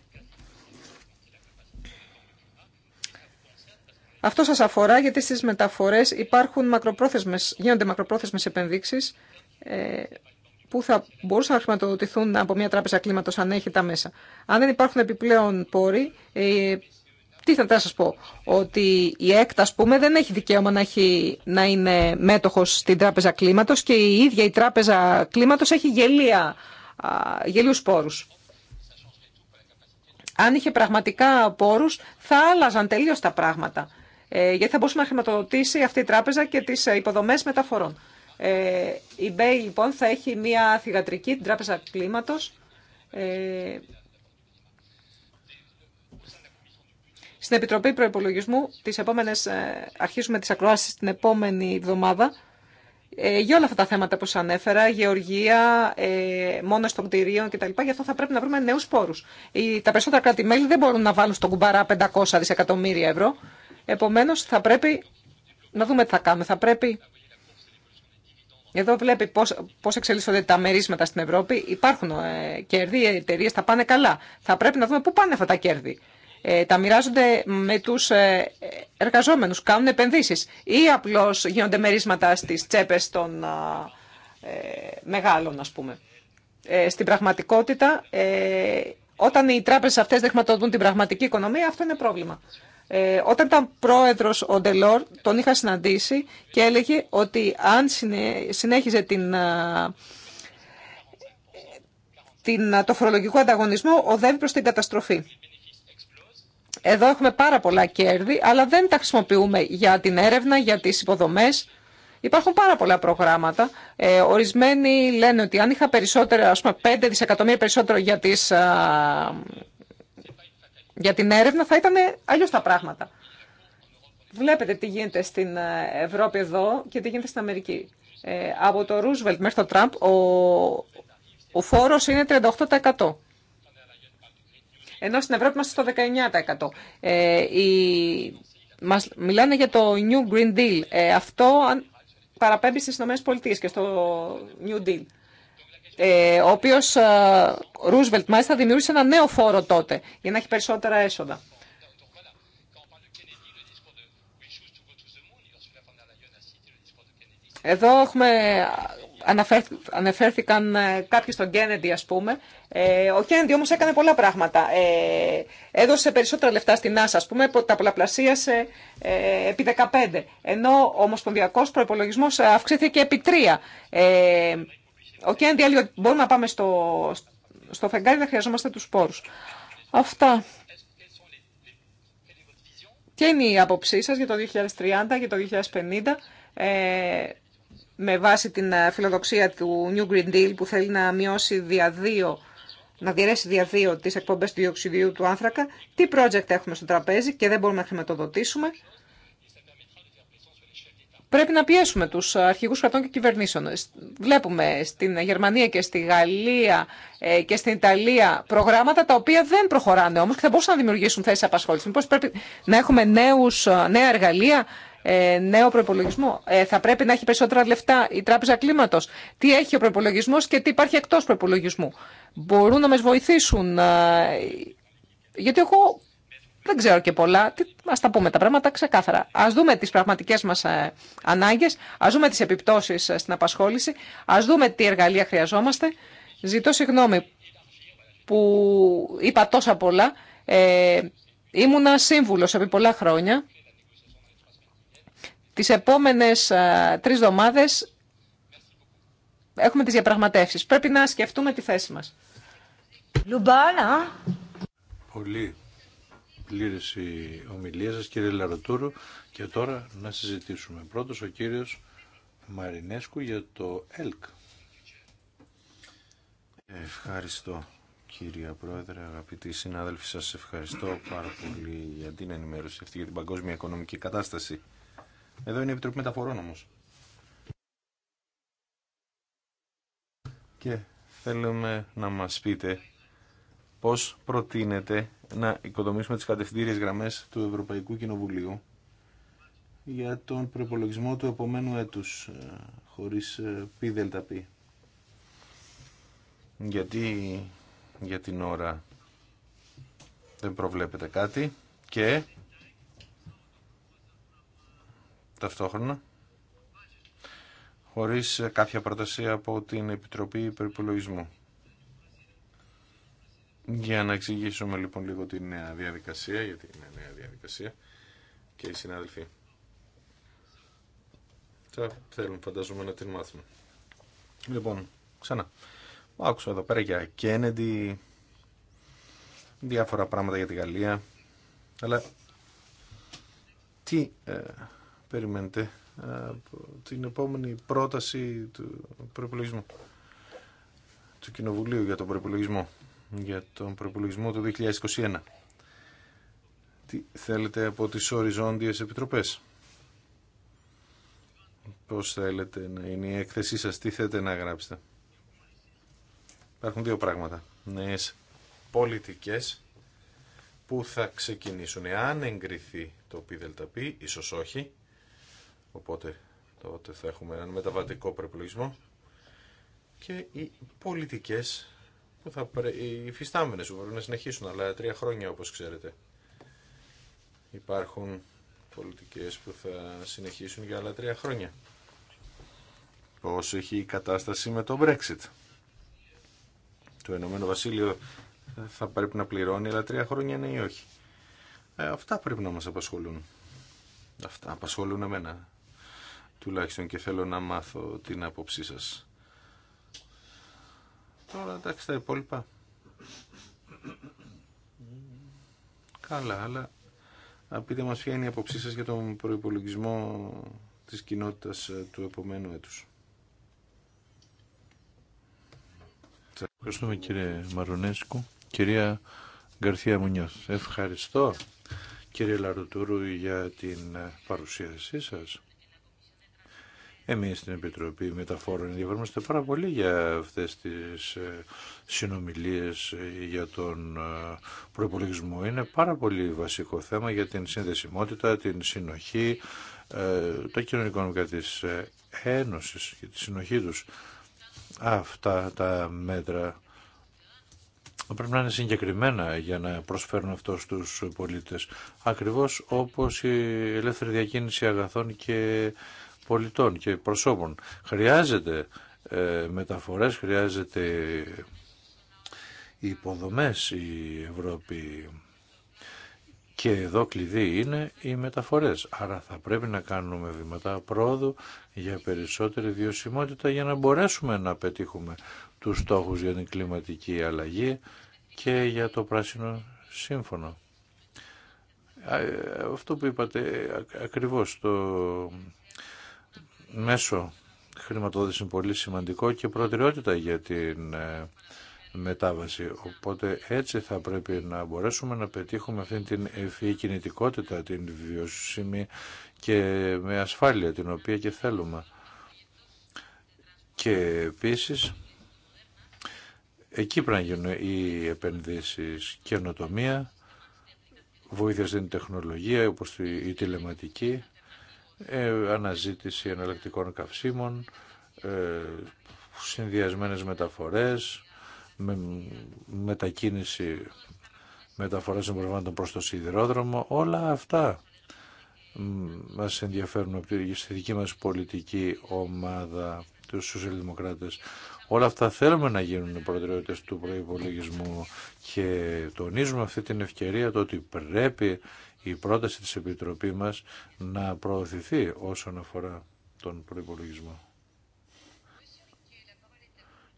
Αυτό σα αφορά γιατί στι μεταφορέ υπάρχουν μακροπρόθεσμες, γίνονται μακροπρόθεσμες επενδύξεις ε, που θα μπορούσαν να χρηματοδοτηθούν από μια τράπεζα κλίματο αν έχει τα μέσα. Αν δεν υπάρχουν επιπλέον πόροι, ε, τι θα σα πω, ότι η ΕΚΤ ας πούμε δεν έχει δικαίωμα να, έχει, να είναι μέτοχο στην τράπεζα κλίματο και η ίδια η τράπεζα κλίματο έχει γελία, γελίους πόρους. Αν είχε πραγματικά πόρου, θα άλλαζαν τελείω τα πράγματα. Ε, γιατί θα μπορούσε να χρηματοδοτήσει αυτή η τράπεζα και τις ε, υποδομές μεταφορών. Ε, η ΜΠΕΙ, λοιπόν θα έχει μια θηγατρική, την τράπεζα κλίματος. Στην Επιτροπή Προϋπολογισμού τις επόμενες, αρχίζουμε τις ακροάσεις την επόμενη εβδομάδα για όλα αυτά τα θέματα που σα ανέφερα, γεωργία, ε, μόνο των κτηρίων κτλ. Γι' αυτό θα πρέπει να βρούμε νέου πόρου. τα περισσότερα κράτη-μέλη δεν μπορούν να βάλουν στον κουμπαρά 500 δισεκατομμύρια ευρώ. Επομένως, θα πρέπει να δούμε τι θα κάνουμε. Θα πρέπει... Εδώ βλέπει πώς, πώς εξελίσσονται τα μερίσματα στην Ευρώπη. Υπάρχουν ε, κέρδη, οι εταιρείε θα πάνε καλά. Θα πρέπει να δούμε πού πάνε αυτά τα κέρδη. Ε, τα μοιράζονται με τους ε, εργαζόμενους, κάνουν επενδύσεις ή απλώς γίνονται μερίσματα στις τσέπες των ε, μεγάλων, ας πούμε. Ε, στην πραγματικότητα, όταν οι τράπεζες αυτές δεν την πραγματική οικονομία, αυτό είναι πρόβλημα. Ε, όταν ήταν πρόεδρος ο Ντελόρ, τον είχα συναντήσει και έλεγε ότι αν συνέχιζε την, ε, την, ε, το φορολογικό ανταγωνισμό, οδεύει προς την καταστροφή. Εδώ έχουμε πάρα πολλά κέρδη, αλλά δεν τα χρησιμοποιούμε για την έρευνα, για τις υποδομές. Υπάρχουν πάρα πολλά προγράμματα. Ε, ορισμένοι λένε ότι αν είχα περισσότερα, ας πούμε 5 δισεκατομμύρια περισσότερο για τις ε, για την έρευνα θα ήταν αλλιώ τα πράγματα. Βλέπετε τι γίνεται στην ε, Ευρώπη εδώ και τι γίνεται στην Αμερική. Ε, από το Ρούσβελτ μέχρι το Τραμπ ο, ο φόρος είναι 38%. Ενώ στην Ευρώπη είμαστε στο 19%. Ε, μας μιλάνε για το New Green Deal. αυτό παραπέμπει στις ΗΠΑ και στο New Deal. Ε, ο οποίο Ρούσβελτ μάλιστα δημιούργησε ένα νέο φόρο τότε για να έχει περισσότερα έσοδα. Εδώ έχουμε, αναφέρθηκαν ε, κάποιοι στον Κέννεντι ας πούμε. Ε, ο Κέννεντι όμως έκανε πολλά πράγματα. έδωσε περισσότερα λεφτά στην NASA ας πούμε, τα πολλαπλασίασε επί 15. Ενώ ο ομοσπονδιακός προϋπολογισμός αυξήθηκε επί 3. Ο έλεγε ότι μπορούμε να πάμε στο, στο φεγγάρι, δεν χρειαζόμαστε τους σπόρους. Αυτά. Ποια είναι η άποψή σας για το 2030, για το 2050, ε, με βάση την ε, φιλοδοξία του New Green Deal που θέλει να μειώσει δια δύο, να διαιρέσει δια δύο τις εκπομπές του διοξιδίου του άνθρακα, τι project έχουμε στο τραπέζι και δεν μπορούμε να χρηματοδοτήσουμε. Πρέπει να πιέσουμε τους αρχηγούς κρατών και κυβερνήσεων. Βλέπουμε στην Γερμανία και στη Γαλλία ε, και στην Ιταλία προγράμματα τα οποία δεν προχωράνε όμως και θα μπορούσαν να δημιουργήσουν θέσεις απασχόλησης. Μήπως πρέπει να έχουμε νέους, ε, νέα εργαλεία, ε, νέο προπολογισμό. Θα πρέπει να έχει περισσότερα λεφτά η Τράπεζα Κλίματος. Τι έχει ο προπολογισμό και τι υπάρχει εκτός προπολογισμού. Μπορούν να μας βοηθήσουν γιατί εγώ δεν ξέρω και πολλά. α τα πούμε τα πράγματα ξεκάθαρα. Ας δούμε τις πραγματικές μας ε, ανάγκες, ας δούμε τις επιπτώσεις ε, στην απασχόληση, ας δούμε τι εργαλεία χρειαζόμαστε. Ζητώ συγγνώμη που είπα τόσα πολλά. Ε, ήμουνα σύμβουλος επί πολλά χρόνια. Τις επόμενες ε, τρει εβδομάδε έχουμε τις διαπραγματεύσει. Πρέπει να σκεφτούμε τη θέση μα. Πολύ πλήρης η ομιλία σας κύριε Λαροτόρο και τώρα να συζητήσουμε. Πρώτος ο κύριος Μαρινέσκου για το ΕΛΚ. Ευχαριστώ κύριε Πρόεδρε, αγαπητοί συνάδελφοι, σας ευχαριστώ πάρα πολύ για την ενημέρωση αυτή για την παγκόσμια οικονομική κατάσταση. Εδώ είναι η Επιτροπή Μεταφορών όμως. Και θέλουμε να μας πείτε Πώ προτείνεται να οικοδομήσουμε τις κατευθυντήριες γραμμές του Ευρωπαϊκού Κοινοβουλίου για τον προπολογισμό του επομένου έτους ε, χωρίς ε, πι δελτα πι. Γιατί για την ώρα δεν προβλέπεται κάτι και ταυτόχρονα χωρίς ε, κάποια πρόταση από την Επιτροπή Περιπολογισμού. Για να εξηγήσουμε λοιπόν λίγο τη νέα διαδικασία, γιατί είναι νέα διαδικασία και οι συνάδελφοι θα θέλουν φαντάζομαι να την μάθουν. Λοιπόν, ξανά. Άκουσα εδώ πέρα για Κέννεντι, διάφορα πράγματα για τη Γαλλία, αλλά τι ε, περιμένετε ε, από την επόμενη πρόταση του προπολογισμού, του Κοινοβουλίου για τον προπολογισμό για τον προπολογισμό του 2021. Τι θέλετε από τις οριζόντιες επιτροπές. Πώς θέλετε να είναι η έκθεσή σας, τι θέλετε να γράψετε. Υπάρχουν δύο πράγματα. Νέες πολιτικές που θα ξεκινήσουν. Εάν εγκριθεί το ΠΔΠ, ίσως όχι, οπότε τότε θα έχουμε έναν μεταβατικό προπολογισμό και οι πολιτικές θα οι υφιστάμενες που μπορούν να συνεχίσουν, αλλά τρία χρόνια όπως ξέρετε. Υπάρχουν πολιτικές που θα συνεχίσουν για άλλα τρία χρόνια. Πώς έχει η κατάσταση με το Brexit. Το Ενωμένο Βασίλειο ε, θα πρέπει να πληρώνει, αλλά τρία χρόνια είναι ή όχι. Ε, αυτά πρέπει να μας απασχολούν. Αυτά απασχολούν εμένα τουλάχιστον και θέλω να μάθω την άποψή σας. Τώρα εντάξει τα υπόλοιπα. Καλά, αλλά πείτε μας ποια είναι η αποψή σας για τον προϋπολογισμό της κοινότητας ε, του επομένου έτους. Ευχαριστούμε κύριε Μαρονέσκου. Κυρία Γκαρθία Μουνιός, ευχαριστώ κύριε Λαρουτούρου για την ε, παρουσίασή σας. Εμείς στην Επιτροπή Μεταφόρων ενδιαφέρομαστε πάρα πολύ για αυτές τις ε, συνομιλίες για τον ε, προπολογισμό. Είναι πάρα πολύ βασικό θέμα για την συνδεσιμότητα, την συνοχή, ε, τα κοινωνικονομικά της Ένωσης και τη συνοχή τους. Αυτά τα μέτρα πρέπει να είναι συγκεκριμένα για να προσφέρουν αυτό στους πολίτες. Ακριβώς όπως η ελεύθερη διακίνηση αγαθών και πολιτών και προσώπων. Χρειάζεται ε, μεταφορές, χρειάζεται υποδομές η Ευρώπη και εδώ κλειδί είναι οι μεταφορές. Άρα θα πρέπει να κάνουμε βήματα πρόοδου για περισσότερη βιωσιμότητα για να μπορέσουμε να πετύχουμε τους στόχους για την κλιματική αλλαγή και για το πράσινο σύμφωνο. Ε, αυτό που είπατε ε, ακριβώς το μέσο χρηματοδότηση είναι πολύ σημαντικό και προτεραιότητα για την ε, μετάβαση. Οπότε έτσι θα πρέπει να μπορέσουμε να πετύχουμε αυτή την ευφυή την βιωσιμή και με ασφάλεια την οποία και θέλουμε. Και επίσης εκεί πρέπει να γίνουν οι επενδύσεις καινοτομία, βοήθεια στην τεχνολογία όπως η τηλεματική ε, αναζήτηση εναλλακτικών καυσίμων, ε, συνδυασμένες μεταφορές, με, μετακίνηση μεταφοράς εμπορευμάτων προς το σιδηρόδρομο, όλα αυτά μας ενδιαφέρουν στη δική μας πολιτική ομάδα τους σοσιαλδημοκράτες. Όλα αυτά θέλουμε να γίνουν προτεραιότητες του προϋπολογισμού και τονίζουμε αυτή την ευκαιρία το ότι πρέπει η πρόταση της Επιτροπή μας να προωθηθεί όσον αφορά τον προϋπολογισμό.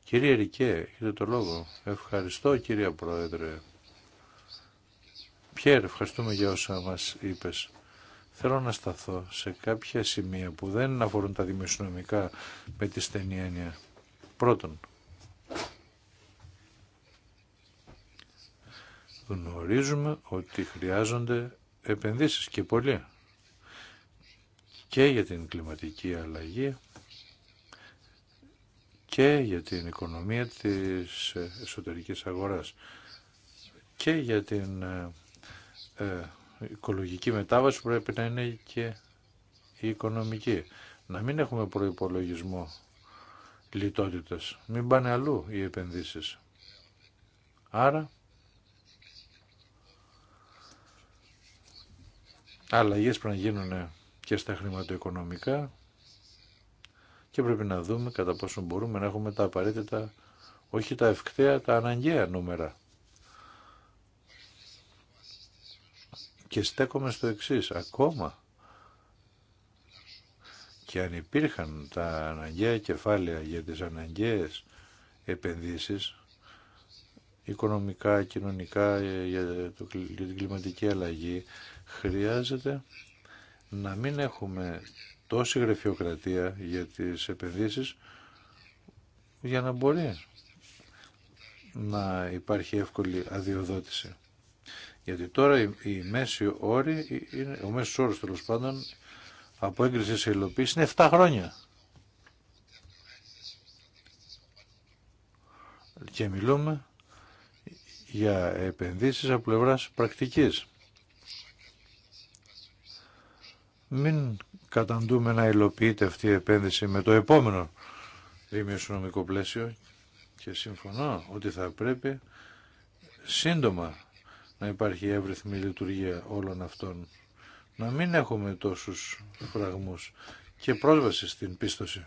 Κύριε Ρικέ, είτε το λόγο. Ευχαριστώ κύριε Πρόεδρε. Πιέρ, ευχαριστούμε για όσα μας είπες. Θέλω να σταθώ σε κάποια σημεία που δεν αφορούν τα δημοσιονομικά με τη στενή έννοια. Πρώτον, γνωρίζουμε ότι χρειάζονται επενδύσεις και πολύ και για την κλιματική αλλαγή και για την οικονομία της εσωτερικής αγοράς και για την ε, ε, οικολογική μετάβαση πρέπει να είναι και η οικονομική. Να μην έχουμε προϋπολογισμό λιτότητας. Μην πάνε αλλού οι επενδύσεις. Άρα Αλλαγέ πρέπει να γίνουν και στα χρηματοοικονομικά και πρέπει να δούμε κατά πόσο μπορούμε να έχουμε τα απαραίτητα, όχι τα ευκταία, τα αναγκαία νούμερα. Και στέκομαι στο εξή ακόμα και αν υπήρχαν τα αναγκαία κεφάλαια για τις αναγκαίες επενδύσεις, οικονομικά, κοινωνικά, για, το, την κλιματική αλλαγή, χρειάζεται να μην έχουμε τόση γραφειοκρατία για τις επενδύσεις για να μπορεί να υπάρχει εύκολη αδειοδότηση. Γιατί τώρα η, μέση όρη, ο μέσος όρος τέλο πάντων από έγκριση σε υλοποίηση είναι 7 χρόνια. Και μιλούμε για επενδύσεις από πλευράς πρακτικής. Μην καταντούμε να υλοποιείται αυτή η επένδυση με το επόμενο δημιουργικό πλαίσιο και συμφωνώ ότι θα πρέπει σύντομα να υπάρχει εύρυθμη λειτουργία όλων αυτών. Να μην έχουμε τόσους φραγμούς και πρόσβαση στην πίστοση.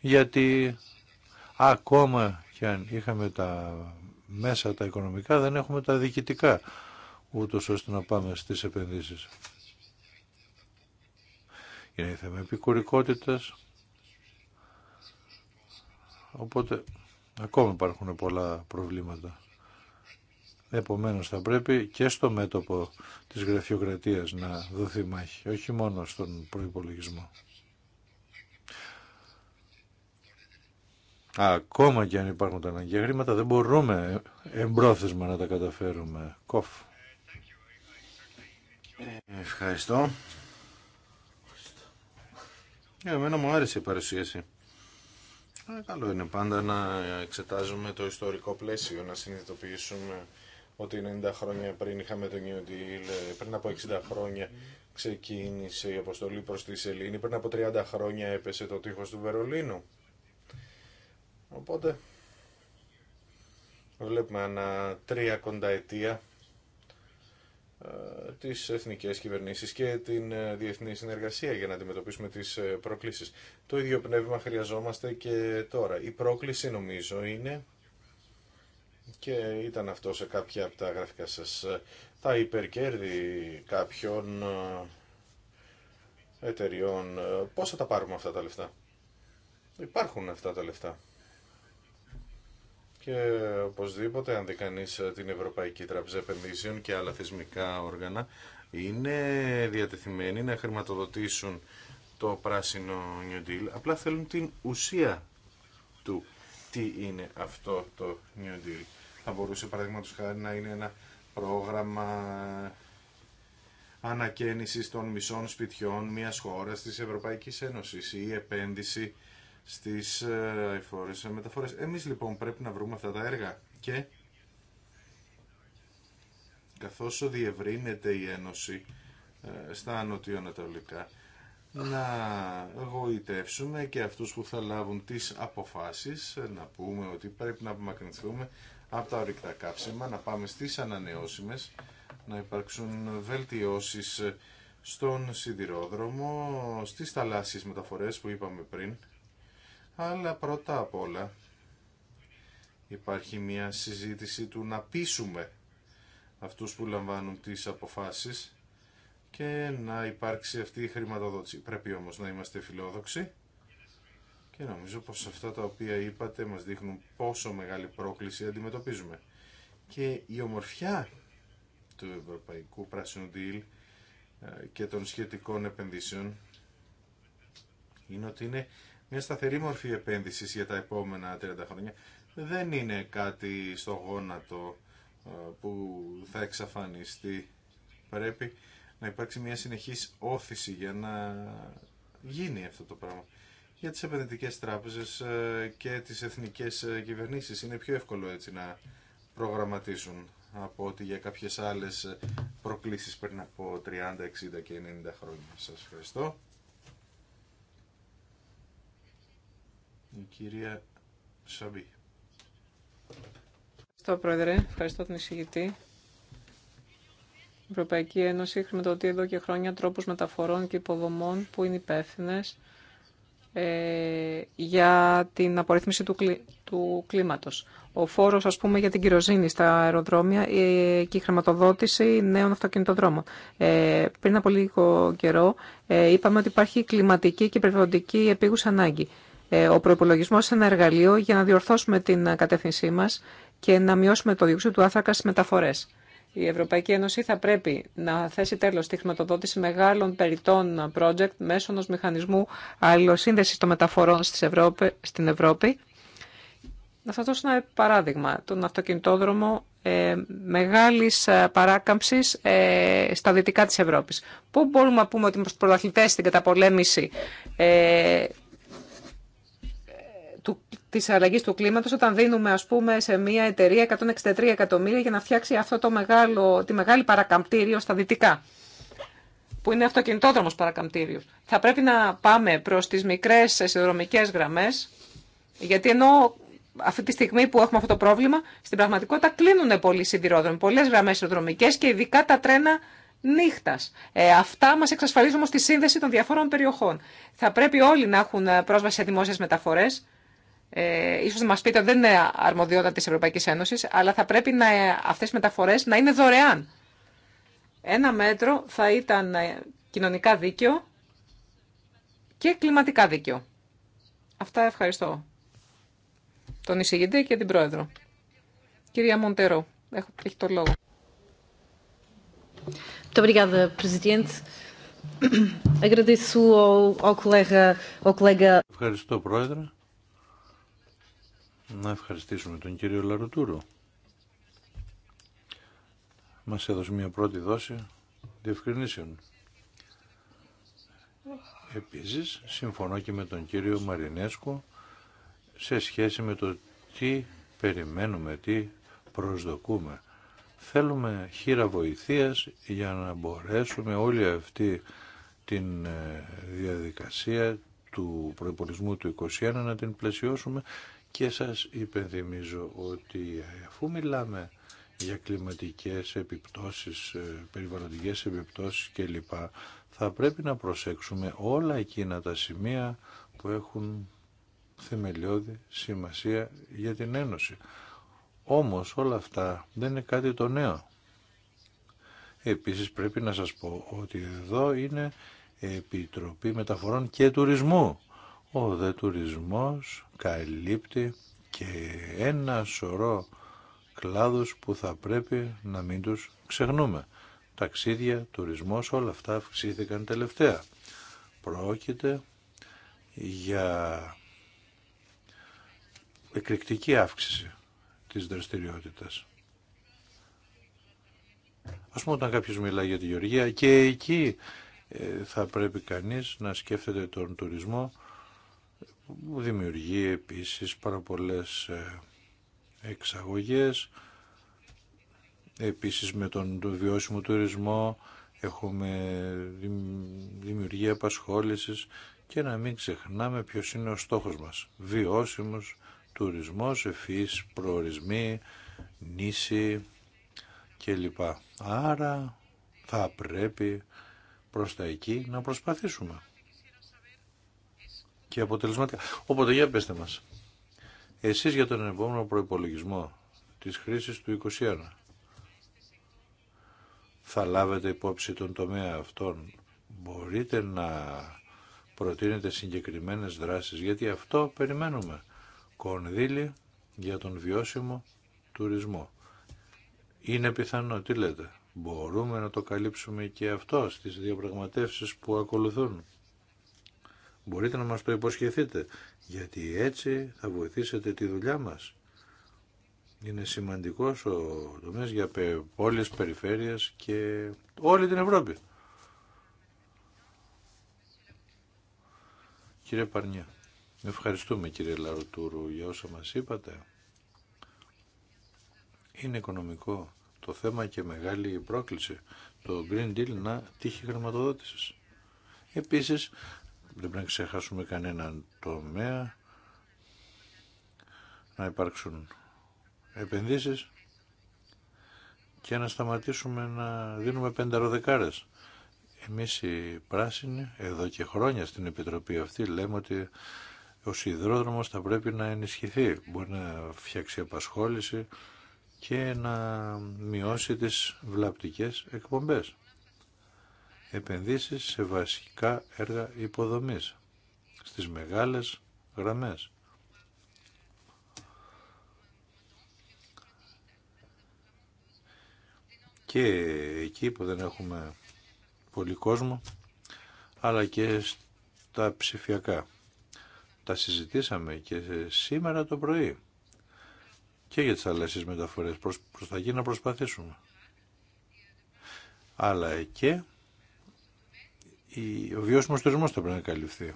Γιατί ακόμα και αν είχαμε τα μέσα τα οικονομικά δεν έχουμε τα διοικητικά ούτως ώστε να πάμε στις επενδύσεις. Είναι θέμα επικουρικότητας. Οπότε ακόμα υπάρχουν πολλά προβλήματα. Επομένως θα πρέπει και στο μέτωπο της γραφειοκρατίας να δοθεί μάχη, όχι μόνο στον προϋπολογισμό. Ακόμα και αν υπάρχουν τα αναγκαία χρήματα δεν μπορούμε εμπρόθεσμα να τα καταφέρουμε. Κοφ. Ε, ευχαριστώ. Ε, εμένα μου άρεσε η παρουσίαση. Ε, καλό είναι πάντα να εξετάζουμε το ιστορικό πλαίσιο, να συνειδητοποιήσουμε ότι 90 χρόνια πριν είχαμε το New πριν από 60 χρόνια ξεκίνησε η αποστολή προς τη Σελήνη, πριν από 30 χρόνια έπεσε το τείχος του Βερολίνου. Οπότε βλέπουμε ανά τρία κοντά αιτία ε, τις εθνικές κυβερνήσεις και την ε, διεθνή συνεργασία για να αντιμετωπίσουμε τις ε, προκλήσεις. Το ίδιο πνεύμα χρειαζόμαστε και τώρα. Η πρόκληση νομίζω είναι και ήταν αυτό σε κάποια από τα γραφικά σας τα υπερκέρδη κάποιων εταιριών. Πώς θα τα πάρουμε αυτά τα λεφτά. Υπάρχουν αυτά τα λεφτά και οπωσδήποτε αν δει κάνει ε, την Ευρωπαϊκή Τραπεζα Επενδύσεων και άλλα θεσμικά όργανα είναι διατεθειμένοι να χρηματοδοτήσουν το πράσινο New Deal. Απλά θέλουν την ουσία του τι είναι αυτό το New Deal. Θα μπορούσε παραδείγματος χάρη να είναι ένα πρόγραμμα ανακαίνησης των μισών σπιτιών μιας χώρας της Ευρωπαϊκής Ένωσης ή επένδυση στις εφόρες ε, μεταφορές. Εμείς λοιπόν πρέπει να βρούμε αυτά τα έργα και καθώς διευρύνεται η Ένωση ε, στα νοτιοανατολικά να γοητεύσουμε και αυτούς που θα λάβουν τις αποφάσεις ε, να πούμε ότι πρέπει να απομακρυνθούμε από τα ορυκτά κάψιμα, να πάμε στις ανανεώσιμες, να υπάρξουν βελτιώσεις στον σιδηρόδρομο, στις θαλάσσιες μεταφορές που είπαμε πριν, αλλά πρώτα απ' όλα υπάρχει μια συζήτηση του να πείσουμε αυτούς που λαμβάνουν τις αποφάσεις και να υπάρξει αυτή η χρηματοδότηση. Πρέπει όμως να είμαστε φιλόδοξοι και νομίζω πως αυτά τα οποία είπατε μας δείχνουν πόσο μεγάλη πρόκληση αντιμετωπίζουμε. Και η ομορφιά του Ευρωπαϊκού Πράσινου Deal ε, και των σχετικών επενδύσεων είναι ότι είναι μια σταθερή μορφή επένδυσης για τα επόμενα 30 χρόνια. Δεν είναι κάτι στο γόνατο ε, που θα εξαφανιστεί. Πρέπει να υπάρξει μια συνεχής όθηση για να γίνει αυτό το πράγμα. Για τις επενδυτικές τράπεζες ε, και τις εθνικές ε, κυβερνήσεις είναι πιο εύκολο έτσι να προγραμματίσουν από ότι για κάποιες άλλες προκλήσεις πριν από 30, 60 και 90 χρόνια. Σας ευχαριστώ. η κυρία Σαμπή. Ευχαριστώ, Πρόεδρε. Ευχαριστώ τον εισηγητή. Η Ευρωπαϊκή Ένωση χρηματοδοτεί εδώ και χρόνια τρόπου μεταφορών και υποδομών που είναι υπεύθυνε ε, για την απορρίθμιση του, κλι, κλίματος. Ο φόρος, α πούμε, για την κυροζήνη στα αεροδρόμια ε, και η χρηματοδότηση νέων αυτοκινητοδρόμων. Ε, πριν από λίγο καιρό ε, είπαμε ότι υπάρχει κλιματική και περιβαλλοντική επίγουσα ανάγκη. Ε, ο προπολογισμό είναι ένα εργαλείο για να διορθώσουμε την κατεύθυνσή μα και να μειώσουμε το διοξείδιο του άνθρακα στι μεταφορέ. Η Ευρωπαϊκή Ένωση θα πρέπει να θέσει τέλο στη χρηματοδότηση μεγάλων περιττών project μέσω ενό μηχανισμού αλληλοσύνδεση των μεταφορών στην Ευρώπη. Να σα δώσω ένα παράδειγμα. Τον αυτοκινητόδρομο ε, μεγάλη ε, παράκαμψη ε, στα δυτικά τη Ευρώπη. Πού μπορούμε να πούμε ότι είμαστε πρωταθλητέ στην καταπολέμηση ε, Τη αλλαγή του κλίματο όταν δίνουμε α πούμε σε μια εταιρεία 163 εκατομμύρια για να φτιάξει αυτό το μεγάλο, τη μεγάλη παρακαμπτήριο στα δυτικά που είναι αυτοκινητόδρομο παρακαμπτήριο. Θα πρέπει να πάμε προ τι μικρέ συνδρομικές γραμμέ, γιατί ενώ αυτή τη στιγμή που έχουμε αυτό το πρόβλημα, στην πραγματικότητα κλείνουν πολλοί σιδηρόδρομοι, πολλέ γραμμέ σιδηροδρομικέ και ειδικά τα τρένα νύχτα. Ε, αυτά μα εξασφαλίζουν όμω τη σύνδεση των διαφόρων περιοχών. Θα πρέπει όλοι να έχουν πρόσβαση σε δημόσιε μεταφορέ ε, ίσως να μας πείτε ότι δεν είναι αρμοδιότητα της Ευρωπαϊκής Ένωσης, αλλά θα πρέπει να, αυτές οι μεταφορές να είναι δωρεάν. Ένα μέτρο θα ήταν ε, κοινωνικά δίκαιο και κλιματικά δίκαιο. Αυτά ευχαριστώ. Τον εισηγητή και την πρόεδρο. Κυρία Μοντερό, έχει το λόγο. Muito obrigada, Presidente. Agradeço ao, ao, colega, ao colega... Ευχαριστώ, Πρόεδρε να ευχαριστήσουμε τον κύριο Λαρουτούρου. Μας έδωσε μια πρώτη δόση διευκρινήσεων. Επίσης, συμφωνώ και με τον κύριο Μαρινέσκο σε σχέση με το τι περιμένουμε, τι προσδοκούμε. Θέλουμε χείρα βοηθείας για να μπορέσουμε όλη αυτή την ε, διαδικασία του προϋπολισμού του 2021 να την πλαισιώσουμε και σας υπενθυμίζω ότι αφού μιλάμε για κλιματικές επιπτώσεις, ε, περιβαλλοντικές επιπτώσεις κλπ. θα πρέπει να προσέξουμε όλα εκείνα τα σημεία που έχουν θεμελιώδη σημασία για την Ένωση. Όμως όλα αυτά δεν είναι κάτι το νέο. Επίσης πρέπει να σας πω ότι εδώ είναι Επιτροπή Μεταφορών και Τουρισμού. Ο δε τουρισμός καλύπτει και ένα σωρό κλάδους που θα πρέπει να μην τους ξεχνούμε. Ταξίδια, τουρισμός, όλα αυτά αυξήθηκαν τελευταία. Πρόκειται για εκρηκτική αύξηση της δραστηριότητας. Ας πούμε όταν κάποιος μιλάει για τη Γεωργία και εκεί ε, θα πρέπει κανείς να σκέφτεται τον τουρισμό δημιουργεί επίσης πάρα πολλές ε, εξαγωγές. Επίσης με τον βιώσιμο τουρισμό έχουμε δημιουργία απασχόλησης και να μην ξεχνάμε ποιος είναι ο στόχος μας. Βιώσιμος τουρισμός, εφής, προορισμοί, νήσι κλπ. Άρα θα πρέπει προς τα εκεί να προσπαθήσουμε και αποτελεσματικά. Οπότε για πέστε μας, εσείς για τον επόμενο προπολογισμό της χρήση του 2021 θα λάβετε υπόψη τον τομέα αυτών. Μπορείτε να προτείνετε συγκεκριμένες δράσεις, γιατί αυτό περιμένουμε. Κονδύλι για τον βιώσιμο τουρισμό. Είναι πιθανό, τι λέτε. Μπορούμε να το καλύψουμε και αυτό στις διαπραγματεύσεις που ακολουθούν. Μπορείτε να μας το υποσχεθείτε, γιατί έτσι θα βοηθήσετε τη δουλειά μας. Είναι σημαντικός ο τομέας για όλες τις περιφέρειες και όλη την Ευρώπη. Κύριε Παρνιά, ευχαριστούμε κύριε Λαρουτούρου για όσα μας είπατε. Είναι οικονομικό το θέμα και μεγάλη πρόκληση το Green Deal να τύχει χρηματοδότησης. Επίσης δεν πρέπει να ξεχάσουμε κανέναν τομέα, να υπάρξουν επενδύσεις και να σταματήσουμε να δίνουμε πενταροδεκάρες. Εμείς οι πράσινοι εδώ και χρόνια στην Επιτροπή αυτή λέμε ότι ο σιδηρόδρομος θα πρέπει να ενισχυθεί. Μπορεί να φτιάξει απασχόληση και να μειώσει τις βλαπτικές εκπομπές επενδύσεις σε βασικά έργα υποδομής στις μεγάλες γραμμές. Και εκεί που δεν έχουμε πολύ κόσμο, αλλά και στα ψηφιακά. Τα συζητήσαμε και σήμερα το πρωί και για τις αλλαίσεις μεταφορές. Προς, προς τα εκεί να προσπαθήσουμε. Αλλά και ο βιώσιμος τουρισμός θα πρέπει να καλυφθεί.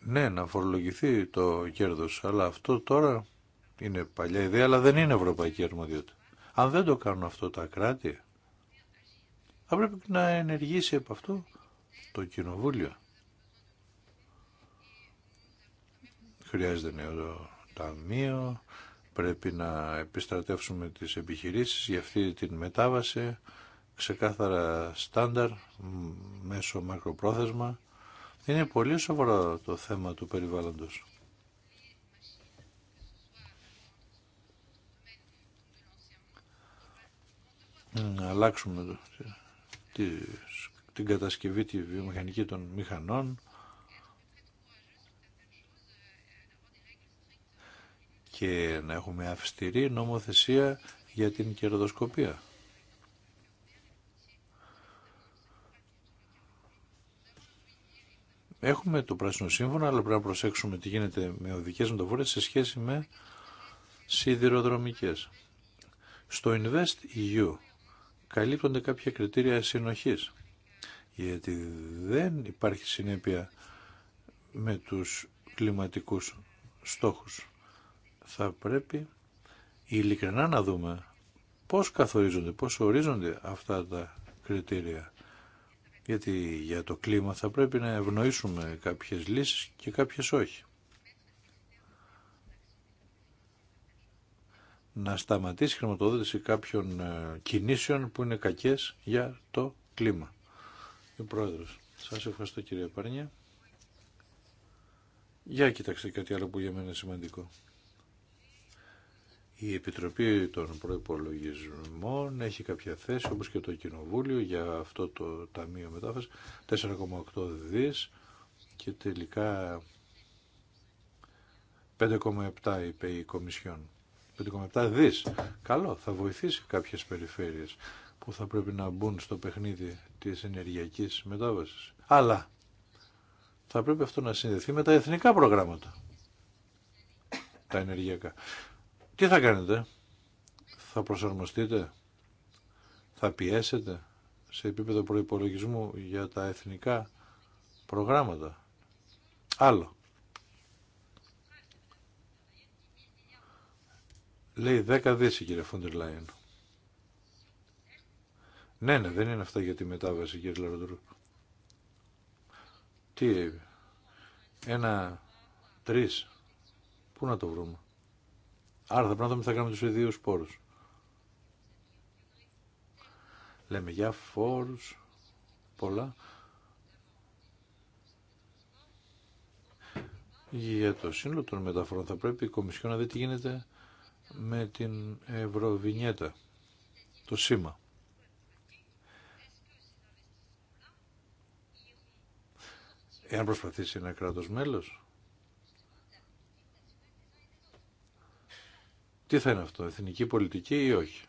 Ναι, να φορολογηθεί το κέρδος, αλλά αυτό τώρα είναι παλιά ιδέα, αλλά δεν είναι ευρωπαϊκή αρμοδιότητα. Αν δεν το κάνουν αυτό τα κράτη, θα πρέπει να ενεργήσει από αυτό το κοινοβούλιο. Χρειάζεται νέο ταμείο, πρέπει να επιστρατεύσουμε τις επιχειρήσεις για αυτή την μετάβαση ξεκάθαρα στάνταρ μέσω μακροπρόθεσμα. Είναι πολύ σοβαρό το θέμα του περιβάλλοντος. Να αλλάξουμε την κατασκευή τη βιομηχανική των μηχανών και να έχουμε αυστηρή νομοθεσία για την κερδοσκοπία. Έχουμε το πράσινο σύμφωνο, αλλά πρέπει να προσέξουμε τι γίνεται με οδικές μεταφορές σε σχέση με σιδηροδρομικές. Στο Invest EU καλύπτονται κάποια κριτήρια συνοχής, γιατί δεν υπάρχει συνέπεια με τους κλιματικούς στόχους. Θα πρέπει ειλικρινά να δούμε πώς καθορίζονται, πώς ορίζονται αυτά τα κριτήρια γιατί για το κλίμα θα πρέπει να ευνοήσουμε κάποιες λύσεις και κάποιες όχι. Να σταματήσει η χρηματοδότηση κάποιων ε, κινήσεων που είναι κακές για το κλίμα. Ο ε, Πρόεδρος, σας ευχαριστώ κύριε Παρνιά. Για κοιτάξτε κάτι άλλο που για μένα είναι σημαντικό. Η Επιτροπή των Προϋπολογισμών έχει κάποια θέση, όπως και το Κοινοβούλιο, για αυτό το Ταμείο Μετάφρασης, 4,8 δις και τελικά 5,7 είπε η Κομισιόν. 5,7 δις. Καλό, θα βοηθήσει κάποιες περιφέρειες που θα πρέπει να μπουν στο παιχνίδι της ενεργειακής μετάβασης. Αλλά θα πρέπει αυτό να συνδεθεί με τα εθνικά προγράμματα. Τα ενεργειακά. Τι θα κάνετε, θα προσαρμοστείτε, θα πιέσετε σε επίπεδο προϋπολογισμού για τα εθνικά προγράμματα. Άλλο. Λέει 10 δις κύριε κυρία Φόντερ Ναι, ναι, δεν είναι αυτά για τη μετάβαση κύριε Λαροντρού. Τι, ένα, τρεις, πού να το βρούμε. Άρα θα πρέπει να δούμε τι θα κάνουμε τους ίδιου πόρου. Λέμε για φόρους, πολλά. Για το σύνολο των μεταφορών θα πρέπει η Κομισιόν να δει τι γίνεται με την Ευρωβινιέτα, το σήμα. Εάν προσπαθήσει ένα κράτο μέλος, Τι θα είναι αυτό, εθνική πολιτική ή όχι.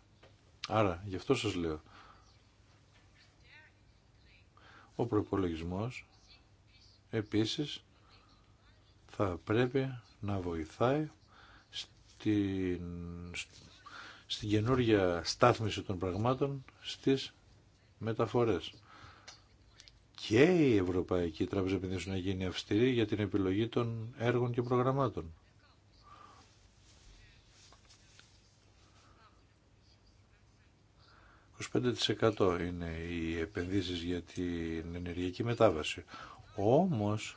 Άρα, γι' αυτό σας λέω. Ο προϋπολογισμός επίσης θα πρέπει να βοηθάει στην, στην καινούργια στάθμιση των πραγμάτων στις μεταφορές. Και η Ευρωπαϊκή Τράπεζα Επενδύσεων να γίνει αυστηρή για την επιλογή των έργων και προγραμμάτων. 25% είναι οι επενδύσεις για την ενεργειακή μετάβαση. Όμως,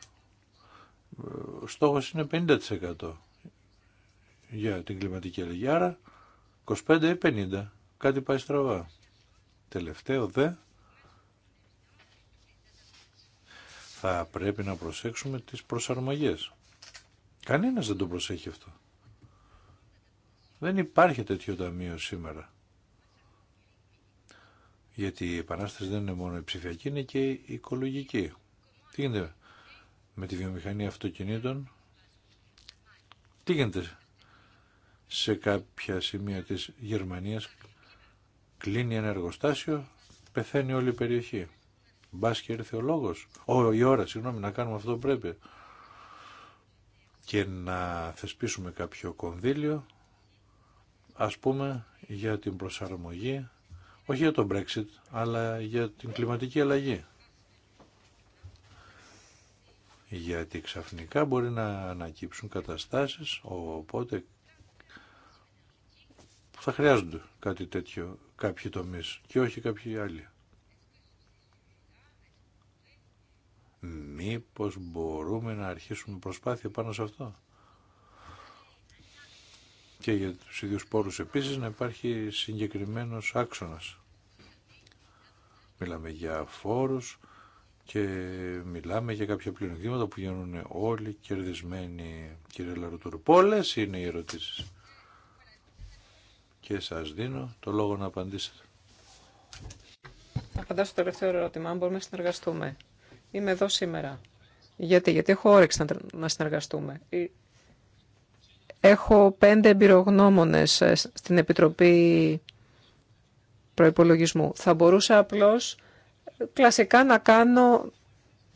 ε, ο στόχος είναι 50% για την κλιματική αλλαγή. Άρα, 25 ή 50. Κάτι πάει στραβά. Τελευταίο δε. Θα πρέπει να προσέξουμε τις προσαρμογές. Κανένας δεν το προσέχει αυτό. Δεν υπάρχει τέτοιο ταμείο σήμερα. Γιατί η επανάσταση δεν είναι μόνο η ψηφιακή, είναι και η οικολογική. Τι γίνεται με τη βιομηχανία αυτοκινήτων, τι γίνεται σε κάποια σημεία της Γερμανίας, κλείνει ένα εργοστάσιο, πεθαίνει όλη η περιοχή. Μπά και έρθει ο λόγος, η ώρα, συγγνώμη, να κάνουμε αυτό που πρέπει. Και να θεσπίσουμε κάποιο κονδύλιο, ας πούμε, για την προσαρμογή όχι για το Brexit, αλλά για την κλιματική αλλαγή. Γιατί ξαφνικά μπορεί να ανακύψουν καταστάσεις, οπότε θα χρειάζονται κάτι τέτοιο κάποιοι τομείς και όχι κάποιοι άλλοι. Μήπως μπορούμε να αρχίσουμε προσπάθεια πάνω σε αυτό και για τους ίδιους πόρους επίσης να υπάρχει συγκεκριμένος άξονας. Μιλάμε για φόρους και μιλάμε για κάποια πλεονεκτήματα που γίνουν όλοι κερδισμένοι κύριε Λαρουτούρου. Πολλές είναι οι ερωτήσεις. Και σας δίνω το λόγο να απαντήσετε. Απαντάω στο τελευταίο ερώτημα, αν μπορούμε να συνεργαστούμε. Είμαι εδώ σήμερα. Γιατί, γιατί έχω όρεξη να συνεργαστούμε. Έχω πέντε εμπειρογνώμονες ε, στην Επιτροπή Προϋπολογισμού. Θα μπορούσα απλώς ε, κλασικά να κάνω,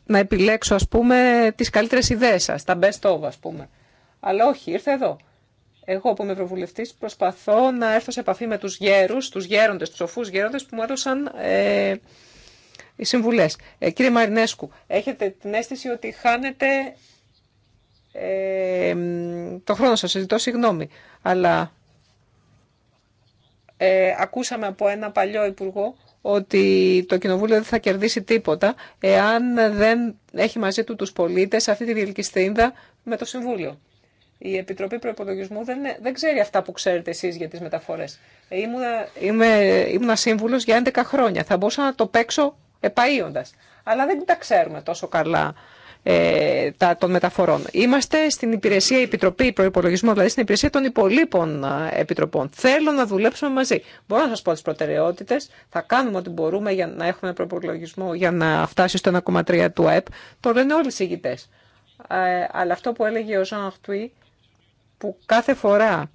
να επιλέξω ας πούμε τις καλύτερες ιδέες σας, τα best of ας πούμε. Αλλά όχι, ήρθε εδώ. Εγώ που είμαι ευρωβουλευτής προσπαθώ να έρθω σε επαφή με τους γέρους, τους γέροντες, τους σοφούς γέροντες που μου έδωσαν ε, οι συμβουλές. κύριε Μαρινέσκου, έχετε την αίσθηση ότι χάνετε ε, το χρόνο σας, ζητώ συγγνώμη, αλλά ε, ακούσαμε από ένα παλιό υπουργό ότι το Κοινοβούλιο δεν θα κερδίσει τίποτα εάν δεν έχει μαζί του τους πολίτες αυτή τη διελκυστίνδα με το Συμβούλιο. Η Επιτροπή Προπολογισμού δεν, δεν ξέρει αυτά που ξέρετε εσείς για τι μεταφορέ. Ήμουνα, είμαι, σύμβουλο για 11 χρόνια. Θα μπορούσα να το παίξω επαείοντα. Αλλά δεν τα ξέρουμε τόσο καλά ε, τα, των μεταφορών. Είμαστε στην υπηρεσία η Επιτροπή Προπολογισμού, δηλαδή στην υπηρεσία των υπολείπων επιτροπών. Θέλω να δουλέψουμε μαζί. Μπορώ να σα πω τι προτεραιότητε. Θα κάνουμε ό,τι μπορούμε για να έχουμε ένα προπολογισμό για να φτάσει στο 1,3 του ΑΕΠ. Το λένε όλοι οι συγκητέ. Ε, αλλά αυτό που έλεγε ο Ζαν Αχτουή, που κάθε φορά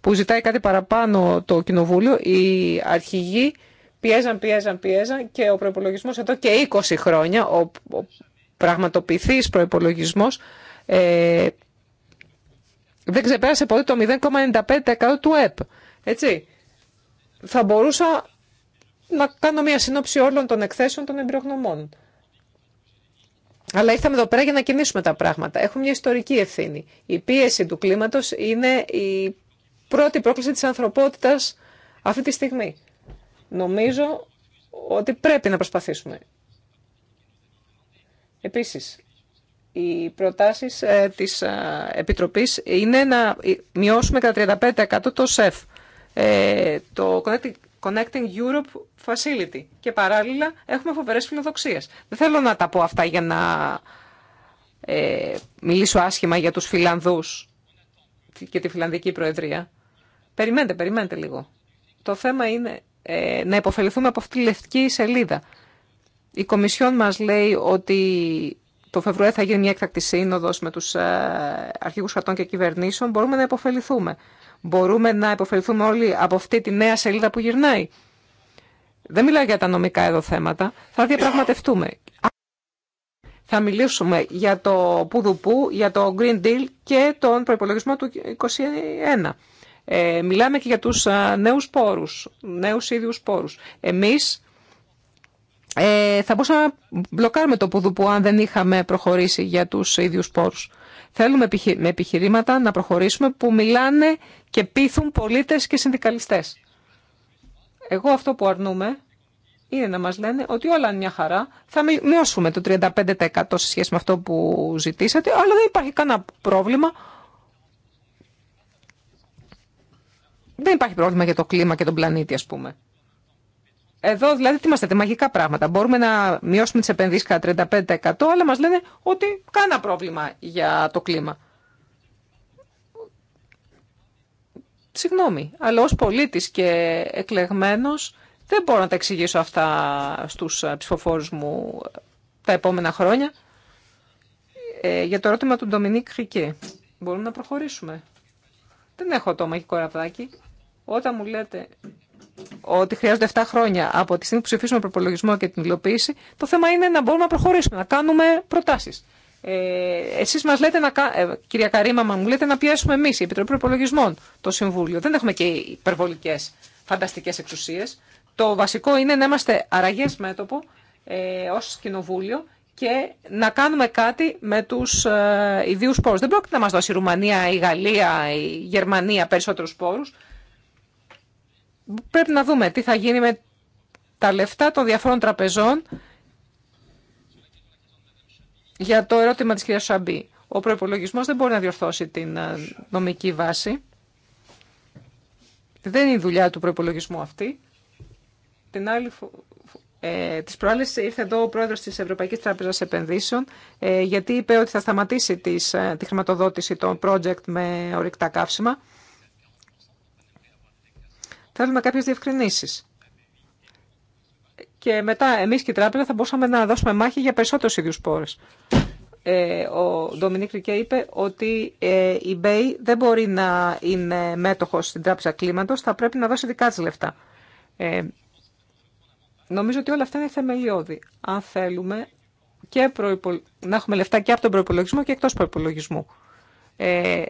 που ζητάει κάτι παραπάνω το Κοινοβούλιο, οι αρχηγοί πιέζαν, πιέζαν, πιέζαν και ο προπολογισμό εδώ και 20 χρόνια, ο, Πραγματοποιηθεί προϋπολογισμός ε, δεν ξεπέρασε ποτέ το 0,95% του ΕΠ. Έτσι. Θα μπορούσα να κάνω μια σύνοψη όλων των εκθέσεων των εμπειρογνωμών. Αλλά ήρθαμε εδώ πέρα για να κινήσουμε τα πράγματα. Έχουμε μια ιστορική ευθύνη. Η πίεση του κλίματος είναι η πρώτη πρόκληση της ανθρωπότητας αυτή τη στιγμή. Νομίζω ότι πρέπει να προσπαθήσουμε. Επίσης, οι προτάσεις ε, της ε, Επιτροπής είναι να ε, μειώσουμε κατά 35% το ΣΕΦ, το Connecting Europe Facility και παράλληλα έχουμε φοβερές φιλοδοξίες. Δεν θέλω να τα πω αυτά για να μιλήσω άσχημα για τους Φιλανδούς και τη Φιλανδική Προεδρία. Περιμένετε, περιμένετε λίγο. Το θέμα είναι να υποφεληθούμε από αυτή τη λευκή σελίδα. Η Κομισιόν μας λέει ότι το Φεβρουάριο θα γίνει μια έκτακτη σύνοδος με τους ε, αρχηγούς κρατών και κυβερνήσεων. Μπορούμε να υποφεληθούμε. Μπορούμε να υποφεληθούμε όλοι από αυτή τη νέα σελίδα που γυρνάει. Δεν μιλάω για τα νομικά εδώ θέματα. Θα διαπραγματευτούμε. Θα μιλήσουμε για το πουδουπού, για το Green Deal και τον προϋπολογισμό του 2021. Ε, μιλάμε και για τους ε, νέους πόρους, νέους ίδιους πόρους. Εμείς ε, θα μπορούσαμε να μπλοκάρουμε το που αν δεν είχαμε προχωρήσει για τους ίδιους πόρους. Θέλουμε με επιχειρήματα να προχωρήσουμε που μιλάνε και πείθουν πολίτες και συνδικαλιστές. Εγώ αυτό που αρνούμε είναι να μας λένε ότι όλα είναι μια χαρά. Θα μειώσουμε το 35% σε σχέση με αυτό που ζητήσατε, αλλά δεν υπάρχει κανένα πρόβλημα. Δεν υπάρχει πρόβλημα για το κλίμα και τον πλανήτη, ας πούμε. Εδώ δηλαδή τι είμαστε, μαγικά πράγματα. Μπορούμε να μειώσουμε τις επενδύσει κατά 35% αλλά μας λένε ότι κάνα πρόβλημα για το κλίμα. Συγγνώμη, αλλά ως πολίτης και εκλεγμένος δεν μπορώ να τα εξηγήσω αυτά στους ε, ψηφοφόρους μου ε, τα επόμενα χρόνια. Ε, για το ερώτημα του Ντομινίκ Χικέ, μπορούμε να προχωρήσουμε. Δεν έχω το μαγικό ραβδάκι. Όταν μου λέτε ότι χρειάζονται 7 χρόνια από τη στιγμή που ψηφίσουμε προπολογισμό και την υλοποίηση, το θέμα είναι να μπορούμε να προχωρήσουμε, να κάνουμε προτάσει. Ε, εσείς μας λέτε, να, ε, κυρία Καρύμα, μου λέτε να πιέσουμε εμεί η Επιτροπή Προπολογισμών, το Συμβούλιο. Δεν έχουμε και υπερβολικέ φανταστικέ εξουσίε. Το βασικό είναι να είμαστε αραγέ μέτωπο ε, ως κοινοβούλιο και να κάνουμε κάτι με του ε, ιδίους Δεν πρόκειται να μας δώσει η Ρουμανία, η Γαλλία, η Γερμανία περισσότερου πόρου πρέπει να δούμε τι θα γίνει με τα λεφτά των διαφόρων τραπεζών για το ερώτημα της κυρίας Σαμπή. Ο προπολογισμό δεν μπορεί να διορθώσει την ε, νομική βάση. Δεν είναι η δουλειά του προπολογισμού αυτή. Την άλλη, ε, τις προάλλες ήρθε εδώ ο πρόεδρος της Ευρωπαϊκής Τράπεζας Επενδύσεων ε, γιατί είπε ότι θα σταματήσει τις, τη χρηματοδότηση των project με ορυκτά καύσιμα. Θέλουμε κάποιε διευκρινήσει. Και μετά εμείς και η τράπεζα θα μπορούσαμε να δώσουμε μάχη για περισσότερους ίδιους Ε, ο Ντομινίκ Ρικέ είπε ότι ε, η Μπέι δεν μπορεί να είναι μέτοχος στην τράπεζα κλίματος, θα πρέπει να δώσει δικά τη λεφτά. Ε, νομίζω ότι όλα αυτά είναι θεμελιώδη. Αν θέλουμε και προϋπολ... να έχουμε λεφτά και από τον προπολογισμό και εκτό προπολογισμού. Ε,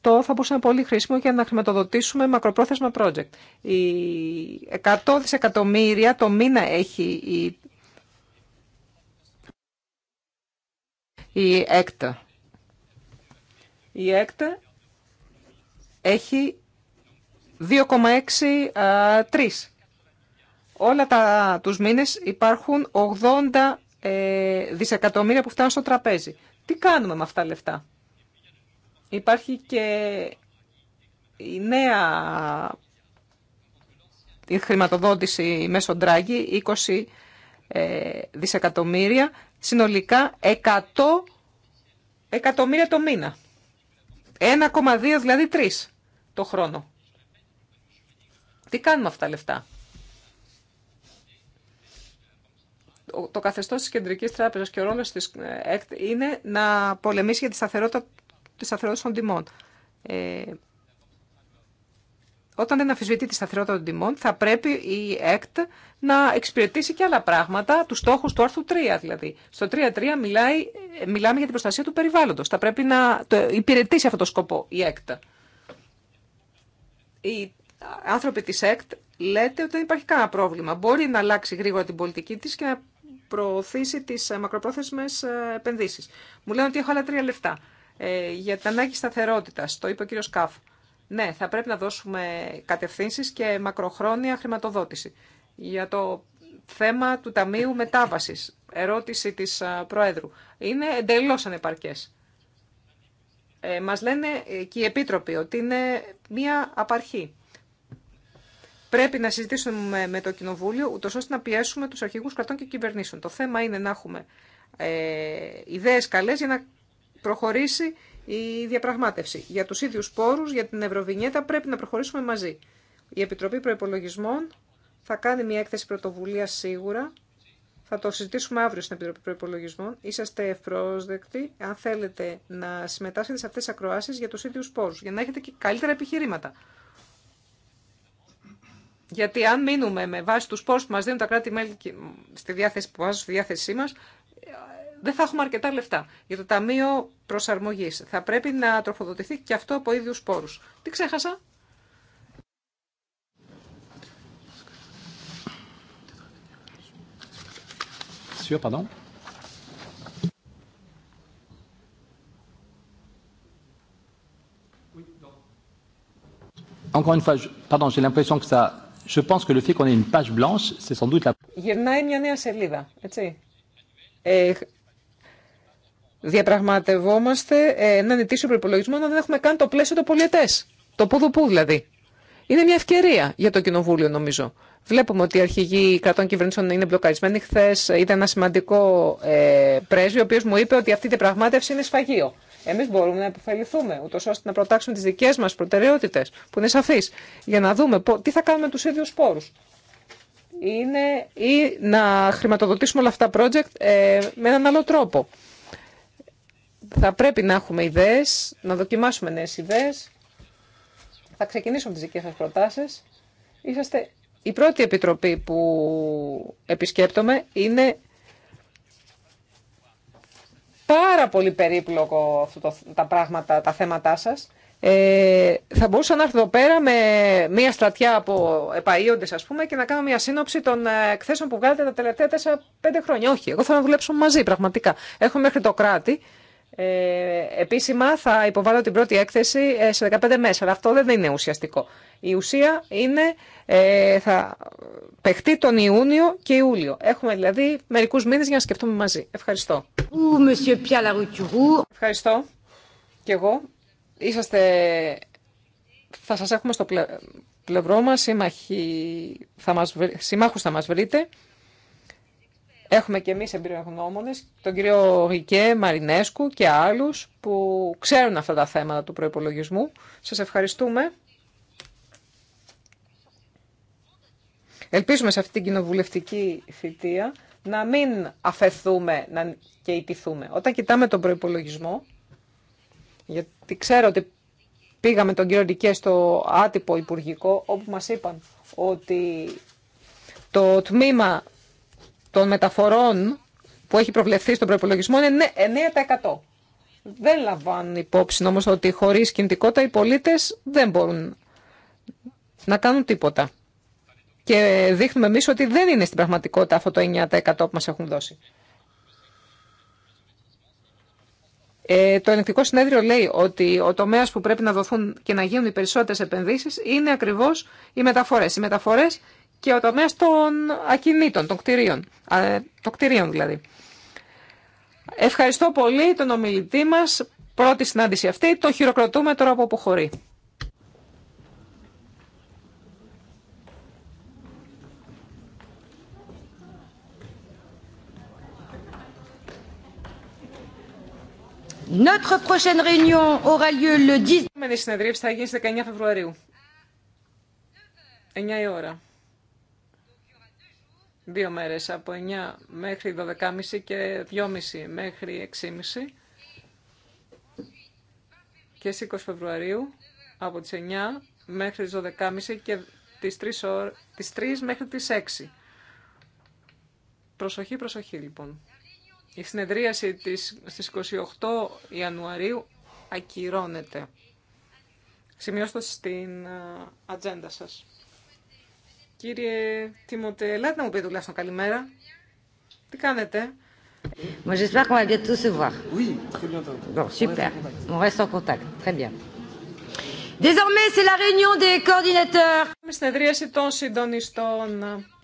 το θα μπορούσε να είναι πολύ χρήσιμο για να χρηματοδοτήσουμε μακροπρόθεσμα project. Η 100 δισεκατομμύρια το μήνα έχει η, η ΕΚΤΑ. Η ΕΚΤΑ έχει 2,63. Ε, Όλα τα, τους μήνες υπάρχουν 80 ε, δισεκατομμύρια που φτάνουν στο τραπέζι. Τι κάνουμε με αυτά τα λεφτά. Υπάρχει και η νέα η χρηματοδότηση μέσω Ντράγκη, 20 ε, δισεκατομμύρια, συνολικά 100 εκατομμύρια το μήνα. 1,2 δηλαδή 3 το χρόνο. Τι κάνουμε αυτά τα λεφτά. Το καθεστώς της Κεντρικής Τράπεζας και ο ρόλος της ε, είναι να πολεμήσει για τη σταθερότητα τη σταθερότητα των τιμών. Ε, όταν δεν αφισβητεί τη σταθερότητα των τιμών, θα πρέπει η ΕΚΤ να εξυπηρετήσει και άλλα πράγματα, του στόχου του άρθρου 3 δηλαδή. Στο 3.3 3 μιλάμε για την προστασία του περιβάλλοντο. Θα πρέπει να το υπηρετήσει αυτό το σκοπό η ΕΚΤ. Οι άνθρωποι τη ΕΚΤ λέτε ότι δεν υπάρχει κανένα πρόβλημα. Μπορεί να αλλάξει γρήγορα την πολιτική τη και να προωθήσει τι μακροπρόθεσμε ε, επενδύσει. Μου λένε ότι έχω άλλα τρία λεφτά. Ε, για την ανάγκη σταθερότητας. Το είπε ο κύριο Κάφ. Ναι, θα πρέπει να δώσουμε κατευθύνσεις και μακροχρόνια χρηματοδότηση. Για το θέμα του Ταμείου μετάβαση, ερώτηση της Προέδρου, είναι εντελώ ανεπαρκέ. Ε, μας λένε ε, και οι Επίτροποι ότι είναι μία απαρχή. Πρέπει να συζητήσουμε με το Κοινοβούλιο, ούτω ώστε να πιέσουμε τους αρχηγού κρατών και κυβερνήσεων. Το θέμα είναι να έχουμε ε, ιδέες για να προχωρήσει η διαπραγμάτευση. Για τους ίδιους πόρους, για την Ευρωβινιέτα πρέπει να προχωρήσουμε μαζί. Η Επιτροπή Προϋπολογισμών θα κάνει μια έκθεση πρωτοβουλία σίγουρα. Θα το συζητήσουμε αύριο στην Επιτροπή Προπολογισμών. Είσαστε ευπρόσδεκτοι, αν θέλετε, να συμμετάσχετε σε αυτέ τι ακροάσει για του ίδιου πόρου, για να έχετε και καλύτερα επιχειρήματα. Γιατί αν μείνουμε με βάση του πόρου που μα δίνουν τα κράτη-μέλη στη διάθεση, που στη διάθεσή μα, δεν θα έχουμε αρκετά λεφτά για το Ταμείο Προσαρμογής. Θα πρέπει να τροφοδοτηθεί και αυτό από ίδιους πόρους. Τι ξέχασα? Pardon. Encore μια νέα σελίδα, ε, διαπραγματευόμαστε έναν ε, ετήσιο προπολογισμό όταν δεν έχουμε καν το πλαίσιο το πολιετέ. Το πού δηλαδή. Είναι μια ευκαιρία για το Κοινοβούλιο, νομίζω. Βλέπουμε ότι οι αρχηγοί κρατών κυβερνήσεων είναι μπλοκαρισμένοι. Χθε ήταν ένα σημαντικό ε, πρέσβη, ο οποίο μου είπε ότι αυτή η διαπραγμάτευση είναι σφαγείο. Εμεί μπορούμε να υποφεληθούμε, ούτω ώστε να προτάξουμε τι δικέ μα προτεραιότητε, που είναι σαφεί, για να δούμε τι θα κάνουμε του ίδιου πόρου. Είναι ή να χρηματοδοτήσουμε όλα αυτά τα project ε, με έναν άλλο τρόπο θα πρέπει να έχουμε ιδέες, να δοκιμάσουμε νέες ιδέες. Θα ξεκινήσουμε τις δικές σας προτάσεις. Είσαστε η πρώτη επιτροπή που επισκέπτομαι είναι πάρα πολύ περίπλοκο αυτό το, τα πράγματα, τα θέματά σας. Ε, θα μπορούσα να έρθω εδώ πέρα με μία στρατιά από επαΐοντες ας πούμε και να κάνω μία σύνοψη των ε, εκθέσεων που βγάλετε τα τελευταία 4-5 χρόνια. Όχι, εγώ θέλω να δουλέψω μαζί πραγματικά. Έχω μέχρι το κράτη ε, επίσημα θα υποβάλω την πρώτη έκθεση ε, σε 15 μέσα, αλλά αυτό δεν είναι ουσιαστικό. Η ουσία είναι ε, θα παιχτεί τον Ιούνιο και Ιούλιο. Έχουμε δηλαδή μερικούς μήνες για να σκεφτούμε μαζί. Ευχαριστώ. Ευχαριστώ και εγώ. Είσαστε... Θα σας έχουμε στο πλευρό μας, σύμμαχοι θα μας... σύμμαχους θα μας βρείτε. Έχουμε και εμείς εμπειρογνώμονες, τον κύριο Γικέ, Μαρινέσκου και άλλους που ξέρουν αυτά τα θέματα του προϋπολογισμού. Σας ευχαριστούμε. Ελπίζουμε σε αυτή την κοινοβουλευτική θητεία να μην αφαιθούμε να και ιτηθούμε. Όταν κοιτάμε τον προϋπολογισμό, γιατί ξέρω ότι πήγαμε τον κύριο Ρικέ στο άτυπο υπουργικό, όπου μας είπαν ότι το τμήμα των μεταφορών που έχει προβλεφθεί στον προπολογισμό είναι 9%. Δεν λαμβάνουν υπόψη όμως ότι χωρίς κινητικότητα οι πολίτες δεν μπορούν να κάνουν τίποτα. Και δείχνουμε εμεί ότι δεν είναι στην πραγματικότητα αυτό το 9% που μας έχουν δώσει. Ε, το ελεγκτικό συνέδριο λέει ότι ο τομέα που πρέπει να δοθούν και να γίνουν οι περισσότερε επενδύσει είναι ακριβώ οι μεταφορέ. Οι μεταφορέ και ο τομέας των ακινήτων, των κτηρίων, ε, των δηλαδή. Ευχαριστώ πολύ τον ομιλητή μας. Πρώτη συνάντηση αυτή. Το χειροκροτούμε τώρα από αποχωρεί. Notre Η επόμενη συνεδρίαση θα γίνει στις 19 Φεβρουαρίου. 9 η ώρα δύο μέρες, από 9 μέχρι 12.30 και 2.30 μέχρι 6.30 και στις 20 Φεβρουαρίου από τις 9 μέχρι τις 12.30 και τις 3, τις 3 μέχρι τις 6. Προσοχή, προσοχή λοιπόν. Η συνεδρίαση της, στις 28 Ιανουαρίου ακυρώνεται. Σημειώστε στην ε, ατζέντα σας. Κύριε Τιμωτέ, ελάτε να μου πείτε τουλάχιστον καλημέρα. Τι κάνετε. Moi j'espère qu'on va bientôt se voir. Oui, très bientôt. Bon, super. On reste en contact. Très bien. Désormais, c'est la réunion des coordinateurs.